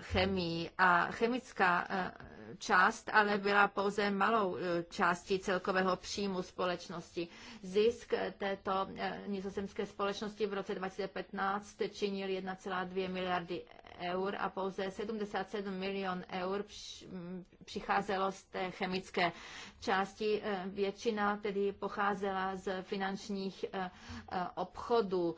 chemii A chemická eh, část, ale byla pouze malou e, částí celkového příjmu společnosti. Zisk této e, nizozemské společnosti v roce 2015 činil 1,2 miliardy eur a pouze 77 milion eur mm, přicházelo z té chemické části. Eh, většina tedy pocházela z finančních eh, eh, obchodů.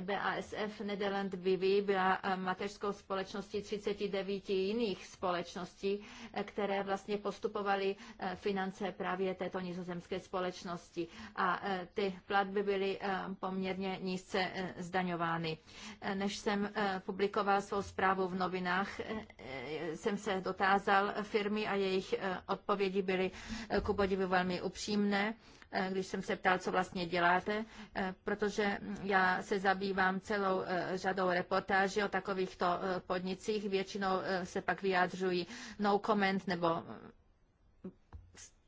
BASF Nederland Bivy byla mateřskou společností 39 jiných společností, které vlastně postupovaly finance právě této nizozemské společnosti. A ty platby byly poměrně nízce zdaňovány. Než jsem publikoval svou zprávu v novinách e, e, jsem se dotázal firmy a jejich e, odpovědi byly ku podivu velmi upřímné když jsem se ptal, co vlastně děláte, protože já se zabývám celou řadou reportáží o takovýchto podnicích. Většinou se pak vyjádřují no comment nebo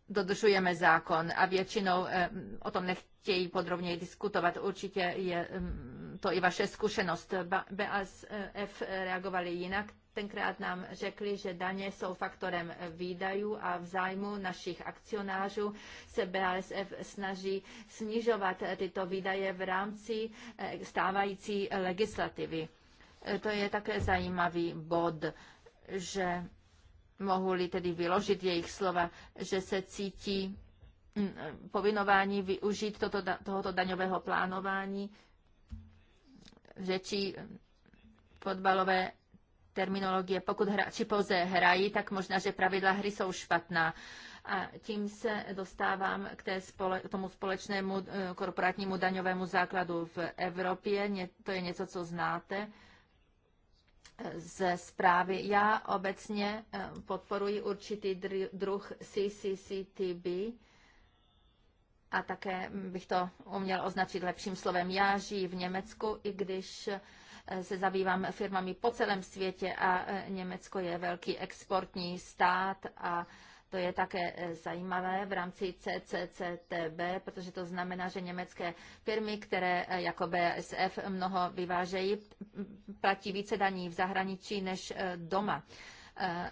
dodržujeme zákon a většinou eh, o tom nechtějí podrobněji diskutovat. Určitě je mm, to i vaše zkušenost. BASF reagovali jinak. Tenkrát nám řekli, že daně jsou faktorem výdajů a v zájmu našich akcionářů se BASF snaží snižovat eh, tyto výdaje v rámci eh, stávající legislativy. To je také zajímavý bod, že mohu-li tedy vyložit jejich slova, že se cítí mm, povinování využít toto, tohoto daňového plánování řečí mm, fotbalové terminologie. Pokud hráči pouze hrají, tak možná, že pravidla hry jsou špatná. A tím se dostávám k, té spole, k tomu společnému eh, korporátnímu daňovému základu v Evropě. to je něco, co znáte ze zprávy. Já obecně eh, podporuji určitý druh CCCTB a také bych to uměl označit lepším slovem. Já žiji v Německu, i když eh, se zabývám firmami po celém světě a eh, Německo je velký exportní stát a to je také e, zajímavé v rámci CCCTB, protože to znamená, že německé firmy, které e, jako BASF mnoho vyvážejí, platí více daní v zahraničí než e, doma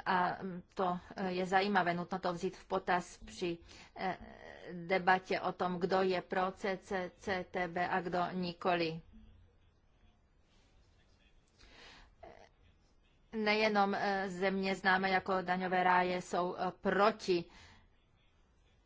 a to je zajímavé, nutno to vzít v potaz při debatě o tom, kdo je pro CCCTB a kdo nikoli. nejenom eh, země známe jako daňové ráje jsou eh, proti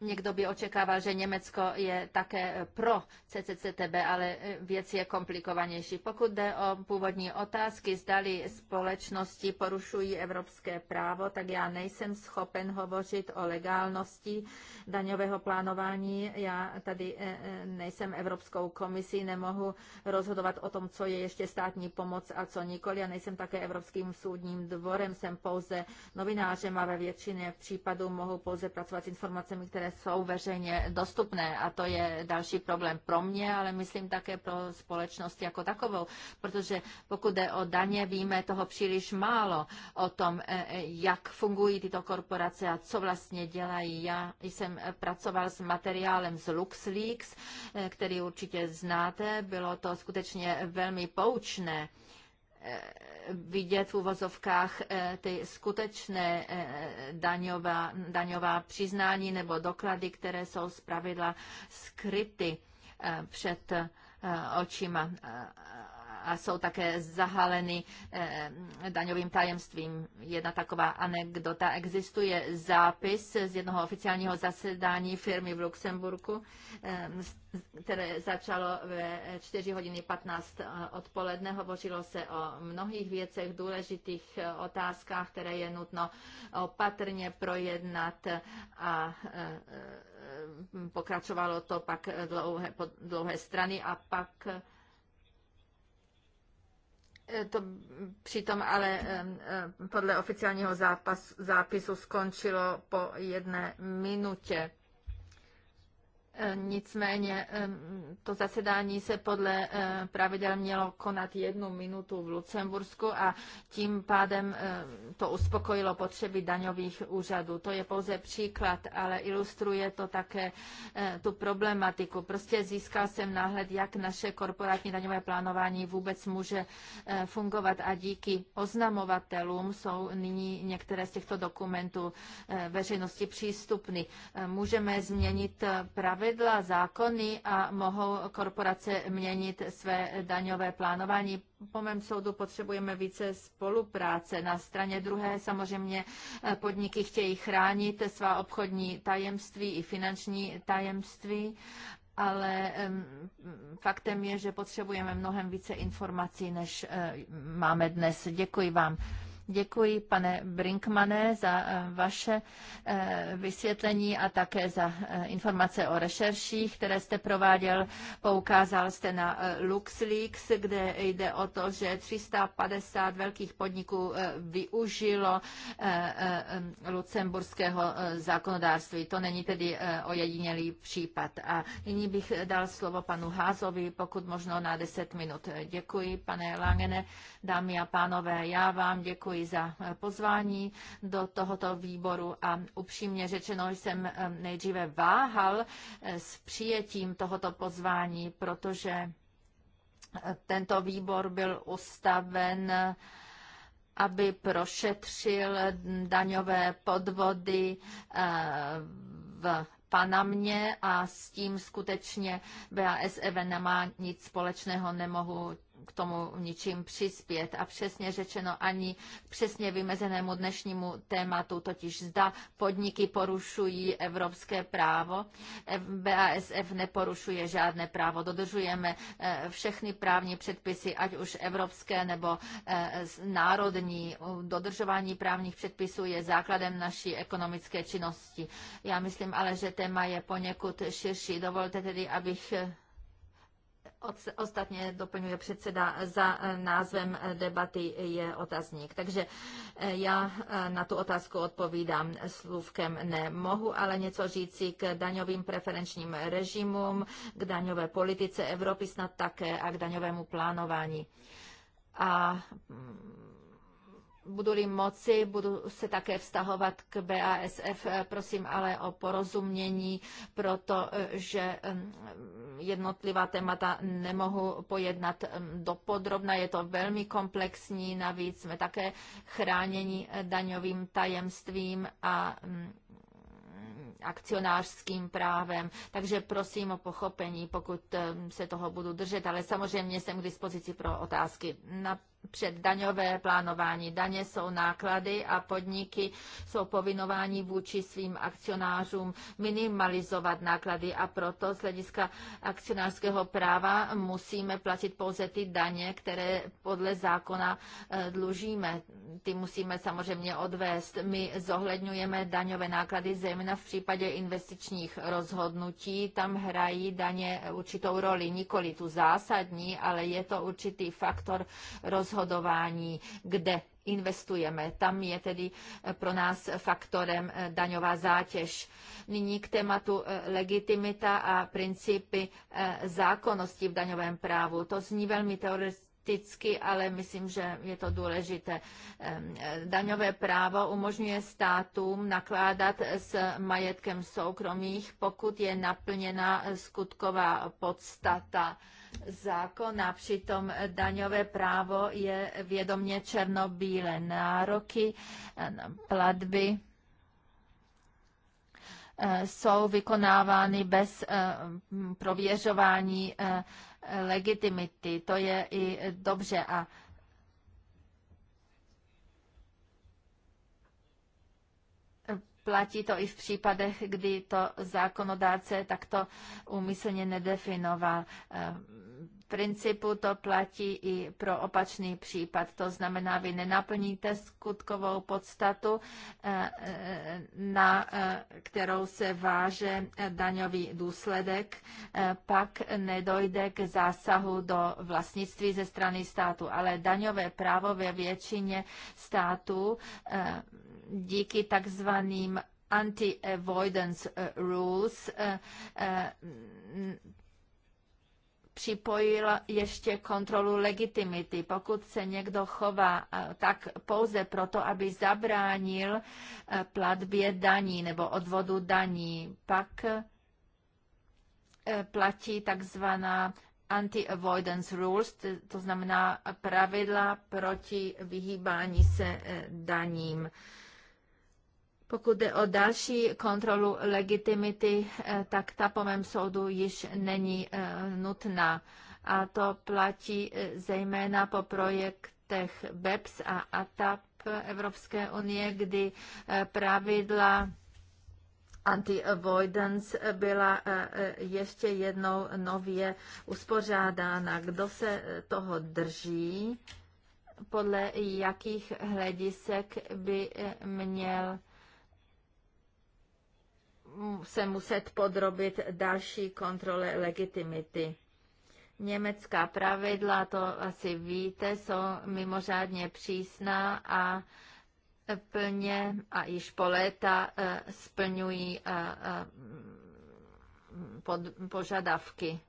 Někdo by očekával, že Německo je také pro CCCTB, ale e, věc je komplikovanější. Pokud jde o původní otázky, zdali společnosti porušují evropské právo, tak já nejsem schopen hovořit o legálnosti daňového plánování. Já tady e, e, nejsem Evropskou komisí, nemohu rozhodovat o tom, co je ještě státní pomoc a co nikoli. Já nejsem také Evropským soudním dvorem, jsem pouze novinářem a ve většině případů mohu pouze pracovat s informacemi, které jsou veřejně dostupné a to je další problém pro mě, ale myslím také pro společnost jako takovou, protože pokud jde o daně, víme toho příliš málo o tom, e, e, jak fungují tyto korporace a co vlastně dělají. Já jsem pracoval s materiálem z LuxLeaks, e, který určitě znáte, bylo to skutečně velmi poučné vidět v uvozovkách eh, ty skutečné eh, daňová, daňová přiznání nebo doklady, které jsou zpravidla skryty eh, před očima a jsou také zahaleny eh, daňovým tajemstvím. Jedna taková anekdota. Existuje zápis z jednoho oficiálního zasedání firmy v Luxemburku, eh, které začalo ve 4 hodiny 15 eh, odpoledne. Hovořilo se o mnohých věcech, důležitých otázkách, které je nutno opatrně projednat a pokračovalo to pak dlouhé, po dlouhé strany a pak Eh, to přitom ale podle oficiálního zápisu skončilo po jedné minutě. E, nicméně e, to zasedání se podle e, pravidel mělo konat jednu minutu v Lucembursku a tím pádem to uspokojilo potřeby daňových úřadů. To je pouze příklad, ale ilustruje to také tu problematiku. Prostě získal jsem náhled, jak naše korporátní daňové plánování vůbec může fungovat a díky oznamovatelům jsou nyní některé z těchto dokumentů veřejnosti přístupny. Můžeme změnit pravidla pravidla, zákony a mohou korporace měnit své daňové plánování. Po mém soudu potřebujeme více spolupráce. Na straně druhé samozřejmě eh, podniky chtějí chránit svá obchodní tajemství i finanční tajemství, ale faktem je, že potřebujeme mnohem více informací, než eh, máme dnes. Děkuji vám. Děkuji, pane Brinkmane, za eh, vaše eh, vysvětlení a také za eh, informace o rešerších, které jste prováděl. Poukázal jste na LuxLeaks, kde jde o to, že 350 velkých podniků využilo lucemburského zákonodárství. To není tedy ojedinělý případ. A nyní bych dal slovo panu Házovi, pokud možno na 10 minut. Děkuji, pane Langene, dámy a pánové, já vám děkuji děkuji za eh, pozvání do tohoto výboru a upřímně řečeno jsem eh, nejdříve váhal eh, s přijetím tohoto pozvání, protože tento výbor byl ustaven aby prošetřil daňové podvody v Panamě a s tím skutečně BASF e nemá nic společného, nemohu k tomu ničím přispět. A přesně řečeno ani přesně vymezenému dnešnímu tématu, totiž zda podniky porušují evropské právo. E BASF neporušuje žádné právo. Dodržujeme e, všechny právní předpisy, ať už evropské nebo e, národní. Dodržování právních předpisů je základem naší ekonomické činnosti. Já myslím ale, že téma je poněkud širší. Dovolte tedy, abych Ostatně doplňuje předseda za e, názvem e, debaty je otazník. Takže e, já na tu otázku odpovídám slůvkem nemohu, ale něco říci k daňovým preferenčním režimům, k daňové politice Evropy snad také a k daňovému plánování. A budu-li moci, budu se také vztahovat k BASF, prosím ale o porozumění, protože jednotlivá témata nemohu pojednat dopodrobna, je to velmi komplexní, navíc jsme také chráněni eh, daňovým tajemstvím a akcionářským právem, takže prosím o pochopení, pokud se toho budu držet, ale samozřejmě jsem k dispozici pro otázky. Na před daňové plánování. Daně jsou náklady a podniky jsou povinováni vůči svým akcionářům minimalizovat náklady a proto z hlediska akcionářského práva musíme platit pouze ty daně, které podle zákona eh, dlužíme. Ty musíme samozřejmě odvést. My zohledňujeme daňové náklady zejména v případě investičních rozhodnutí. Tam hrají daně určitou roli, nikoli tu zásadní, ale je to určitý faktor rozhodnutí rozhodování, kde investujeme. Tam je tedy eh, pro nás faktorem eh, daňová zátěž. Nyní k tématu eh, legitimita a principy zákonnosti v daňovém právu. To zní velmi teoreticky ale myslím, že je to důležité. Ehm, daňové právo umožňuje státům nakládat s majetkem soukromých, pokud je naplněna skutková podstata zákona, přitom daňové právo je vědomně černobílé. Nároky, eh, platby eh, jsou vykonávány bez eh, prověřování legitimity. To je i dobře a Platí to i v případech, kdy to zákonodáce takto úmyslně nedefinoval principu to platí i pro opačný případ. To znamená, vy nenaplníte skutkovou podstatu, eh, eh, na eh, kterou se váže daňový důsledek, pak nedojde k zásahu do vlastnictví ze strany státu. Ale daňové právo ve většině států díky takzvaným anti-avoidance rules připojil ještě kontrolu legitimity. Pokud se někdo chová eh, tak pouze proto, aby zabránil eh, platbě daní nebo odvodu daní, pak eh, platí takzvaná anti-avoidance rules, to znamená pravidla proti vyhýbání se daním. Pokud jde o další kontrolu legitimity, eh, tak ta po mém soudu již není eh, nutná. A to platí eh, zejména po projektech BEPS a ATAP Evropské unie, kdy pravidla anti-avoidance byla ještě jednou nově uspořádána. Kdo se toho drží? Podle jakých hledisek by měl se muset podrobit další kontrole legitimity. Německá pravidla, to asi víte, jsou mimořádně přísná a plně a již po léta eh, splňují eh, eh, pod, požadavky.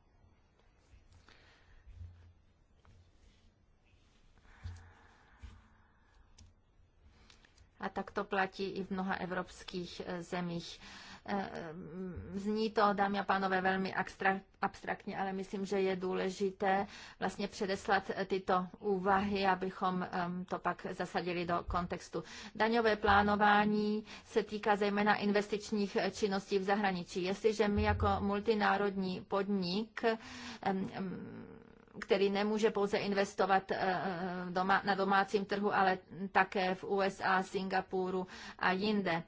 A tak to platí i v mnoha evropských zemích. Eh, zní to, dámy a pánové, velmi abstraktně, ale myslím, že je důležité vlastně předeslat tyto úvahy, abychom to pak zasadili do kontextu. Daňové plánování se týká zejména investičních činností v zahraničí. Jestliže my jako multinárodní podnik který nemůže pouze investovat eh, eh, na domácím trhu, ale také v USA, Singapuru a jinde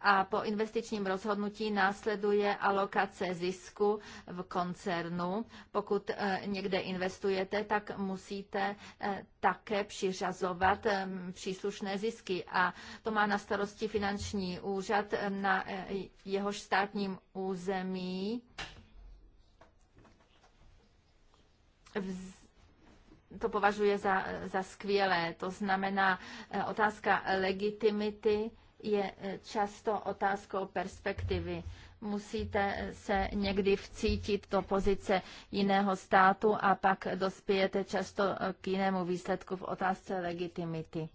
a po investičním rozhodnutí následuje alokace zisku v koncernu. Pokud eh, někde investujete, tak musíte eh, také přiřazovat eh, příslušné zisky a to má na starosti finanční úřad na jehož státním území to považuje za, za skvělé. To znamená otázka legitimity je eh, často otázkou perspektivy. Musíte eh, se někdy vcítit do pozice jiného státu a pak dospějete často eh, k jinému výsledku v otázce legitimity.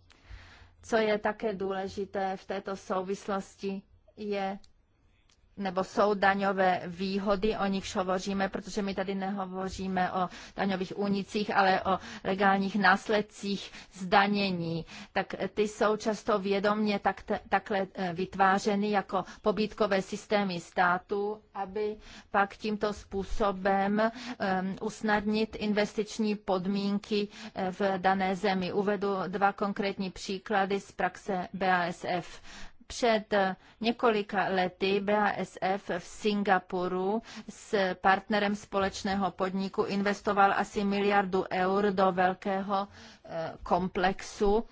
Co je také důležité v této souvislosti, je nebo jsou daňové výhody, o nich hovoříme, protože my tady nehovoříme o daňových únicích, ale o legálních následcích zdanění. Tak ty jsou často vědomně tak, takhle eh, vytvářeny jako pobídkové systémy státu, aby pak tímto způsobem um, usnadnit investiční podmínky eh, v dané zemi. Uvedu dva konkrétní příklady z praxe BASF. Před eh, několika lety BASF v Singapuru s partnerem společného podniku investoval asi miliardu eur do velkého eh, komplexu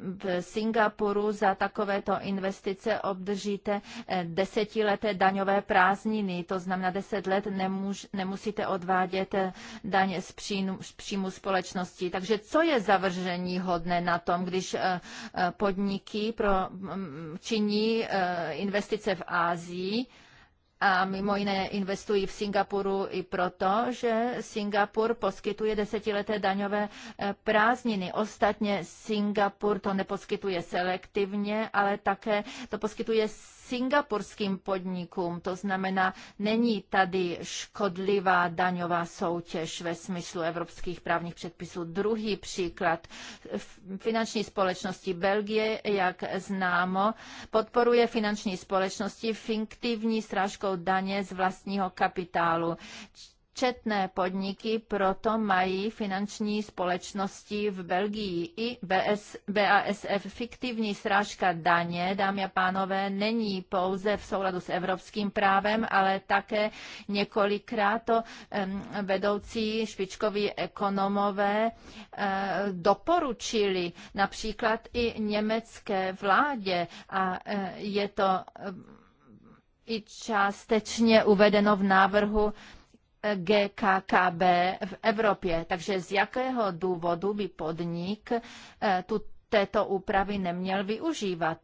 v Singapuru za takovéto investice obdržíte eh, desetileté daňové prázdniny, to znamená deset let nemůž, nemusíte odvádět eh, daně z příjmu, z příjmu společnosti. Takže co je zavržení hodné na tom, když eh, podniky pro, mm, činí investice v Ázii, a mimo jiné investují v Singapuru i proto, že Singapur poskytuje desetileté daňové eh, prázdniny. Ostatně Singapur to neposkytuje selektivně, ale také to poskytuje singapurským podnikům. To znamená, není tady škodlivá daňová soutěž ve smyslu evropských právních předpisů. Druhý příklad. Finanční společnosti Belgie, jak známo, podporuje finanční společnosti fiktivní srážkou daně z vlastního kapitálu. Četné podniky proto mají finanční společnosti v Belgii. I BS, BASF fiktivní srážka daně, dámy a pánové, není pouze v souladu s evropským právem, ale také několikrát to vedoucí špičkoví ekonomové eh, doporučili například i německé vládě a eh, je to eh, i částečně uvedeno v návrhu GKKB v Evropě. Takže z jakého důvodu by podnik eh, tu, této úpravy neměl využívat?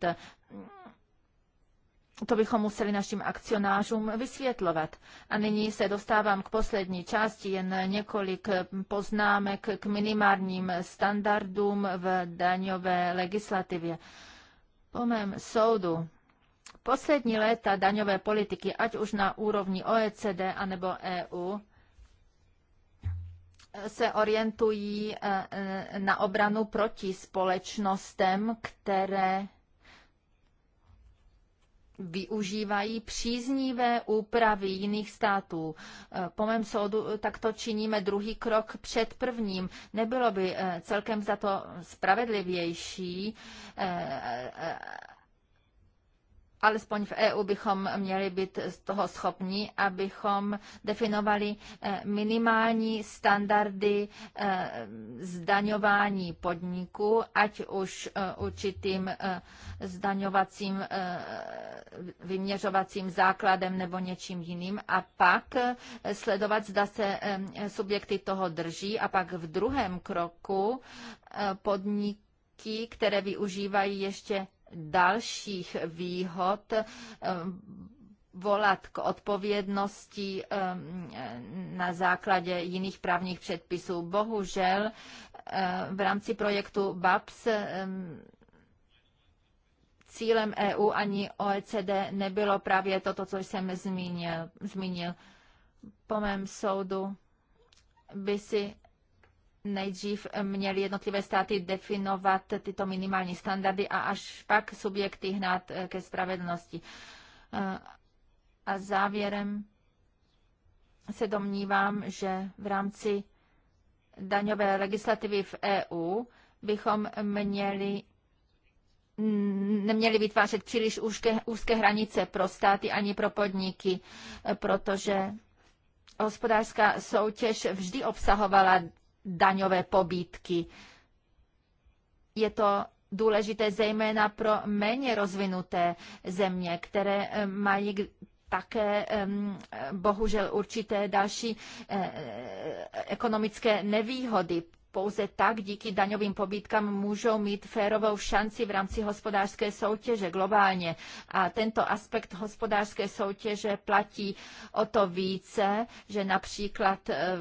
To bychom museli našim akcionářům vysvětlovat. A nyní se dostávám k poslední části, jen několik poznámek k minimálním standardům v daňové legislativě. Po mém soudu Poslední léta daňové politiky, ať už na úrovni OECD anebo EU, se orientují e, e, na obranu proti společnostem, které využívají příznivé úpravy jiných států. E, po mém soudu takto činíme druhý krok před prvním. Nebylo by celkem za to spravedlivější alespoň v EU bychom měli být z toho schopni, abychom definovali eh, minimální standardy eh, zdaňování podniků, ať už eh, určitým zdaňovacím vyměřovacím základem nebo něčím jiným a pak sledovat, zda se subjekty toho drží a pak v druhém kroku podniky, které využívají ještě dalších výhod eh, volat k odpovědnosti eh, na základě jiných právních předpisů. Bohužel eh, v rámci projektu BAPS cílem EU ani OECD nebylo právě toto, co jsem zmínil. zmínil. Po mém soudu by si nejdřív měly jednotlivé státy definovat tyto minimální standardy a až pak subjekty hnát eh, ke spravedlnosti. Eh, a závěrem se domnívám, že v rámci daňové legislativy v EU bychom měli neměli vytvářet příliš úzké, úzké hranice pro státy ani pro podniky, eh, protože hospodářská soutěž vždy obsahovala daňové pobítky. Je to důležité zejména pro méně rozvinuté země, které eh, mají také bohužel určité další eh, eh, ekonomické nevýhody pouze tak díky daňovým pobídkám můžou mít férovou šanci v rámci hospodářské soutěže globálně. A tento aspekt hospodářské soutěže platí o to více, že například eh,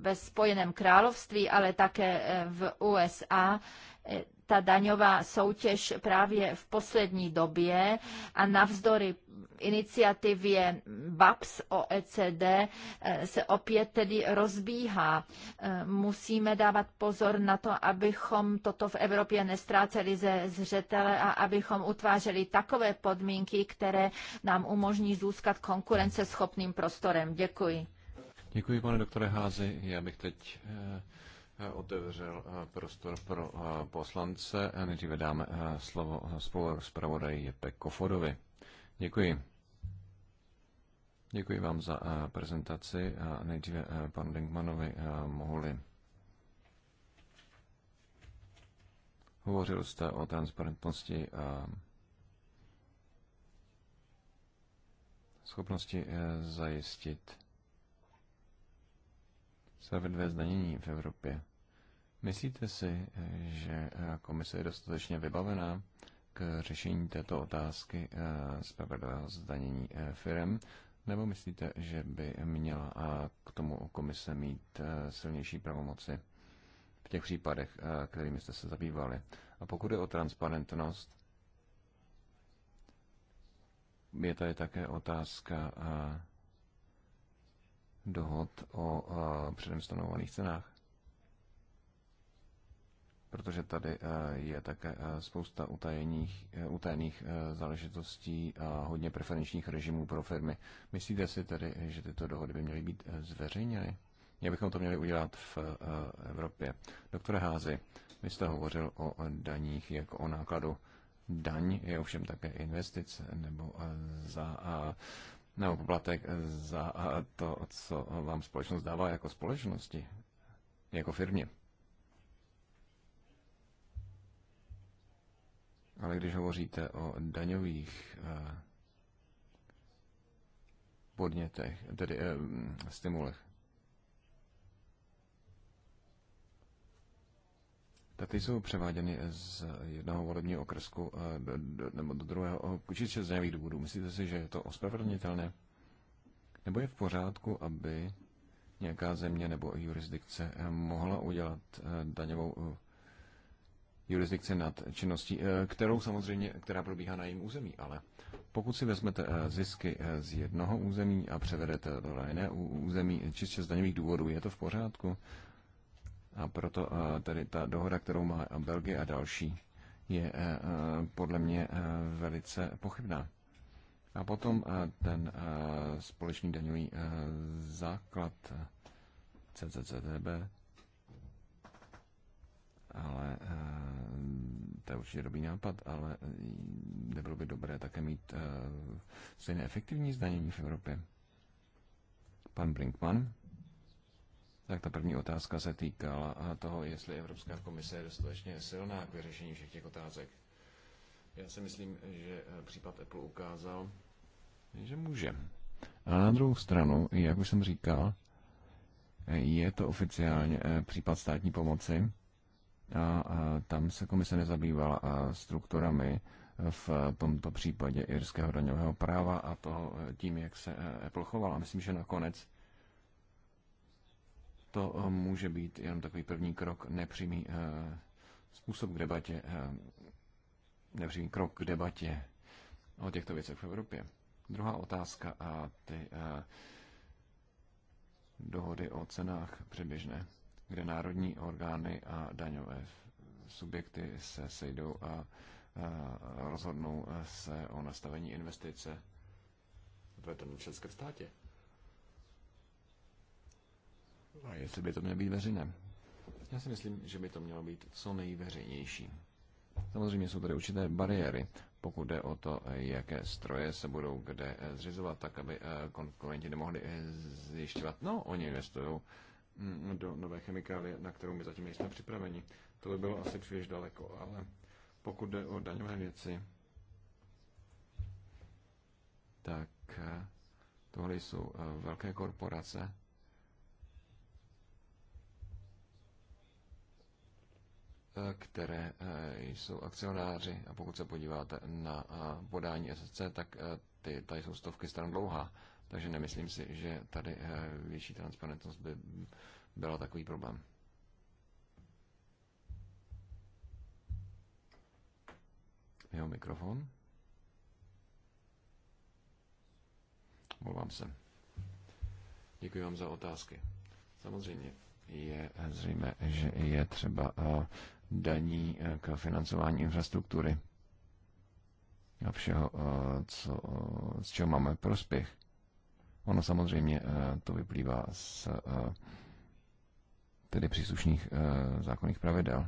ve Spojeném království, ale také eh, v USA Eh, ta daňová soutěž právě v poslední době a navzdory iniciativě BAPS OECD eh, se opět tedy rozbíhá. Eh, musíme dávat pozor na to, abychom toto v Evropě nestráceli ze zřetele a abychom utvářeli takové podmínky, které nám umožní zůstat konkurenceschopným prostorem. Děkuji. Děkuji, pane doktore Házy. Já bych teď Eh, otevřel eh, prostor pro eh, poslance. Nejdříve dáme slovo spolu zpravodaji Jepe Kofodovi. Děkuji. Děkuji vám za prezentaci nejdříve panu Denkmanovi mohli. Hovořil jste o transparentnosti a schopnosti zajistit spravedlivé zdanění v Evropě. Myslíte si, že eh, komise je dostatečně vybavená k řešení této otázky spravedlivého eh, zdanění eh, firem? Nebo myslíte, že by měla k tomu komise mít silnější pravomoci v těch případech, kterými jste se zabývali? A pokud je o transparentnost, je tady také otázka dohod o předem stanovovaných cenách. Protože tady je také spousta utajených, utajených záležitostí a hodně preferenčních režimů pro firmy. Myslíte si tedy, že tyto dohody by měly být e, zveřejněny? Jak bychom to měli udělat v e, Evropě? Doktore Házy, vy jste hovořil o daních jako o nákladu. Daň je ovšem také investice nebo e, za nebo poplatek za to, co vám společnost dává jako společnosti, jako firmě. Ale když hovoříte o daňových eh, podnětech, tedy eh, stimulech, tak ty jsou převáděny z jednoho volebního okrsku eh, do, do, nebo do druhého, určitě eh, z nějakých důvodů. Myslíte si, že je to ospravedlnitelné? Nebo je v pořádku, aby nějaká země nebo jurisdikce eh, mohla udělat daňovou jurisdikci nad činností, kterou samozřejmě, která probíhá na jejím území, ale pokud si vezmete zisky z jednoho území a převedete to na jiné území čistě z daňových důvodů, je to v pořádku? A proto eh, tady ta dohoda, kterou má Belgie a další, je eh, eh, podle mě velice pochybná. A potom ten společný daňový základ CCCTB, ale to je určitě dobrý nápad, ale nebylo by dobré také mít stejné efektivní zdanění v Evropě. Pan Brinkman. Tak ta první otázka se týkala toho, jestli Evropská komise je dostatečně silná k vyřešení všech těch otázek. Já si myslím, že eh, případ Apple ukázal, že může. A na druhou stranu, jak už jsem říkal, je to oficiálně eh, případ státní pomoci a tam se komise nezabývala eh, strukturami v tomto případě irského daňového práva a toho tím, jak se Apple chovala. myslím, že nakonec to eh, může být jenom takový první krok, nepřímý eh, způsob k debatě, eh, nepřímý krok k debatě o těchto věcech v Evropě. Druhá otázka a ty dohody o cenách předběžné, kde národní orgány a daňové subjekty se sejdou a rozhodnou se o nastavení investice v tom české státě. A jestli by to mělo být veřejné? Já si myslím, že by to mělo být co nejveřejnější. Samozřejmě jsou tady určité bariéry, pokud jde o to, jaké stroje se budou kde eh, zřizovat, tak aby eh, konkurenti nemohli eh, zjišťovat. No, oni investují mm, do nové chemikálie, na kterou my zatím nejsme připraveni. To by bylo asi příliš daleko, ale pokud jde o daňové věci, tak tohle jsou velké korporace, které eh, jsou akcionáři. A pokud se podíváte na eh, podání SSC, tak eh, ty, tady jsou stovky stran dlouhá. Takže nemyslím si, že tady větší transparentnost by byla takový problém. Jeho mikrofon. Volám se. Děkuji vám za otázky. Samozřejmě je zřejmé, že je třeba daní eh, k financování infrastruktury a všeho, eh, co, eh, z čeho máme prospěch. Ono samozřejmě to vyplývá z tedy příslušných zákonných pravidel.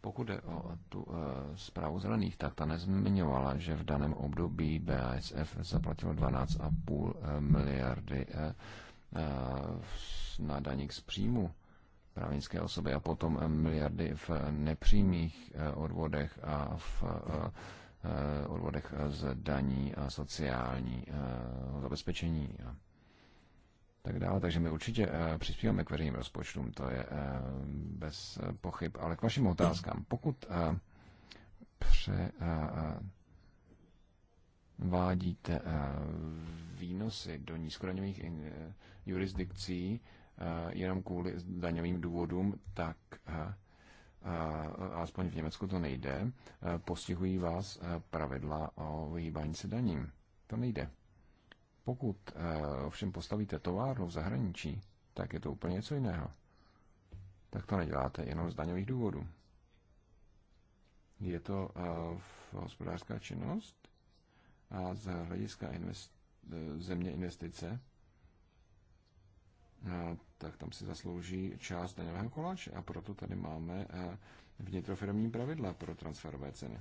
Pokud jde o tu zprávu zelených, tak ta nezmiňovala, že v daném období BASF zaplatilo 12,5 miliardy na daník z příjmu právnické osoby a potom eh, miliardy v eh, nepřímých eh, odvodech a v odvodech z daní a sociální zabezpečení a tak dále. Takže my určitě přispíváme k veřejným rozpočtům, to je bez pochyb. Ale k vašim otázkám. Pokud vádíte výnosy do nízkodaňových jurisdikcí, Eh, jenom kvůli daňovým důvodům, tak eh, eh, alespoň v Německu to nejde, postihují vás pravidla o vyhýbání se daním. To nejde. Pokud ovšem postavíte továrnu v zahraničí, tak je to úplně něco jiného. Tak to neděláte jenom z daňových důvodů. Je to v hospodářská činnost a z hlediska invest, země investice tak tam si zaslouží část daňového koláče a proto tady máme eh, vnitrofirmní pravidla pro transferové ceny.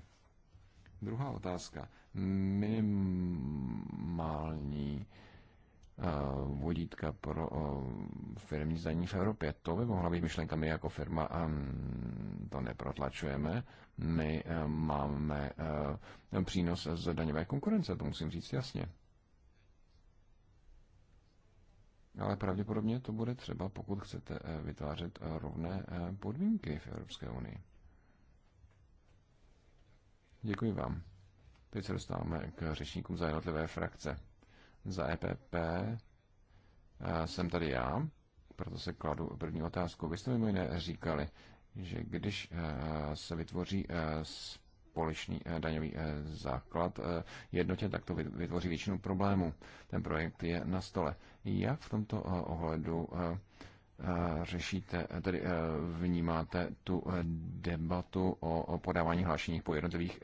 Druhá otázka. Minimální eh, vodítka pro eh, firmní zdaní v Evropě. To by mohla být myšlenka. My jako firma to neprotlačujeme. My máme přínos z daňové konkurence, to musím říct jasně. Ale pravděpodobně to bude třeba, pokud chcete eh, vytvářet eh, rovné eh, podmínky v Evropské unii. Děkuji vám. Teď se dostáváme k řečníkům za jednotlivé frakce. Za EPP jsem tady já, proto se kladu první otázku. Vy jste mimo jiné říkali, že když se vytvoří společný eh, daňový eh, základ eh, jednotě, tak to vytvoří většinu problémů. Ten projekt je na stole. Jak v tomto ohledu řešíte, tedy vnímáte tu debatu o podávání hlášení po jednotlivých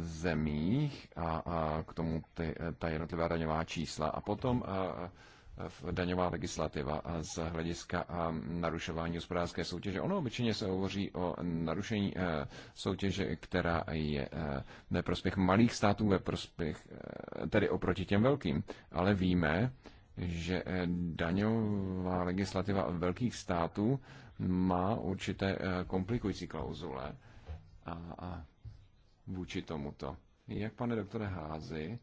zemích a k tomu ty, ta jednotlivá daňová čísla. A potom daňová legislativa z hlediska narušování hospodářské soutěže. Ono obyčejně se hovoří o narušení e, soutěže, která je e, ve prospěch malých států, ve prospěch e, tedy oproti těm velkým. Ale víme, že daňová legislativa velkých států má určité komplikující klauzule a, a vůči tomuto. Jak, pane doktore Házy,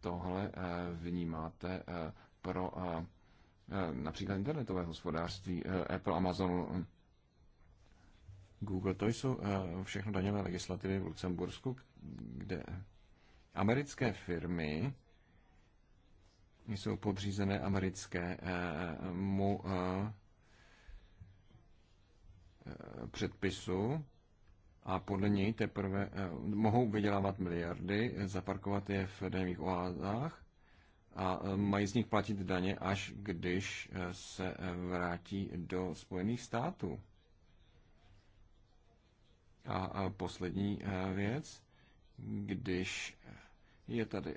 tohle eh, vnímáte eh, pro eh, například internetové hospodářství, Apple, Amazon, Google, to jsou všechno daňové legislativy v Lucembursku, kde americké firmy jsou podřízené americkému předpisu a podle něj teprve eh, mohou vydělávat miliardy, zaparkovat je v daňových oázách a eh, mají z nich platit daně, až když eh, se vrátí do Spojených států. A poslední věc, když je tady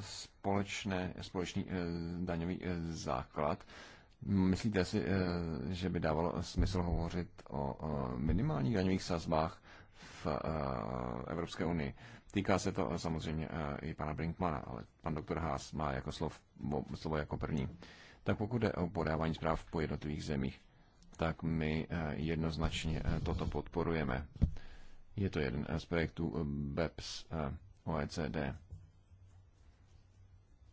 společné, společný daňový základ, myslíte si, že by dávalo smysl hovořit o minimálních daňových sazbách? Eh, Evropské unii. Týká se to eh, samozřejmě eh, i pana Brinkmana, ale pan doktor Haas má jako slov, slovo jako první. Tak pokud jde o podávání zpráv po jednotlivých zemích, tak my jednoznačně toto podporujeme. Je to jeden z projektů BEPS OECD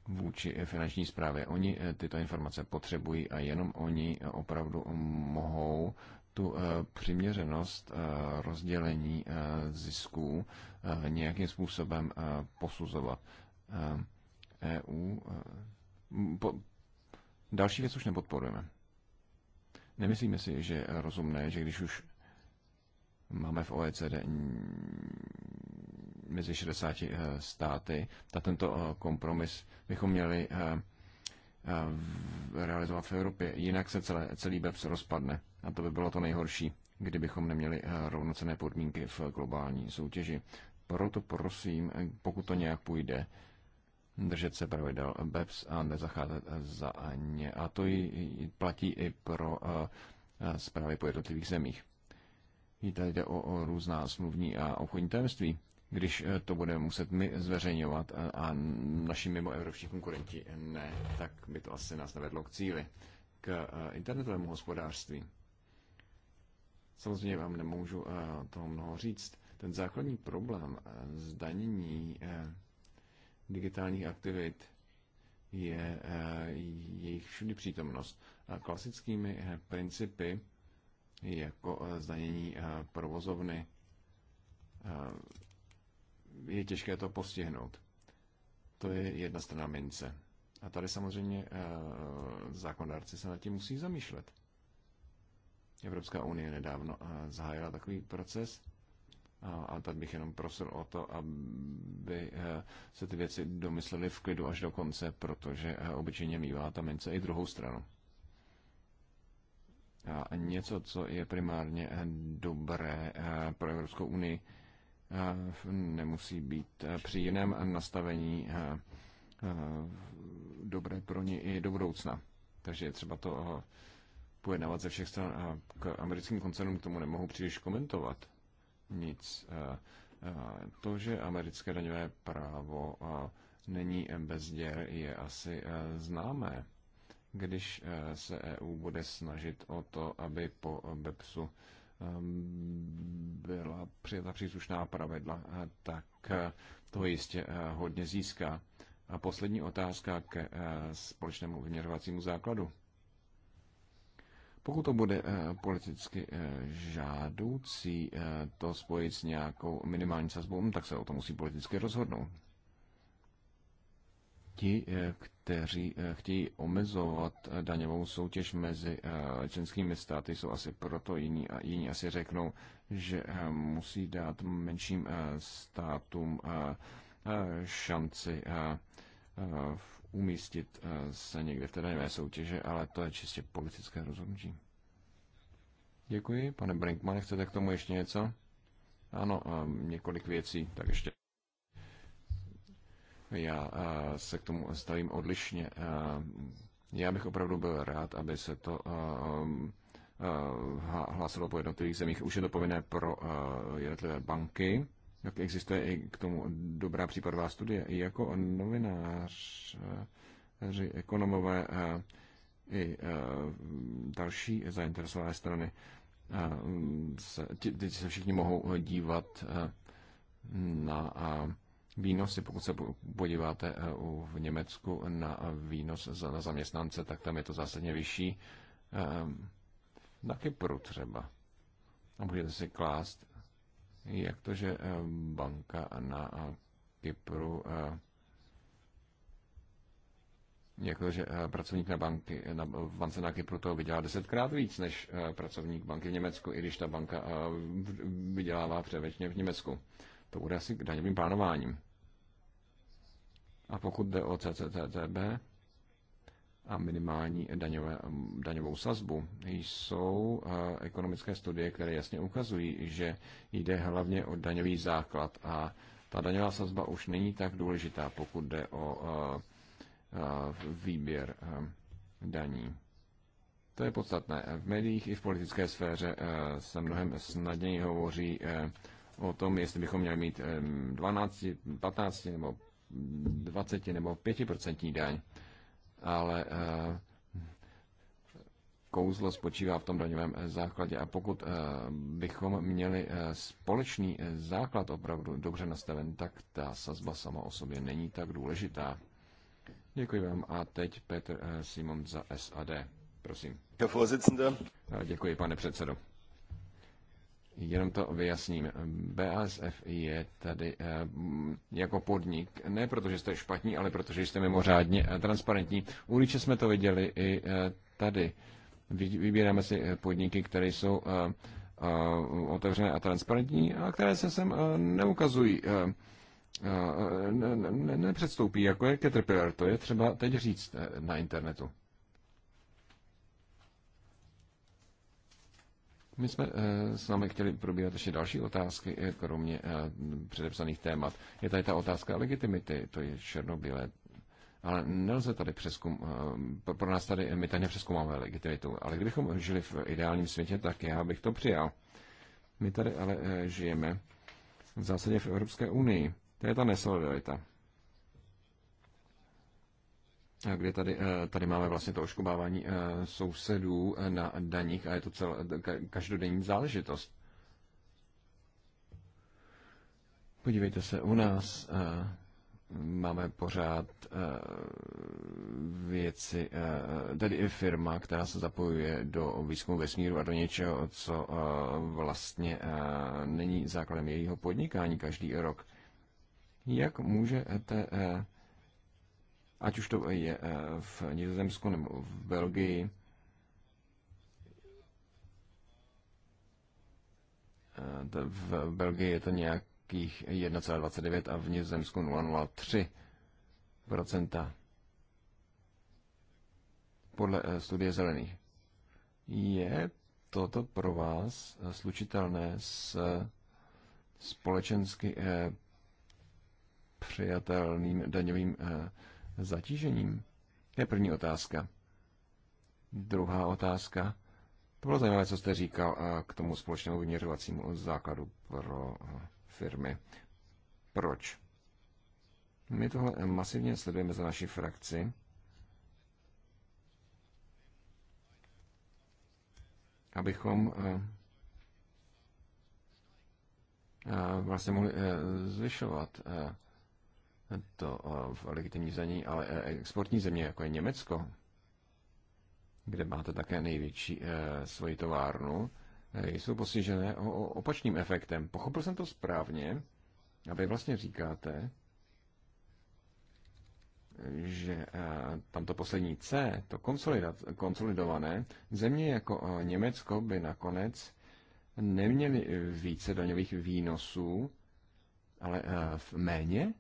vůči finanční zprávě Oni tyto informace potřebují a jenom oni opravdu mohou tu eh, přiměřenost eh, rozdělení eh, zisků nějakým způsobem posuzovat. EU. E po, další věc už nepodporujeme. Nemyslíme si, že je rozumné, že když už máme v OECD mezi 60 státy, tak tento kompromis bychom měli realizovat v Evropě. Jinak se celé, celý BEPS rozpadne. A to by bylo to nejhorší, kdybychom neměli eh, rovnocené podmínky v globální soutěži. Proto prosím, eh, pokud to nějak půjde, držet se pravidel BEPS a nezacházet za ně. A to i platí i pro eh, zprávy po jednotlivých zemích. Víte, jde o, o různá smluvní a obchodní tajemství. Když to budeme muset my zveřejňovat a, a naši mimoevropští konkurenti ne, tak by to asi nás nevedlo k cíli, k internetovému hospodářství. Samozřejmě vám nemůžu eh, toho mnoho říct. Ten základní problém eh, zdanění eh, digitálních aktivit je jejich všudy přítomnost. klasickými principy jako zdanění provozovny je těžké to postihnout. To je jedna strana mince. A tady samozřejmě zákonodárci se nad tím musí zamýšlet. Evropská unie nedávno eh, zahájila takový proces. A, a tady bych jenom prosil o to, aby eh, se ty věci domysleli v klidu až do konce, protože eh, obyčejně mývá ta mince i druhou stranu. A něco, co je primárně dobré pro Evropskou unii, nemusí být při jiném nastavení dobré pro ní i do budoucna. Takže je třeba to pojednávat ze všech stran a k americkým koncernům k tomu nemohu příliš komentovat nic. To, že americké daňové právo není bez děr, je asi známé. Když se EU bude snažit o to, aby po BEPSu byla přijata příslušná pravidla, tak to jistě hodně získá. A poslední otázka ke společnému vyměřovacímu základu. Pokud to bude eh, politicky eh, žádoucí eh, to spojit s nějakou minimální sazbou, tak se o to musí politicky rozhodnout. Ti, kteří chtějí omezovat daňovou soutěž mezi členskými státy, jsou asi proto jiní a jiní asi řeknou, že musí dát menším státům šanci v umístit eh, se někde v té daňové soutěže, ale to je čistě politické rozhodnutí. Děkuji. Pane Brinkman, chcete k tomu ještě něco? Ano, eh, několik věcí, tak ještě. Já eh, se k tomu stavím odlišně. Já bych opravdu byl rád, aby se to hlásilo po jednotlivých zemích. Už je to povinné pro jednotlivé banky tak existuje i k tomu dobrá případová studie. I jako novinář, ekonomové, eh, i eh, další zainteresované strany eh, se, se všichni mohou dívat na výnosy. Pokud se podíváte v Německu na výnos za, na zaměstnance, tak tam je to zásadně vyšší. Na Kypru třeba. A můžete si klást jak to, že eh, banka na eh, Kypru eh, to, že pracovník na, banky, na bance na Kypru toho vydělá desetkrát víc než pracovník banky v Německu, i když ta banka vydělává převážně v Německu. To bude asi daňovým plánováním. A pokud jde o CCTB, a minimální daňové, um, daňovou sazbu. Jsou uh, ekonomické studie, které jasně ukazují, že jde hlavně o daňový základ a ta daňová sazba už není tak důležitá, pokud jde o uh, uh, výběr um, daní. To je podstatné. V médiích i v politické sféře se mnohem snadněji hovoří o tom, jestli bychom měli mít 12, um, 15 nebo 20 nebo 5% daň ale eh, kouzlo spočívá v tom daňovém eh, základě. A pokud eh, bychom měli společný základ opravdu dobře nastaven, tak ta sazba sama o sobě není tak důležitá. Děkuji vám. A teď Petr Simon za SAD. Prosím. Děkuji, pane předsedo. Jenom to vyjasním. BASF je tady eh, jako podnik, ne protože jste špatní, ale protože jste mimořádně eh, transparentní. Uliče jsme to viděli i eh, tady. Vybíráme si podniky, které jsou otevřené a transparentní a které se sem neukazují, nepředstoupí, jako je Caterpillar. To je třeba teď říct na internetu. My jsme eh, s námi chtěli probírat ještě další otázky, eh, kromě eh, předepsaných témat. Je tady ta otázka legitimity, to je černobílé. Ale nelze tady přeskum, pro nás tady, my tady nepřeskumáme legitimitu, ale kdybychom žili v ideálním světě, tak já bych to přijal. My tady ale žijeme v zásadě v Evropské unii. To je ta nesolidarita kde tady, eh, tady máme vlastně to oškubávání eh, sousedů eh, na daních a je to cel, každodenní záležitost. Podívejte se, u nás máme pořád věci, tedy i firma, která se zapojuje do výzkumu vesmíru a do něčeho, co vlastně není základem jejího podnikání každý rok. Jak můžete ať už to je eh, v Nizozemsku nebo v Belgii, eh, v Belgii je to nějakých 1,29 a v Nizozemsku 0,03 podle eh, studie zelených. Je toto pro vás slučitelné s společensky přijatelným daňovým zatížením? To je první otázka. Druhá otázka. To bylo zajímavé, co jste říkal eh, k tomu společnému vyměřovacímu základu pro eh, firmy. Proč? My tohle masivně sledujeme za naši frakci. Abychom eh, vlastně mohli zvyšovat to eh, v legitimní zemí, ale eh, exportní země, jako je Německo, kde máte také největší eh, svoji továrnu, jsou postižené opačným efektem. Pochopil jsem to správně a vy vlastně říkáte, že tam to poslední C, to konsolidované, země jako Německo by nakonec neměly více daňových výnosů, ale v méně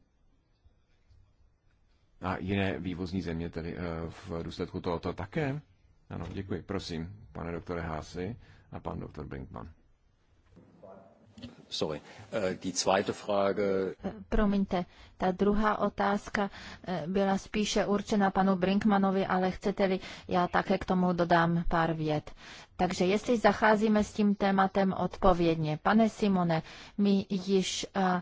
a jiné vývozní země tedy eh, v důsledku tohoto také? Ano, děkuji. Prosím, pane doktore Hásy a pan doktor Brinkman. Sorry. Äh, die zweite Frage. Promiňte, ta druhá otázka äh, byla spíše určena panu Brinkmanovi, ale chcete-li, já také k tomu dodám pár vět. Takže jestli zacházíme s tím tématem odpovědně. Pane Simone, my již äh,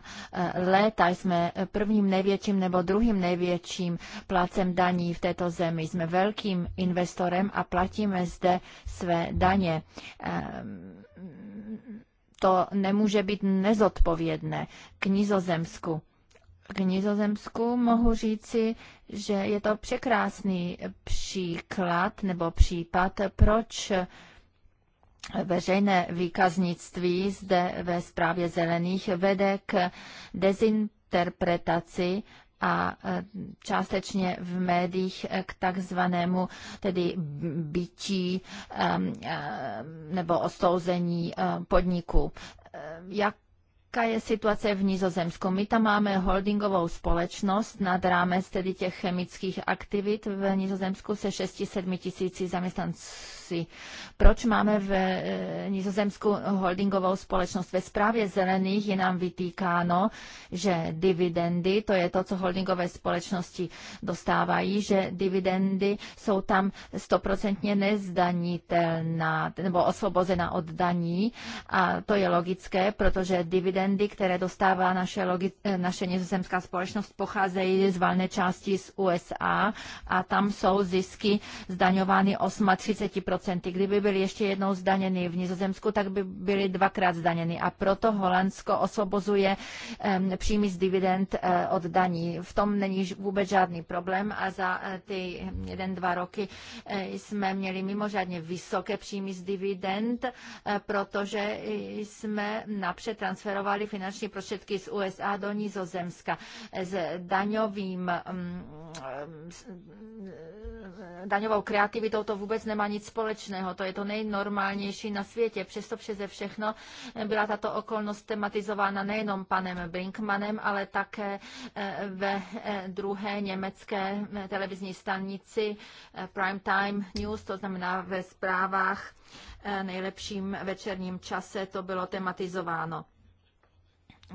léta jsme prvním největším nebo druhým největším plácem daní v této zemi. Jsme velkým investorem a platíme zde své daně ehm, to nemůže být nezodpovědné k Nizozemsku. K Nizozemsku mohu říci, že je to překrásný příklad nebo případ, proč veřejné výkaznictví zde ve zprávě zelených vede k dezinterpretaci a e, částečně v médiích k takzvanému tedy bytí e, nebo osouzení e, podniku. Jak jaká je situace v Nizozemsku. My tam máme holdingovou společnost nad rámec tedy těch chemických aktivit v Nizozemsku se 6-7 tisíci zaměstnanců si, Proč máme v eh, Nizozemsku holdingovou společnost? Ve zprávě zelených je nám vytýkáno, že dividendy, to je to, co holdingové společnosti dostávají, že dividendy jsou tam stoprocentně nezdanitelná nebo osvobozena od daní a to je logické, protože dividendy, které dostává naše, logi- eh, naše nizozemská společnost, pocházejí z valné části z USA a tam jsou zisky zdaňovány 38% procenty. Kdyby byli ještě jednou zdaněny v Nizozemsku, tak by byly dvakrát zdaněny. A proto Holandsko osvobozuje um, příjmy z dividend uh, od daní. V tom není vůbec žádný problém a za uh, ty jeden, dva roky uh, jsme měli mimořádně vysoké příjmy z dividend, uh, protože jsme napřed transferovali finanční prostředky z USA do Nizozemska s daňovým um, daňovou kreativitou to vůbec nemá nic společného společného. To je to nejnormálnější na světě. Přesto přeze všechno byla tato okolnost tematizována nejenom panem Brinkmanem, ale také eh, ve eh, druhé německé eh, televizní stanici Prime Time News, to znamená ve zprávách nejlepším večerním čase to bylo tematizováno.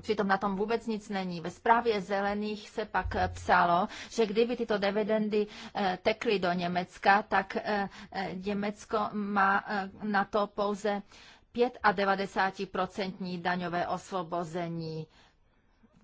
Přitom na tom vůbec nic není. Ve zprávě zelených se pak eh, psalo, že kdyby tyto dividendy eh, tekly do Německa, tak eh, Německo má na to pouze 95% daňové osvobození.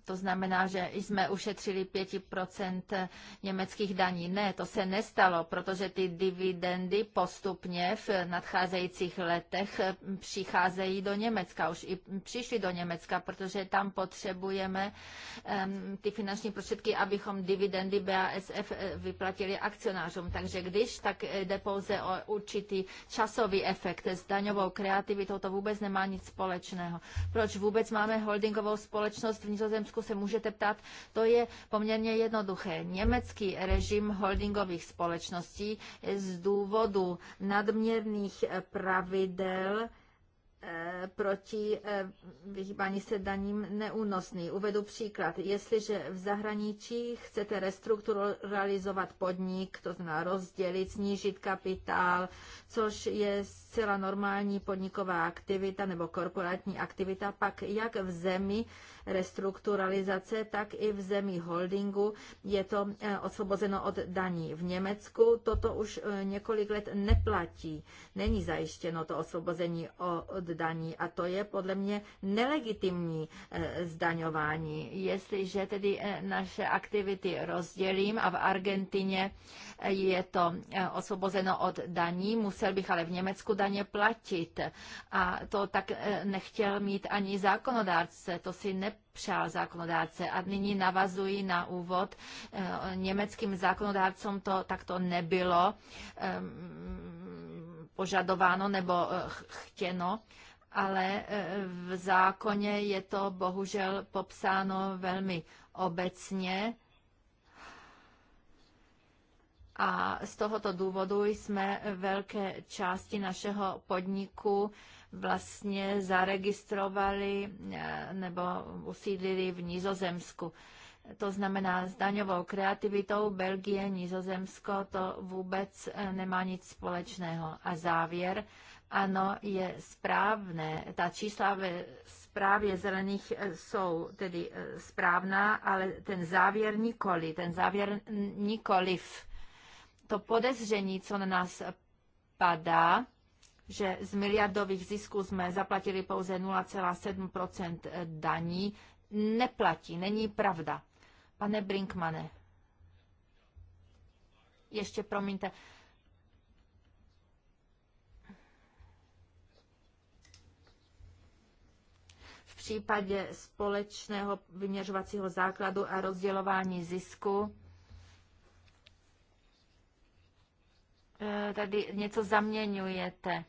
To znamená, že jsme ušetřili 5% německých daní. Ne, to se nestalo, protože ty dividendy postupně v nadcházejících letech přicházejí do Německa. Už i přišli do Německa, protože tam potřebujeme um, ty finanční prostředky, abychom dividendy BASF eh, vyplatili akcionářům. Takže když, tak eh, jde pouze o určitý časový efekt. S daňovou kreativitou to vůbec nemá nic společného. Proč vůbec máme holdingovou společnost v Nizozemsku? otázku se můžete ptát, to je poměrně jednoduché. Německý režim holdingových společností z důvodu nadměrných pravidel Eh, proti eh, vyhýbání se daním neúnosný. Uvedu příklad. Jestliže v zahraničí chcete restrukturalizovat podnik, to znamená rozdělit, snížit kapitál, což je zcela normální podniková aktivita nebo korporátní aktivita, pak jak v zemi restrukturalizace, tak i v zemi holdingu je to eh, osvobozeno od daní. V Německu toto už několik let neplatí. Není zajištěno to osvobození od daní a to je podle mě nelegitimní eh, zdaňování. Jestliže tedy eh, naše aktivity rozdělím a v Argentině eh, je to osvobozeno od daní, musel bych ale v Německu daně platit a to tak nechtěl mít ani zákonodárce, to si ne přál zákonodárce. A nyní navazuji na úvod. Německým zákonodárcům to takto nebylo ehm, požadováno nebo eh, chtěno, ale eh, v zákoně je to bohužel popsáno velmi obecně. A z tohoto důvodu jsme velké části našeho podniku vlastně zaregistrovali eh, nebo usídlili v Nizozemsku to znamená s daňovou kreativitou Belgie, Nizozemsko, to vůbec eh, nemá nic společného. A závěr, ano, je správné. Ta čísla ve zprávě zelených eh, jsou tedy eh, správná, ale ten závěr nikoli, ten závěr nikoliv. To podezření, co na nás padá, že z miliardových zisků jsme zaplatili pouze 0,7 daní, neplatí, není pravda. Pane Brinkmane, ještě promiňte. V případě společného vyměřovacího základu a rozdělování zisku eh, tady něco zaměňujete.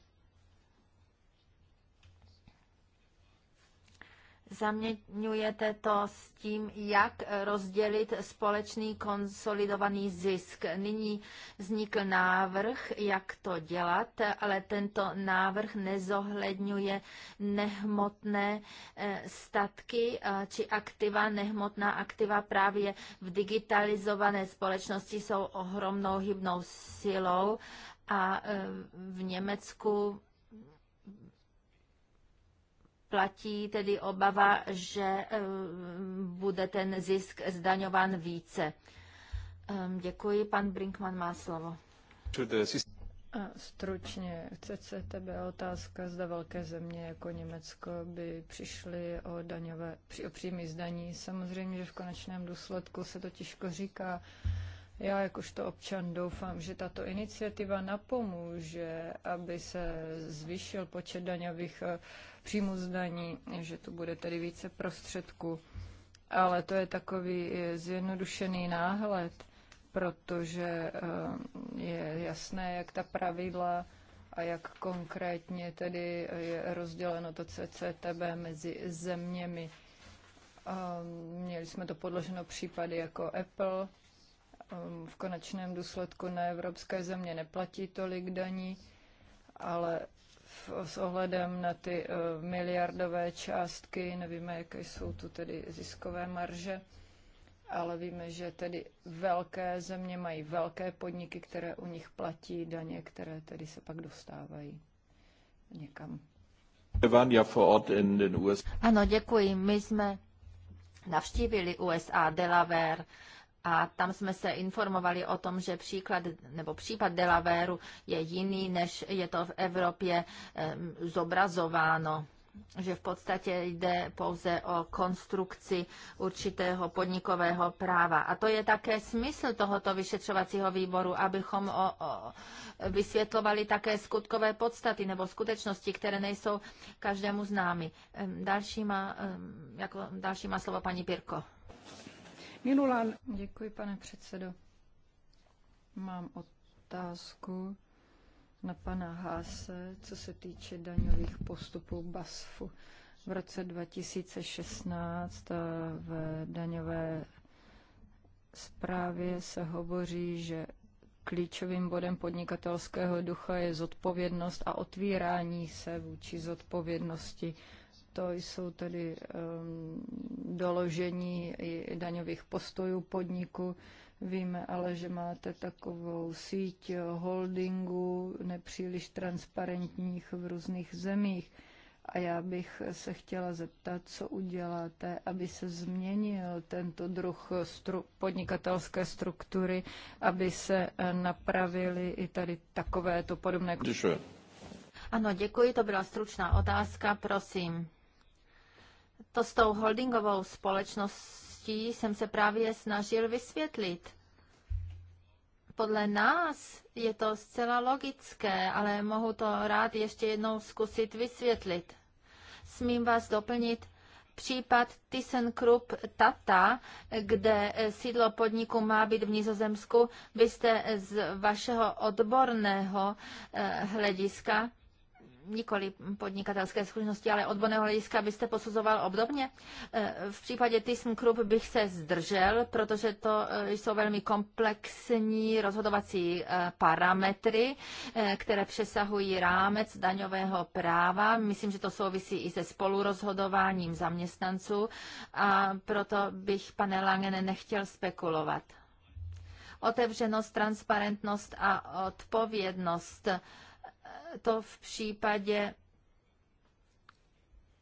Zaměňujete to s tím, jak rozdělit společný konsolidovaný zisk. Nyní vznikl návrh, jak to dělat, ale tento návrh nezohledňuje nehmotné eh, statky eh, či aktiva. Nehmotná aktiva právě v digitalizované společnosti jsou ohromnou hybnou silou a eh, v Německu platí tedy obava, že eh, bude ten zisk zdaňován více. Ehm, děkuji, pan Brinkman má slovo. A stručně, CCT byla otázka, zda velké země jako Německo by přišly o, daňové, o příjmy zdaní. Samozřejmě, že v konečném důsledku se to těžko říká, já jakožto občan doufám, že tato iniciativa napomůže, aby se zvýšil počet daňových eh, příjmů z daní, že tu bude tedy více prostředků. Ale to je takový eh, zjednodušený náhled, protože eh, je jasné, jak ta pravidla a jak konkrétně tedy je rozděleno to CCTB mezi zeměmi. Měli jsme to podloženo případy jako Apple, Ehm, v konečném důsledku na evropské země neplatí tolik daní, ale v, s ohledem na ty uh, miliardové částky, nevíme, jaké jsou tu tedy ziskové marže, ale víme, že tedy velké země mají velké podniky, které u nich platí daně, které tedy se pak dostávají někam. Ano, děkuji. My jsme navštívili USA Delaware a tam jsme se informovali o tom, že příklad nebo případ Delaware je jiný, než je to v Evropě zobrazováno že v podstatě jde pouze o konstrukci určitého podnikového práva. A to je také smysl tohoto vyšetřovacího výboru, abychom o, o, vysvětlovali také skutkové podstaty nebo skutečnosti, které nejsou každému známy. Další má, jako další má slovo paní Pirko. Minulán, Děkuji, pane předsedo. Mám otázku na pana Háse, co se týče daňových postupů BASFu. V roce 2016 eh, v daňové zprávě se hovoří, že klíčovým bodem podnikatelského ducha je zodpovědnost a otvírání se vůči zodpovědnosti to jsou tedy um, doložení i daňových postojů podniku. Víme ale, že máte takovou síť holdingů nepříliš transparentních v různých zemích. A já bych se chtěla zeptat, co uděláte, aby se změnil tento druh stru- podnikatelské struktury, aby se eh, napravili i tady takovéto podobné. Ano, děkuji, to byla stručná otázka, prosím. To s tou holdingovou společností jsem se právě snažil vysvětlit. Podle nás je to zcela logické, ale mohu to rád ještě jednou zkusit vysvětlit. Smím vás doplnit, případ ThyssenKrupp Tata, kde sídlo podniku má být v Nizozemsku. Vy jste z vašeho odborného eh, hlediska nikoli podnikatelské zkušenosti, ale odborného hlediska byste posuzoval obdobně. E, v případě ThyssenKrupp bych se zdržel, protože to e, jsou velmi komplexní rozhodovací e, parametry, které přesahují rámec daňového práva. Myslím, že to souvisí i se spolurozhodováním zaměstnanců a proto bych, pane Langene, nechtěl spekulovat. Otevřenost, transparentnost a odpovědnost to v případě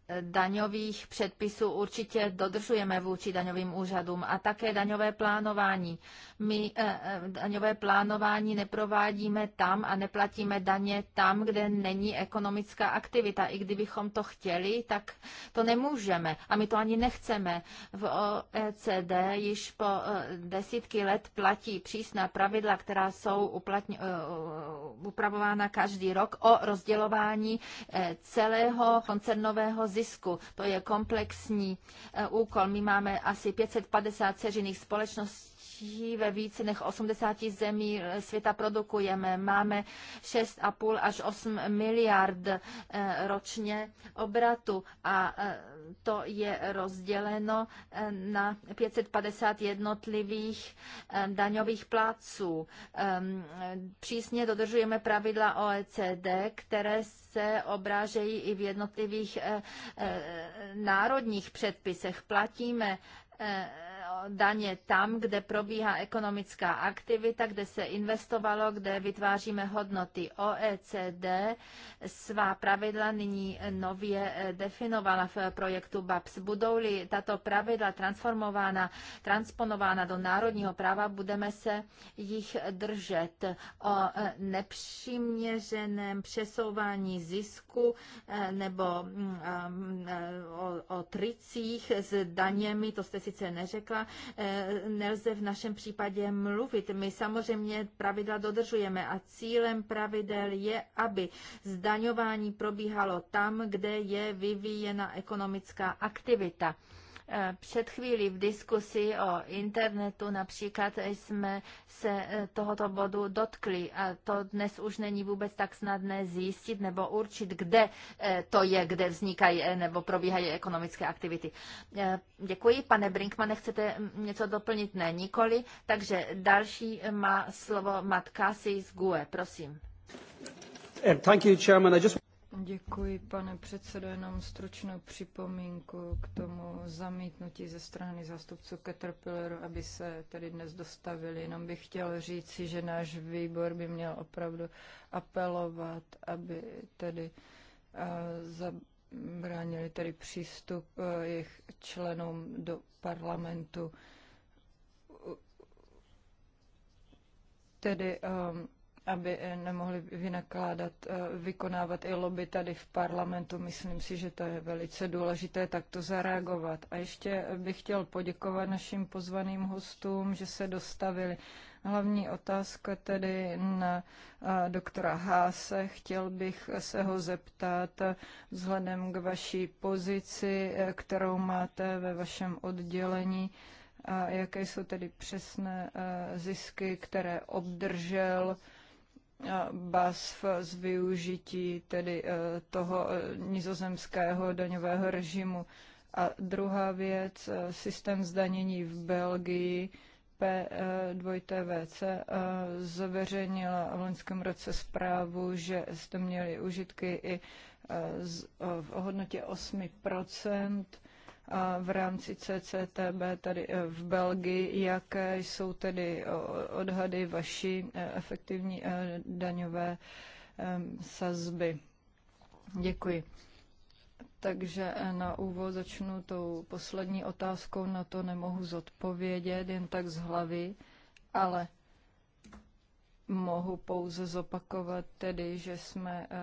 eh, daňových předpisů určitě dodržujeme vůči daňovým úřadům a také daňové plánování. My eh, eh, daňové plánování neprovádíme tam a neplatíme daně tam, kde není ekonomická aktivita. I kdybychom to chtěli, tak to nemůžeme a my to ani nechceme. V OECD již po eh, desítky let platí přísná pravidla, která jsou uplatň, upravována každý rok o rozdělování celého koncernového zisku. To je komplexní úkol. My máme asi 550 ceřiných společností, zboží ve více než 80 zemí eh, světa produkujeme. Máme 6,5 až 8 miliard eh, ročně obratu a eh, to je rozděleno na 550 jednotlivých daňových pláců. Ehm, přísně dodržujeme pravidla OECD, které se obrážejí i v jednotlivých národních předpisech. Platíme daně tam, kde probíhá ekonomická aktivita, kde se investovalo, kde vytváříme hodnoty. OECD svá pravidla nyní nově eh, definovala v projektu BAPS. Budou-li tato pravidla transformována, transponována do národního práva, budeme se jich držet. O eh, nepřiměřeném přesouvání zisku eh, nebo mm, mm, o, tricích s daněmi, to jste sice neřekla, pravidla e, nelze v našem případě mluvit. My samozřejmě pravidla dodržujeme a cílem pravidel je, aby zdaňování probíhalo tam, kde je vyvíjena ekonomická aktivita. Před chvílí v diskusi o internetu například jsme se eh, tohoto bodu dotkli a to dnes už není vůbec tak snadné zjistit nebo určit, kde eh, to je, kde vznikají eh, nebo probíhají ekonomické aktivity. Děkuji. Pane Brinkmane, chcete mm, něco doplnit? Ne, nikoli. Takže další má slovo Matka z GUE. Prosím. Thank you, Chairman. I just... Děkuji, pane předsedo, jenom stručnou připomínku k tomu zamítnutí ze strany zástupců Caterpillaru, aby se tady dnes dostavili. Jenom bych chtěl říci, že náš výbor by měl opravdu apelovat, aby tedy zabránili tedy přístup jejich členům do parlamentu. Tedy um, aby eh, nemohli vynakládat, eh, vykonávat i lobby tady v parlamentu. Myslím si, že to je velice důležité takto zareagovat. A ještě bych chtěl poděkovat našim pozvaným hostům, že se dostavili. Hlavní otázka tedy na eh, doktora Háse. Chtěl bych se ho zeptat vzhledem k vaší pozici, kterou máte ve vašem oddělení, a jaké jsou tedy přesné zisky, které obdržel BASF z využití tedy e, toho e, nizozemského daňového režimu. A druhá věc, e, systém zdanění v Belgii, P2TVC zveřejnil v loňském roce zprávu, že jste měli užitky i v hodnotě 8 v rámci CCTB tady eh, v Belgii. Jaké jsou tedy eh, odhady vaší eh, efektivní daňové sazby? Děkuji. Takže na úvod začnu tou poslední otázkou, na to nemohu zodpovědět jen tak z hlavy, ale Mohu pouze zopakovat tedy, že jsme eh,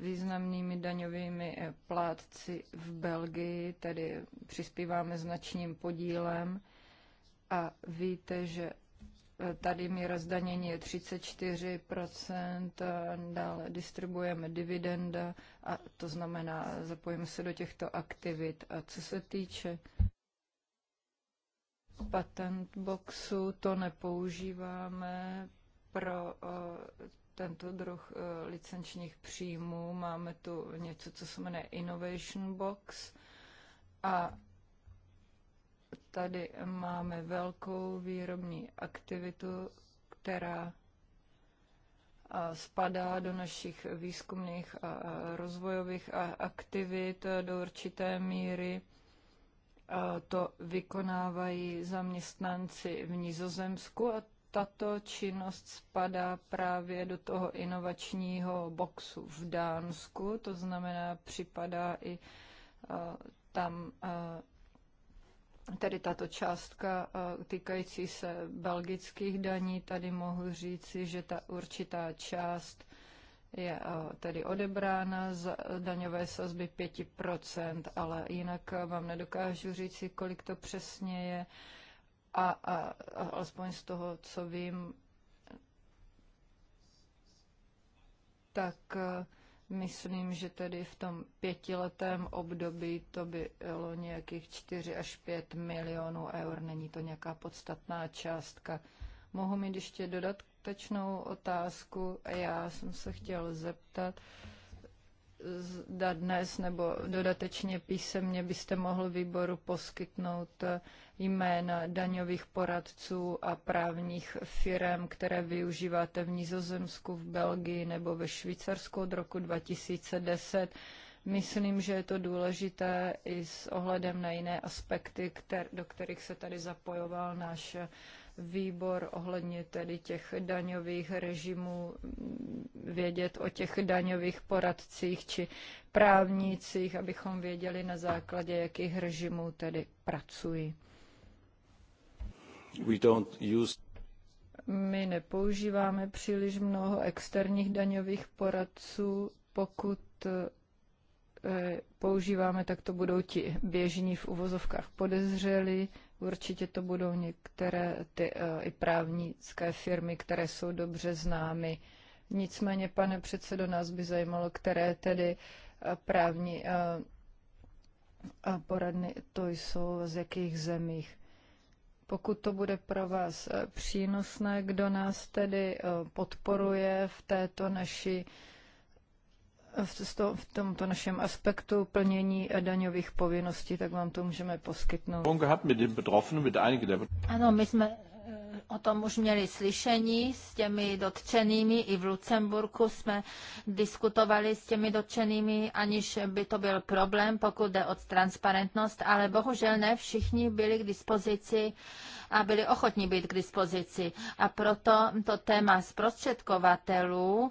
významnými daňovými eh, plátci v Belgii, tedy přispíváme značným podílem a víte, že eh, tady mi zdanění je 34%, dále distribuujeme dividenda a to znamená, zapojíme se do těchto aktivit. A co se týče patent boxu, to nepoužíváme, pro eh, tento druh eh, licenčních příjmů. Máme tu něco, co se jmenuje Innovation Box a tady máme velkou výrobní aktivitu, která eh, spadá do našich výzkumných a rozvojových aktivit do určité míry. To vykonávají zaměstnanci v Nizozemsku a tato činnost spadá právě do toho inovačního boxu v Dánsku, to znamená, připadá i eh, tam eh, tedy tato částka eh, týkající se belgických daní, tady mohu říci, že ta určitá část je tedy odebrána z daňové sazby 5%, ale jinak vám nedokážu říci, kolik to přesně je a, a, a alespoň z toho, co vím, tak eh, myslím, že tedy v tom pětiletém období to bylo nějakých 4 až 5 milionů eur. Není to nějaká podstatná částka. Mohu mít ještě dodatečnou otázku? Já jsem se chtěl zeptat, uh, zda dnes nebo dodatečně písemně byste mohl výboru poskytnout eh, jména daňových poradců a právních firm, které využíváte v Nizozemsku, v Belgii nebo ve Švýcarsku od roku 2010. Myslím, že je to důležité i s ohledem na jiné aspekty, kter- do kterých se tady zapojoval náš výbor ohledně tedy těch daňových režimů, vědět o těch daňových poradcích či právnících, abychom věděli na základě, jakých režimů tedy pracují. We don't use... My nepoužíváme příliš mnoho externích daňových poradců, pokud eh, používáme, tak to budou ti běžní v uvozovkách podezřeli, Určitě to budou některé ty e, i právnické firmy, které jsou dobře známy. Nicméně, pane předsedo, nás by zajímalo, které tedy e, právní e, poradny to jsou, z jakých zemích. Pokud to bude pro vás přínosné, kdo nás tedy podporuje v této naší v tomto našem aspektu plnění daňových povinností, tak vám to můžeme poskytnout. Ano, my jsme o tom už měli slyšení s těmi dotčenými. I v Lucemburku jsme diskutovali s těmi dotčenými, aniž by to byl problém, pokud jde o transparentnost, ale bohužel ne všichni byli k dispozici a byli ochotní být k dispozici. A proto to téma zprostředkovatelů um,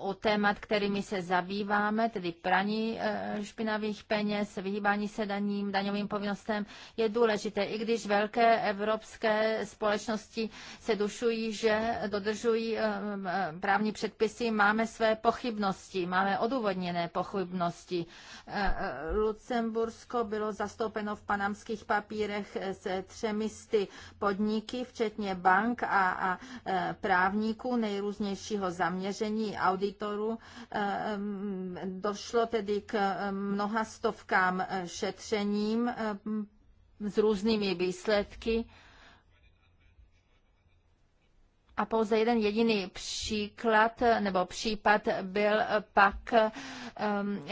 u témat, kterými se zabýváme, tedy praní uh, špinavých peněz, vyhýbání se daním, daňovým povinnostem, je důležité, i když velké evropské společnosti společnosti se dušují, že dodržují eh, eh, právní předpisy, máme své pochybnosti, máme odůvodněné pochybnosti. Eh, Lucembursko bylo zastoupeno v panamských papírech se třemi sty podniky, včetně bank a, a právníků nejrůznějšího zaměření auditorů. Mm, došlo tedy k mnoha stovkám šetřením s různými výsledky. A pouze jeden jediný příklad nebo případ byl pak um,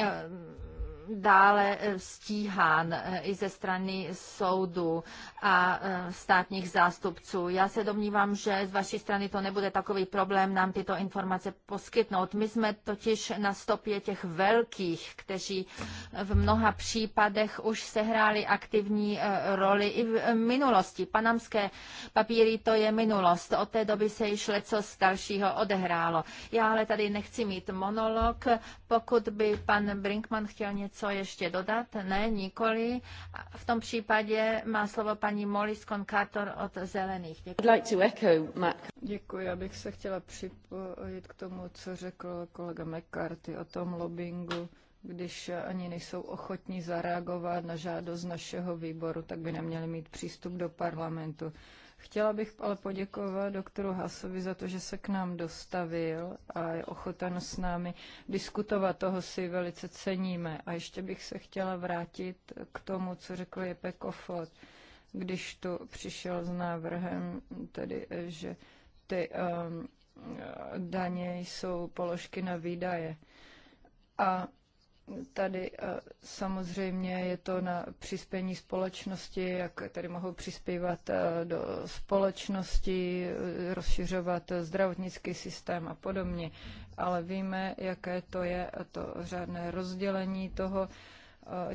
dále eh, stíhán eh, i ze strany soudu a eh, státních zástupců. Já se domnívám, že z vaší strany to nebude takový problém nám tyto informace poskytnout. My jsme totiž na stopě těch velkých, kteří v mnoha případech už sehráli aktivní roli i v minulosti. Panamské papíry to je minulost. Od té doby se již leco z dalšího odehrálo. Já ale tady nechci mít monolog. Pokud by pan Brinkman chtěl něco co ještě dodat? Ne, nikoli. V tom případě má slovo paní Molly Konkátor od Zelených. Děkuji. Děkuji, abych se chtěla připojit k tomu, co řekl kolega McCarthy o tom lobbyingu když ani nejsou ochotní zareagovat na žádost našeho výboru, tak by neměli mít přístup do parlamentu. Chtěla bych ale poděkovat doktoru Hasovi za to, že se k nám dostavil a je ochoten s námi diskutovat. Toho si velice ceníme. A ještě bych se chtěla vrátit k tomu, co řekl Jepe Kofod, když tu přišel s návrhem, tedy, že ty um, daně jsou položky na výdaje. A Tady eh, samozřejmě je to na přispění společnosti, jak tady mohou přispívat eh, do společnosti, eh, rozšiřovat zdravotnický systém a podobně. Ale víme, jaké to je to řádné rozdělení toho,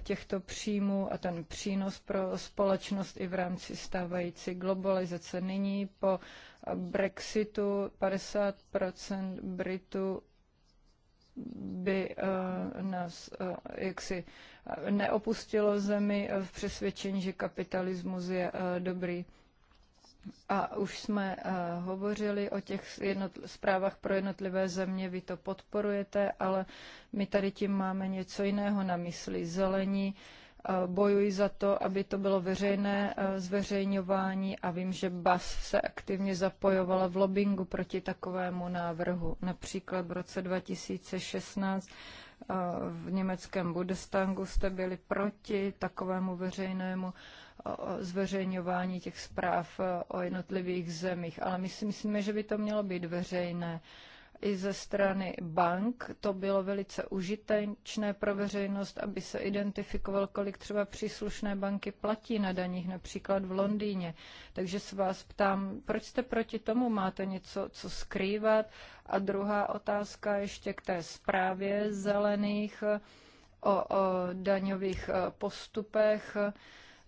těchto příjmů a ten přínos pro společnost i v rámci stávající globalizace. Nyní po Brexitu 50 Britů by eh, nás eh, jaksi eh, neopustilo zemi v přesvědčení, že kapitalismus je dobrý. A už jsme hovořili o těch jednotl- zprávách pro jednotlivé země, vy to podporujete, ale my tady tím máme něco jiného na mysli. Zelení uh, Eh, bojuji za to, aby to bylo veřejné eh, zveřejňování a vím, že BAS se aktivně zapojovala v lobbingu proti takovému návrhu. Například v roce 2016 eh, v německém Bundestangu jste byli proti takovému veřejnému zveřejňování těch zpráv o jednotlivých zemích, ale my si myslíme, že by to mělo být veřejné i ze strany bank. To bylo velice užitečné pro veřejnost, aby se identifikoval, kolik třeba příslušné banky platí na daních, například v Londýně. Takže se vás ptám, proč jste proti tomu? Máte něco, co skrývat? A druhá otázka ještě k té zprávě zelených o, o daňových eh, postupech.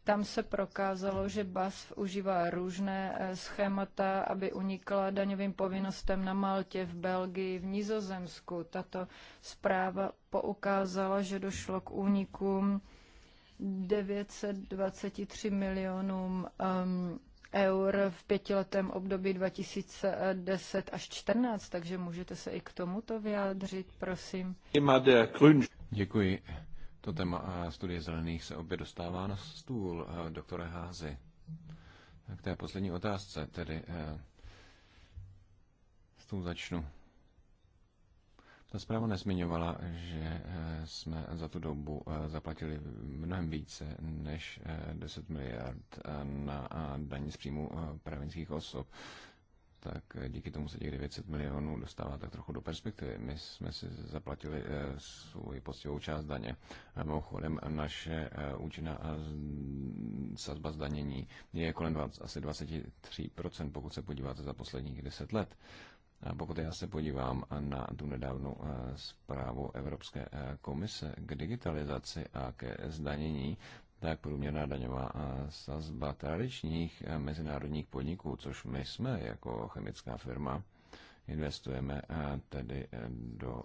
Tam se prokázalo, že BASF užívá různé eh, schémata, aby unikla daňovým povinnostem na Maltě, v Belgii, v Nizozemsku. Tato zpráva poukázala, že došlo k únikům 923 milionům um, eur v pětiletém období 2010 až 2014, takže můžete se i k tomuto vyjádřit, prosím. Děkuji. To téma eh, studie zelených se opět dostává na stůl, eh, doktore Házy. K té poslední otázce, tedy eh, s tou začnu. Ta zpráva nesmiňovala, že jsme za tu dobu zaplatili mnohem více než 10 miliard na daní z příjmu právnických osob tak díky tomu se těch 900 milionů dostává tak trochu do perspektivy. My jsme si zaplatili eh, svůj poctivou část daně. A mimochodem, naše eh, účinná eh, sazba zdanění je kolem 20, asi 23%, pokud se podíváte za posledních 10 let. A pokud já se podívám na tu nedávnou zprávu Evropské komise k digitalizaci a ke zdanění, tak průměrná daňová sazba tradičních mezinárodních podniků, což my jsme jako chemická firma, investujeme tedy e, do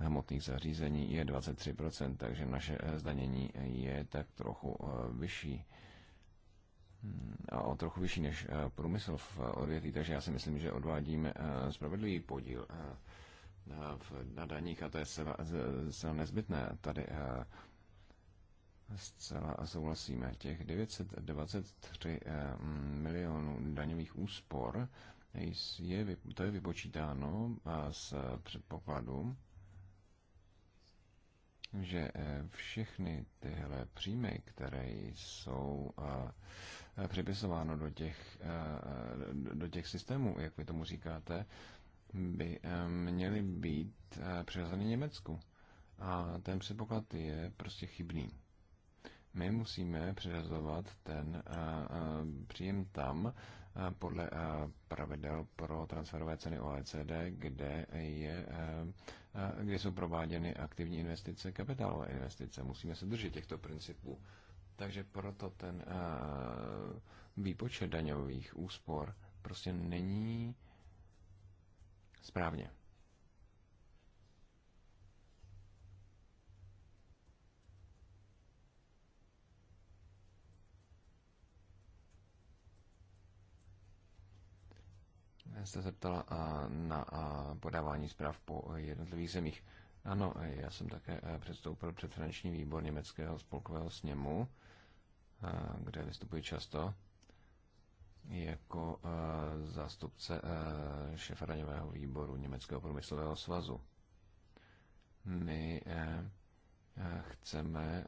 e, hmotných zařízení, je 23%, takže naše e, zdanění je tak trochu vyšší hmm, a o trochu vyšší než průmysl v odvětví, takže já si myslím, že odvádíme spravedlivý podíl na daních a to je zcela nezbytné. Tady zcela souhlasíme. Těch 923 eh, milionů daňových úspor je, to je vypočítáno eh, z předpokladu, že eh, všechny tyhle příjmy, které jsou připisováno do těch, do těch systémů, jak vy tomu říkáte, by měly být přirozeny Německu. A ten předpoklad je prostě chybný. My musíme přiřazovat ten eh, eh, příjem tam eh, podle pravidel pro transferové ceny OECD, kde, je, kde jsou prováděny aktivní investice, kapitálové investice. Musíme se držet těchto principů. Takže proto ten výpočet daňových úspor prostě není správně. jste se ptala na podávání zpráv po jednotlivých zemích. Ano, já jsem také e, předstoupil před finanční výbor Německého spolkového sněmu, e, kde vystupuji často jako e, zástupce šefa daňového výboru Německého průmyslového svazu. My chceme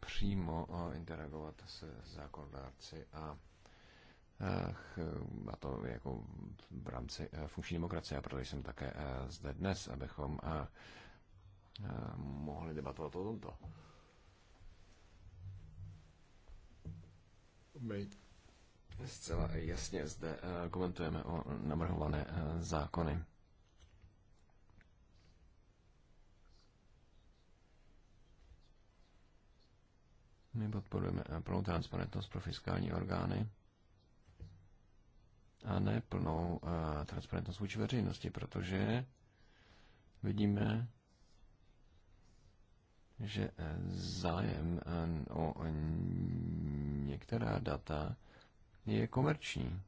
přímo interagovat s zákonodárci a Eh, a to jako v rámci eh, funkční demokracie, a proto jsem také eh, zde dnes, abychom mohli debatovat o tomto. My zcela jasně zde komentujeme o navrhované zákony. My podporujeme plnou transparentnost pro fiskální orgány a ne plnou eh, transparentnost vůči veřejnosti, protože vidíme, že eh, zájem eh, o některá data je komerční.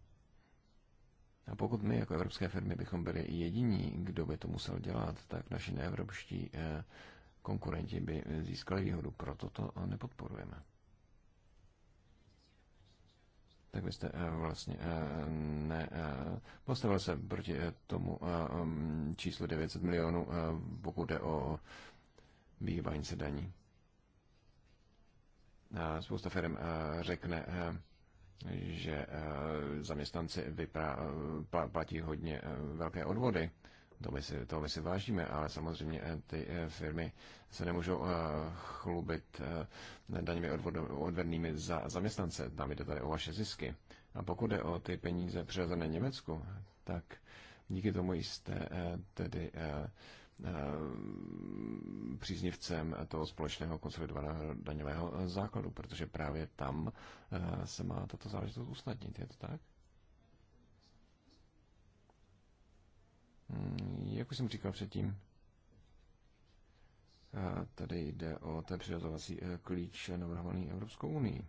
A pokud my jako evropské firmy bychom byli jediní, kdo by to musel dělat, tak naši neevropští konkurenti by získali výhodu. Proto to nepodporujeme tak byste eh, vlastně eh, ne, eh, postavil se proti tomu mm, číslu 900 milionů, pokud jde o vyhýbání se daní. Spousta firm řekne, že zaměstnanci vyprá, platí hodně velké odvody to my si, toho my si vážíme, ale samozřejmě eh, ty eh, firmy se nemůžou eh, chlubit daněmi odvednými za zaměstnance. Tam jde tady o vaše zisky. A pokud jde o ty peníze přirozené Německu, tak díky tomu jste tedy příznivcem toho společného konsolidovaného daňového základu, protože právě tam se má tato záležitost usnadnit. Je to tak? Mm, jak už jsem říkal předtím, tady jde o ten přidazovací e, klíč navrhovaný Evropskou unii.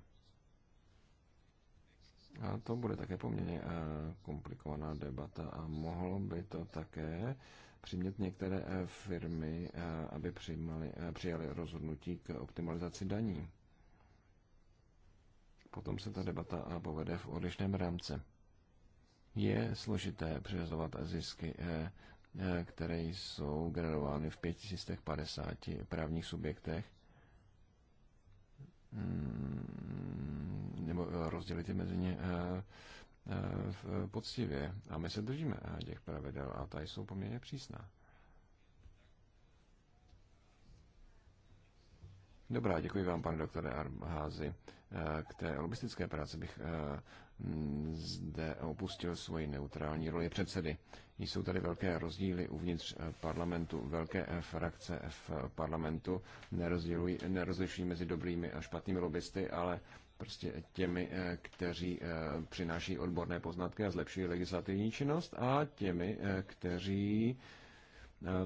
A to bude také poměrně e, komplikovaná debata a mohlo by to také přimět některé e, firmy, aby přijmali, přijali rozhodnutí k optimalizaci daní. Potom se ta debata povede v odlišném rámci je složité přiřazovat zisky, eh, eh, které jsou generovány v 550 právních subjektech, hmm, nebo eh, rozdělit je mezi ně poctivě. A my se držíme těch pravidel a ta jsou poměrně přísná. Dobrá, děkuji vám, pane doktore Armházi. K té lobistické práci bych zde opustil svoji neutrální roli předsedy. Jsou tady velké rozdíly uvnitř eh, parlamentu. Velké eh, frakce eh, v parlamentu nerozlišují mezi dobrými a špatnými lobbysty, ale prostě těmi, kteří přináší odborné poznatky a zlepšují legislativní činnost a těmi, kteří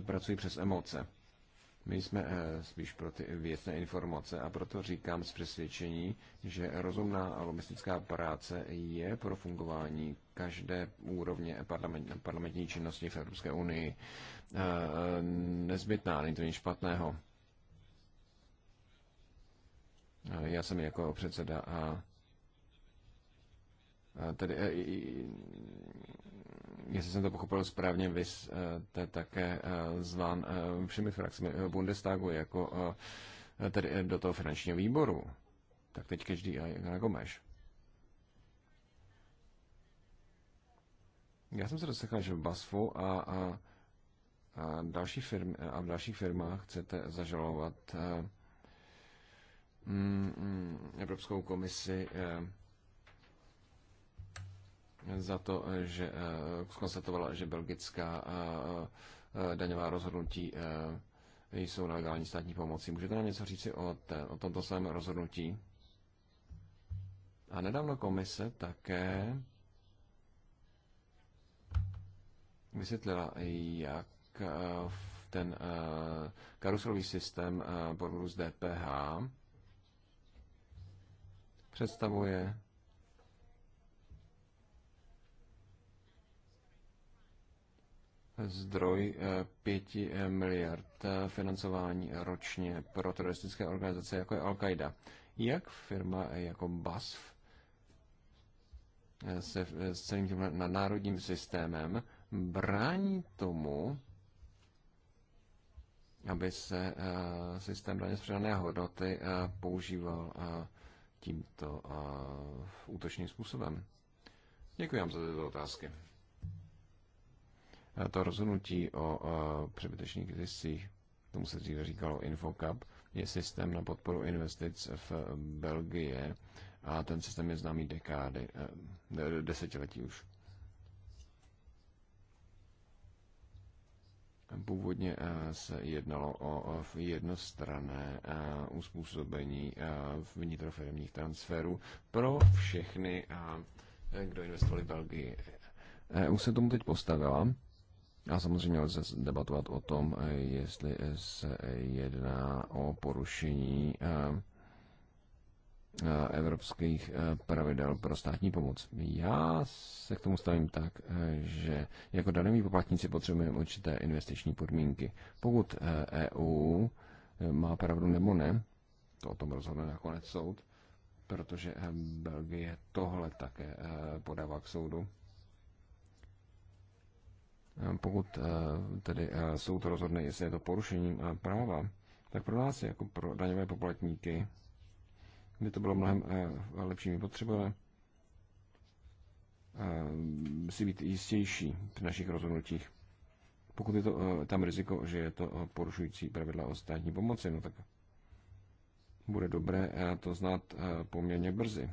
pracují přes emoce. My jsme eh, spíš pro ty věcné informace a proto říkám s přesvědčení, že rozumná lobbystická práce je pro fungování každé úrovně parlament, parlamentní činnosti v Evropské unii eh, eh, nezbytná, není to nic špatného. Já jsem jako předseda a tedy jestli jsem to pochopil správně, vy jste také eh, zván eh, všemi frakcemi Bundestagu jako eh, tedy do toho finančního výboru. Tak teď každý a na Gomeš. Já jsem se doslechl, že v BASFu a, a, a, další firmy, a v dalších firmách chcete zažalovat a, mm, mm, Evropskou komisi a, za to, že eh, konstatovala, že belgická eh, eh, daňová rozhodnutí jsou legální státní pomoci. Můžete nám něco říci o, té, o tomto svém rozhodnutí? A nedávno komise také vysvětlila, jak ten karuselový systém podvodu z DPH představuje zdroj 5 eh, eh, miliard eh, financování ročně pro teroristické organizace, jako je Al-Qaida. Jak firma jako BASF se s celým tím národním systémem brání tomu, aby se systém daně z přidané hodnoty používal tímto útočným způsobem? Děkuji vám za tyto otázky to rozhodnutí o přebytečných zisích, tomu se dříve říkalo InfoCup, je systém na podporu investic v Belgii a ten systém je známý dekády, eh, desetiletí už. Původně eh, se jednalo o jednostrané eh, uspůsobení vnitrofirmních transferů pro všechny, kdo investovali v Belgii. EU se tomu teď postavila a samozřejmě lze debatovat o tom, jestli se jedná o porušení eh, eh, evropských eh, pravidel pro státní pomoc. Já se k tomu stavím tak, že jako daňoví poplatníci potřebujeme určité investiční podmínky. Pokud EU e má pravdu nebo ne, to o tom rozhodne nakonec soud, protože Belgie tohle také podává k soudu, Eh, pokud eh, tedy eh, soud rozhodne, jestli je to porušením práva, tak pro nás jako pro daňové poplatníky by to bylo mnohem lepší. My potřebujeme si být jistější při našich rozhodnutích. Pokud je to tam riziko, že je to porušující pravidla o státní pomoci, no tak bude dobré to znát poměrně brzy,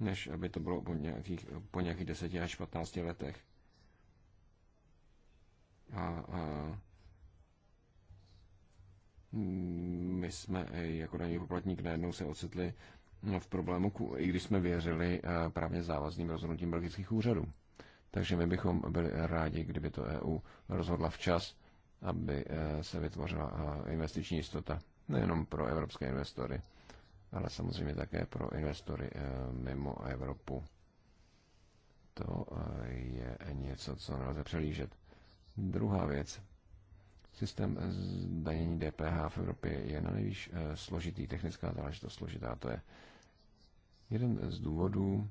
než aby to bylo po nějakých, po nějakých 10 až 15 letech. A, a my jsme eh, jako daní poplatník najednou se ocitli v problému, i když jsme věřili eh, právně závazným rozhodnutím belgických úřadů. Takže my bychom byli rádi, kdyby to EU rozhodla včas, aby eh, se vytvořila investiční jistota nejenom pro evropské investory, ale samozřejmě také pro investory mimo Evropu. To je něco, co nelze přelížet. Druhá věc. Systém zdanění DPH v Evropě je na nejvíc eh, složitý, technická záležitost složitá. To je jeden z důvodů,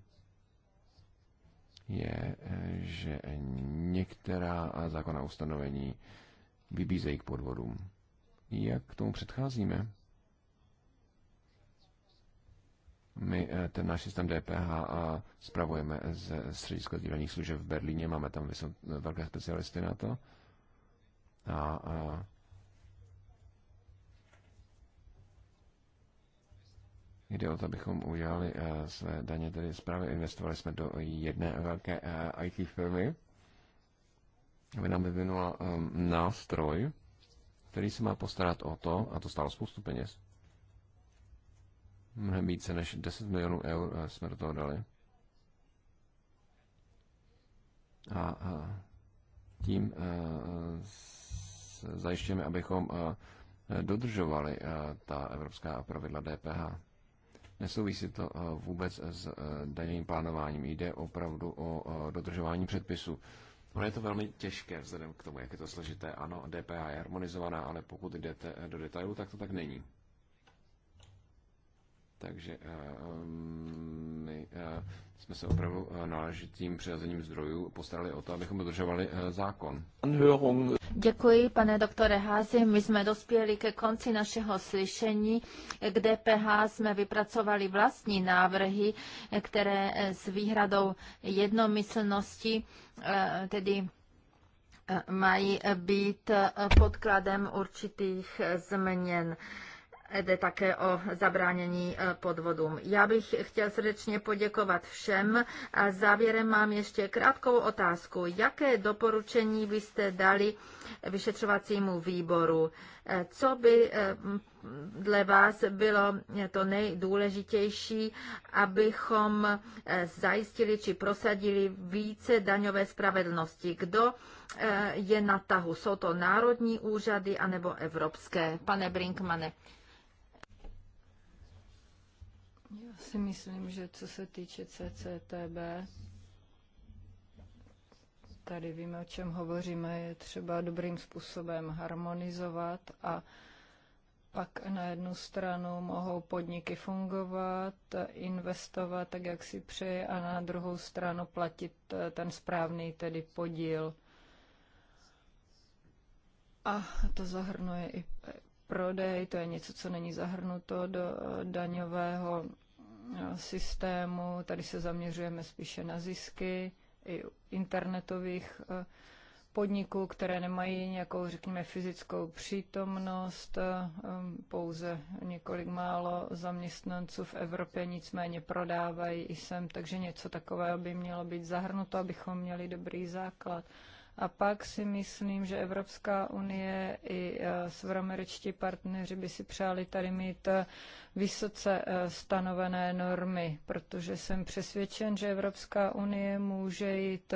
je, eh, že některá zákona ustanovení vybízejí k podvodům. Jak k tomu předcházíme? My eh, ten náš systém DPH a spravujeme ze středisko sdílených služeb v Berlíně, máme tam eh, velké specialisty na to. A, a eh, jde o to, abychom udělali své daně, tedy zprávy investovali jsme do jedné velké IT firmy, aby nám vyvinula nástroj, který se má postarat o to, a to stálo spoustu peněz, mnohem více než 10 milionů eur eh, jsme do toho dali. A, a tím a, eh, zajišťujeme, abychom a, eh, dodržovali a, ta evropská pravidla DPH. Nesouvisí to vůbec s daněným plánováním. Jde opravdu o dodržování předpisů. Ono je to velmi těžké vzhledem k tomu, jak je to složité. Ano, DPH je harmonizovaná, ale pokud jdete do detailu, tak to tak není. Takže eh, my eh, jsme se opravdu eh, náležitým přirazením zdrojů postarali o to, abychom dodržovali zákon. Děkuji, pane doktore Házi. My jsme dospěli ke konci našeho slyšení. K DPH jsme vypracovali vlastní návrhy, které s výhradou jednomyslnosti, tedy mají být podkladem určitých změn jde také o zabránění e, podvodům. Já bych chtěl srdečně poděkovat všem a závěrem mám ještě krátkou otázku. Jaké doporučení byste dali vyšetřovacímu výboru? E, co by e, dle vás bylo to nejdůležitější, abychom zajistili či prosadili více daňové spravedlnosti? Kdo je na tahu? Jsou to národní úřady anebo evropské? Pane Brinkmane. si myslím, že co se týče CCTB, tady víme, o čem hovoříme, je třeba dobrým způsobem harmonizovat a pak na jednu stranu mohou podniky fungovat, investovat tak, jak si přeje, a na druhou stranu platit eh, ten správný tedy podíl. A to zahrnuje i eh, prodej, to je něco, co není zahrnuto do eh, daňového Eh, systému. Tady se zaměřujeme spíše na zisky i internetových eh, podniků, které nemají nějakou, řekněme, fyzickou přítomnost, eh, pouze několik málo zaměstnanců v Evropě nicméně prodávají i sem, takže něco takového by mělo být zahrnuto, abychom měli dobrý základ. A pak si myslím, že Evropská unie i eh, severoameričtí partneři by si přáli tady mít eh, vysoce eh, stanovené normy, protože jsem přesvědčen, že Evropská unie může jít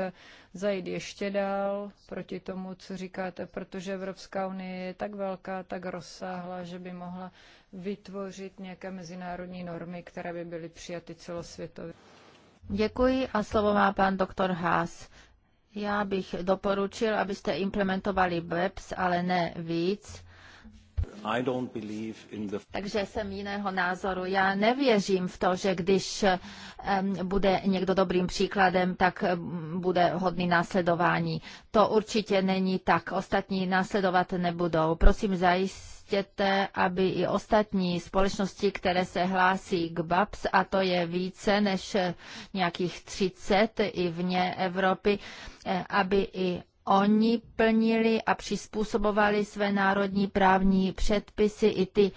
zajít ještě dál proti tomu, co říkáte, protože Evropská unie je tak velká, tak rozsáhlá, že by mohla vytvořit nějaké mezinárodní normy, které by byly přijaty celosvětově. Děkuji a slovo má pan doktor Haas. Já bych doporučil, abyste implementovali BEPS, ale ne víc takže jsem jiného názoru. Já nevěřím v to, že když bude někdo dobrým příkladem, tak bude hodný následování. To určitě není tak. Ostatní následovat nebudou. Prosím zajistěte, aby i ostatní společnosti, které se hlásí k BAPS, a to je více než nějakých 30 i vně Evropy, eh, aby i oni plnili a přizpůsobovali své národní právní předpisy i ty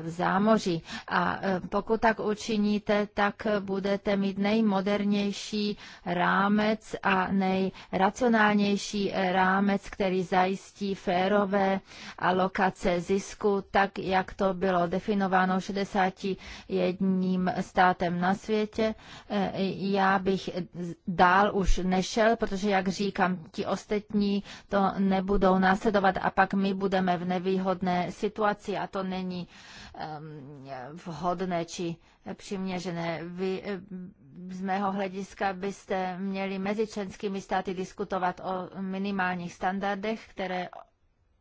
v zámoří. A e, pokud tak učiníte, tak budete mít nejmodernější rámec a nejracionálnější rámec, který zajistí férové alokace zisku, tak jak to bylo definováno 61 státem na světě. E, já bych dál už nešel, protože, jak říkám, ti ostatní ostatní to nebudou následovat a pak my budeme v nevýhodné situaci a to není ehm, vhodné či přiměřené. Vy ehm, z mého hlediska byste měli mezi členskými státy diskutovat o minimálních standardech, které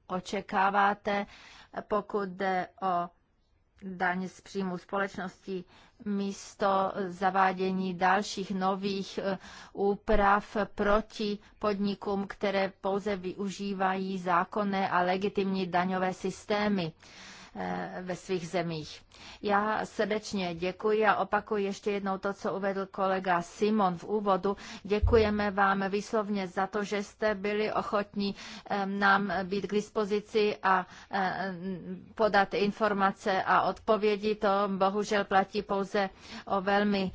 očekáváte, pokud jde o daň z příjmu společností místo zavádění dalších nových eh, úprav proti podnikům, které pouze využívají zákonné a legitimní daňové systémy. Eh, ve svých zemích. Já srdečně děkuji a opakuji ještě jednou to, co uvedl kolega Simon v úvodu. Děkujeme vám výslovně za to, že jste byli ochotní eh, nám být k dispozici a eh, podat informace a odpovědi. To bohužel platí pouze o velmi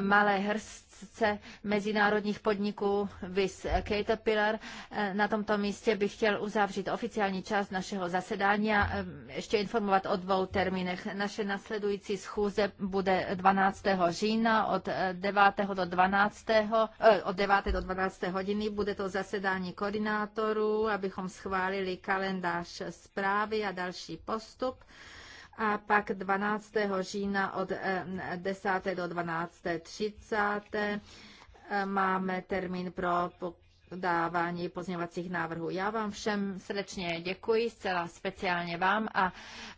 malé hrst otázce mezinárodních podniků VIS Caterpillar. Eh, na tomto místě bych chtěl uzavřít oficiální část našeho zasedání a eh, ještě informovat o dvou termínech. Naše nasledující schůze bude 12. října od 9. Eh, do 12. od 9. do 12. hodiny. Bude to zasedání koordinátorů, abychom schválili kalendář zprávy a další postup a pak 12. října od 10. Eh, do 12.30 eh, máme termín pro dávání pozněvacích návrhů. Já vám všem srdečně děkuji, zcela speciálně vám a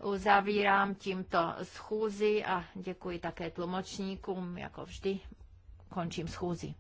uzavírám tímto schůzi a děkuji také tlumočníkům, jako vždy končím schůzi.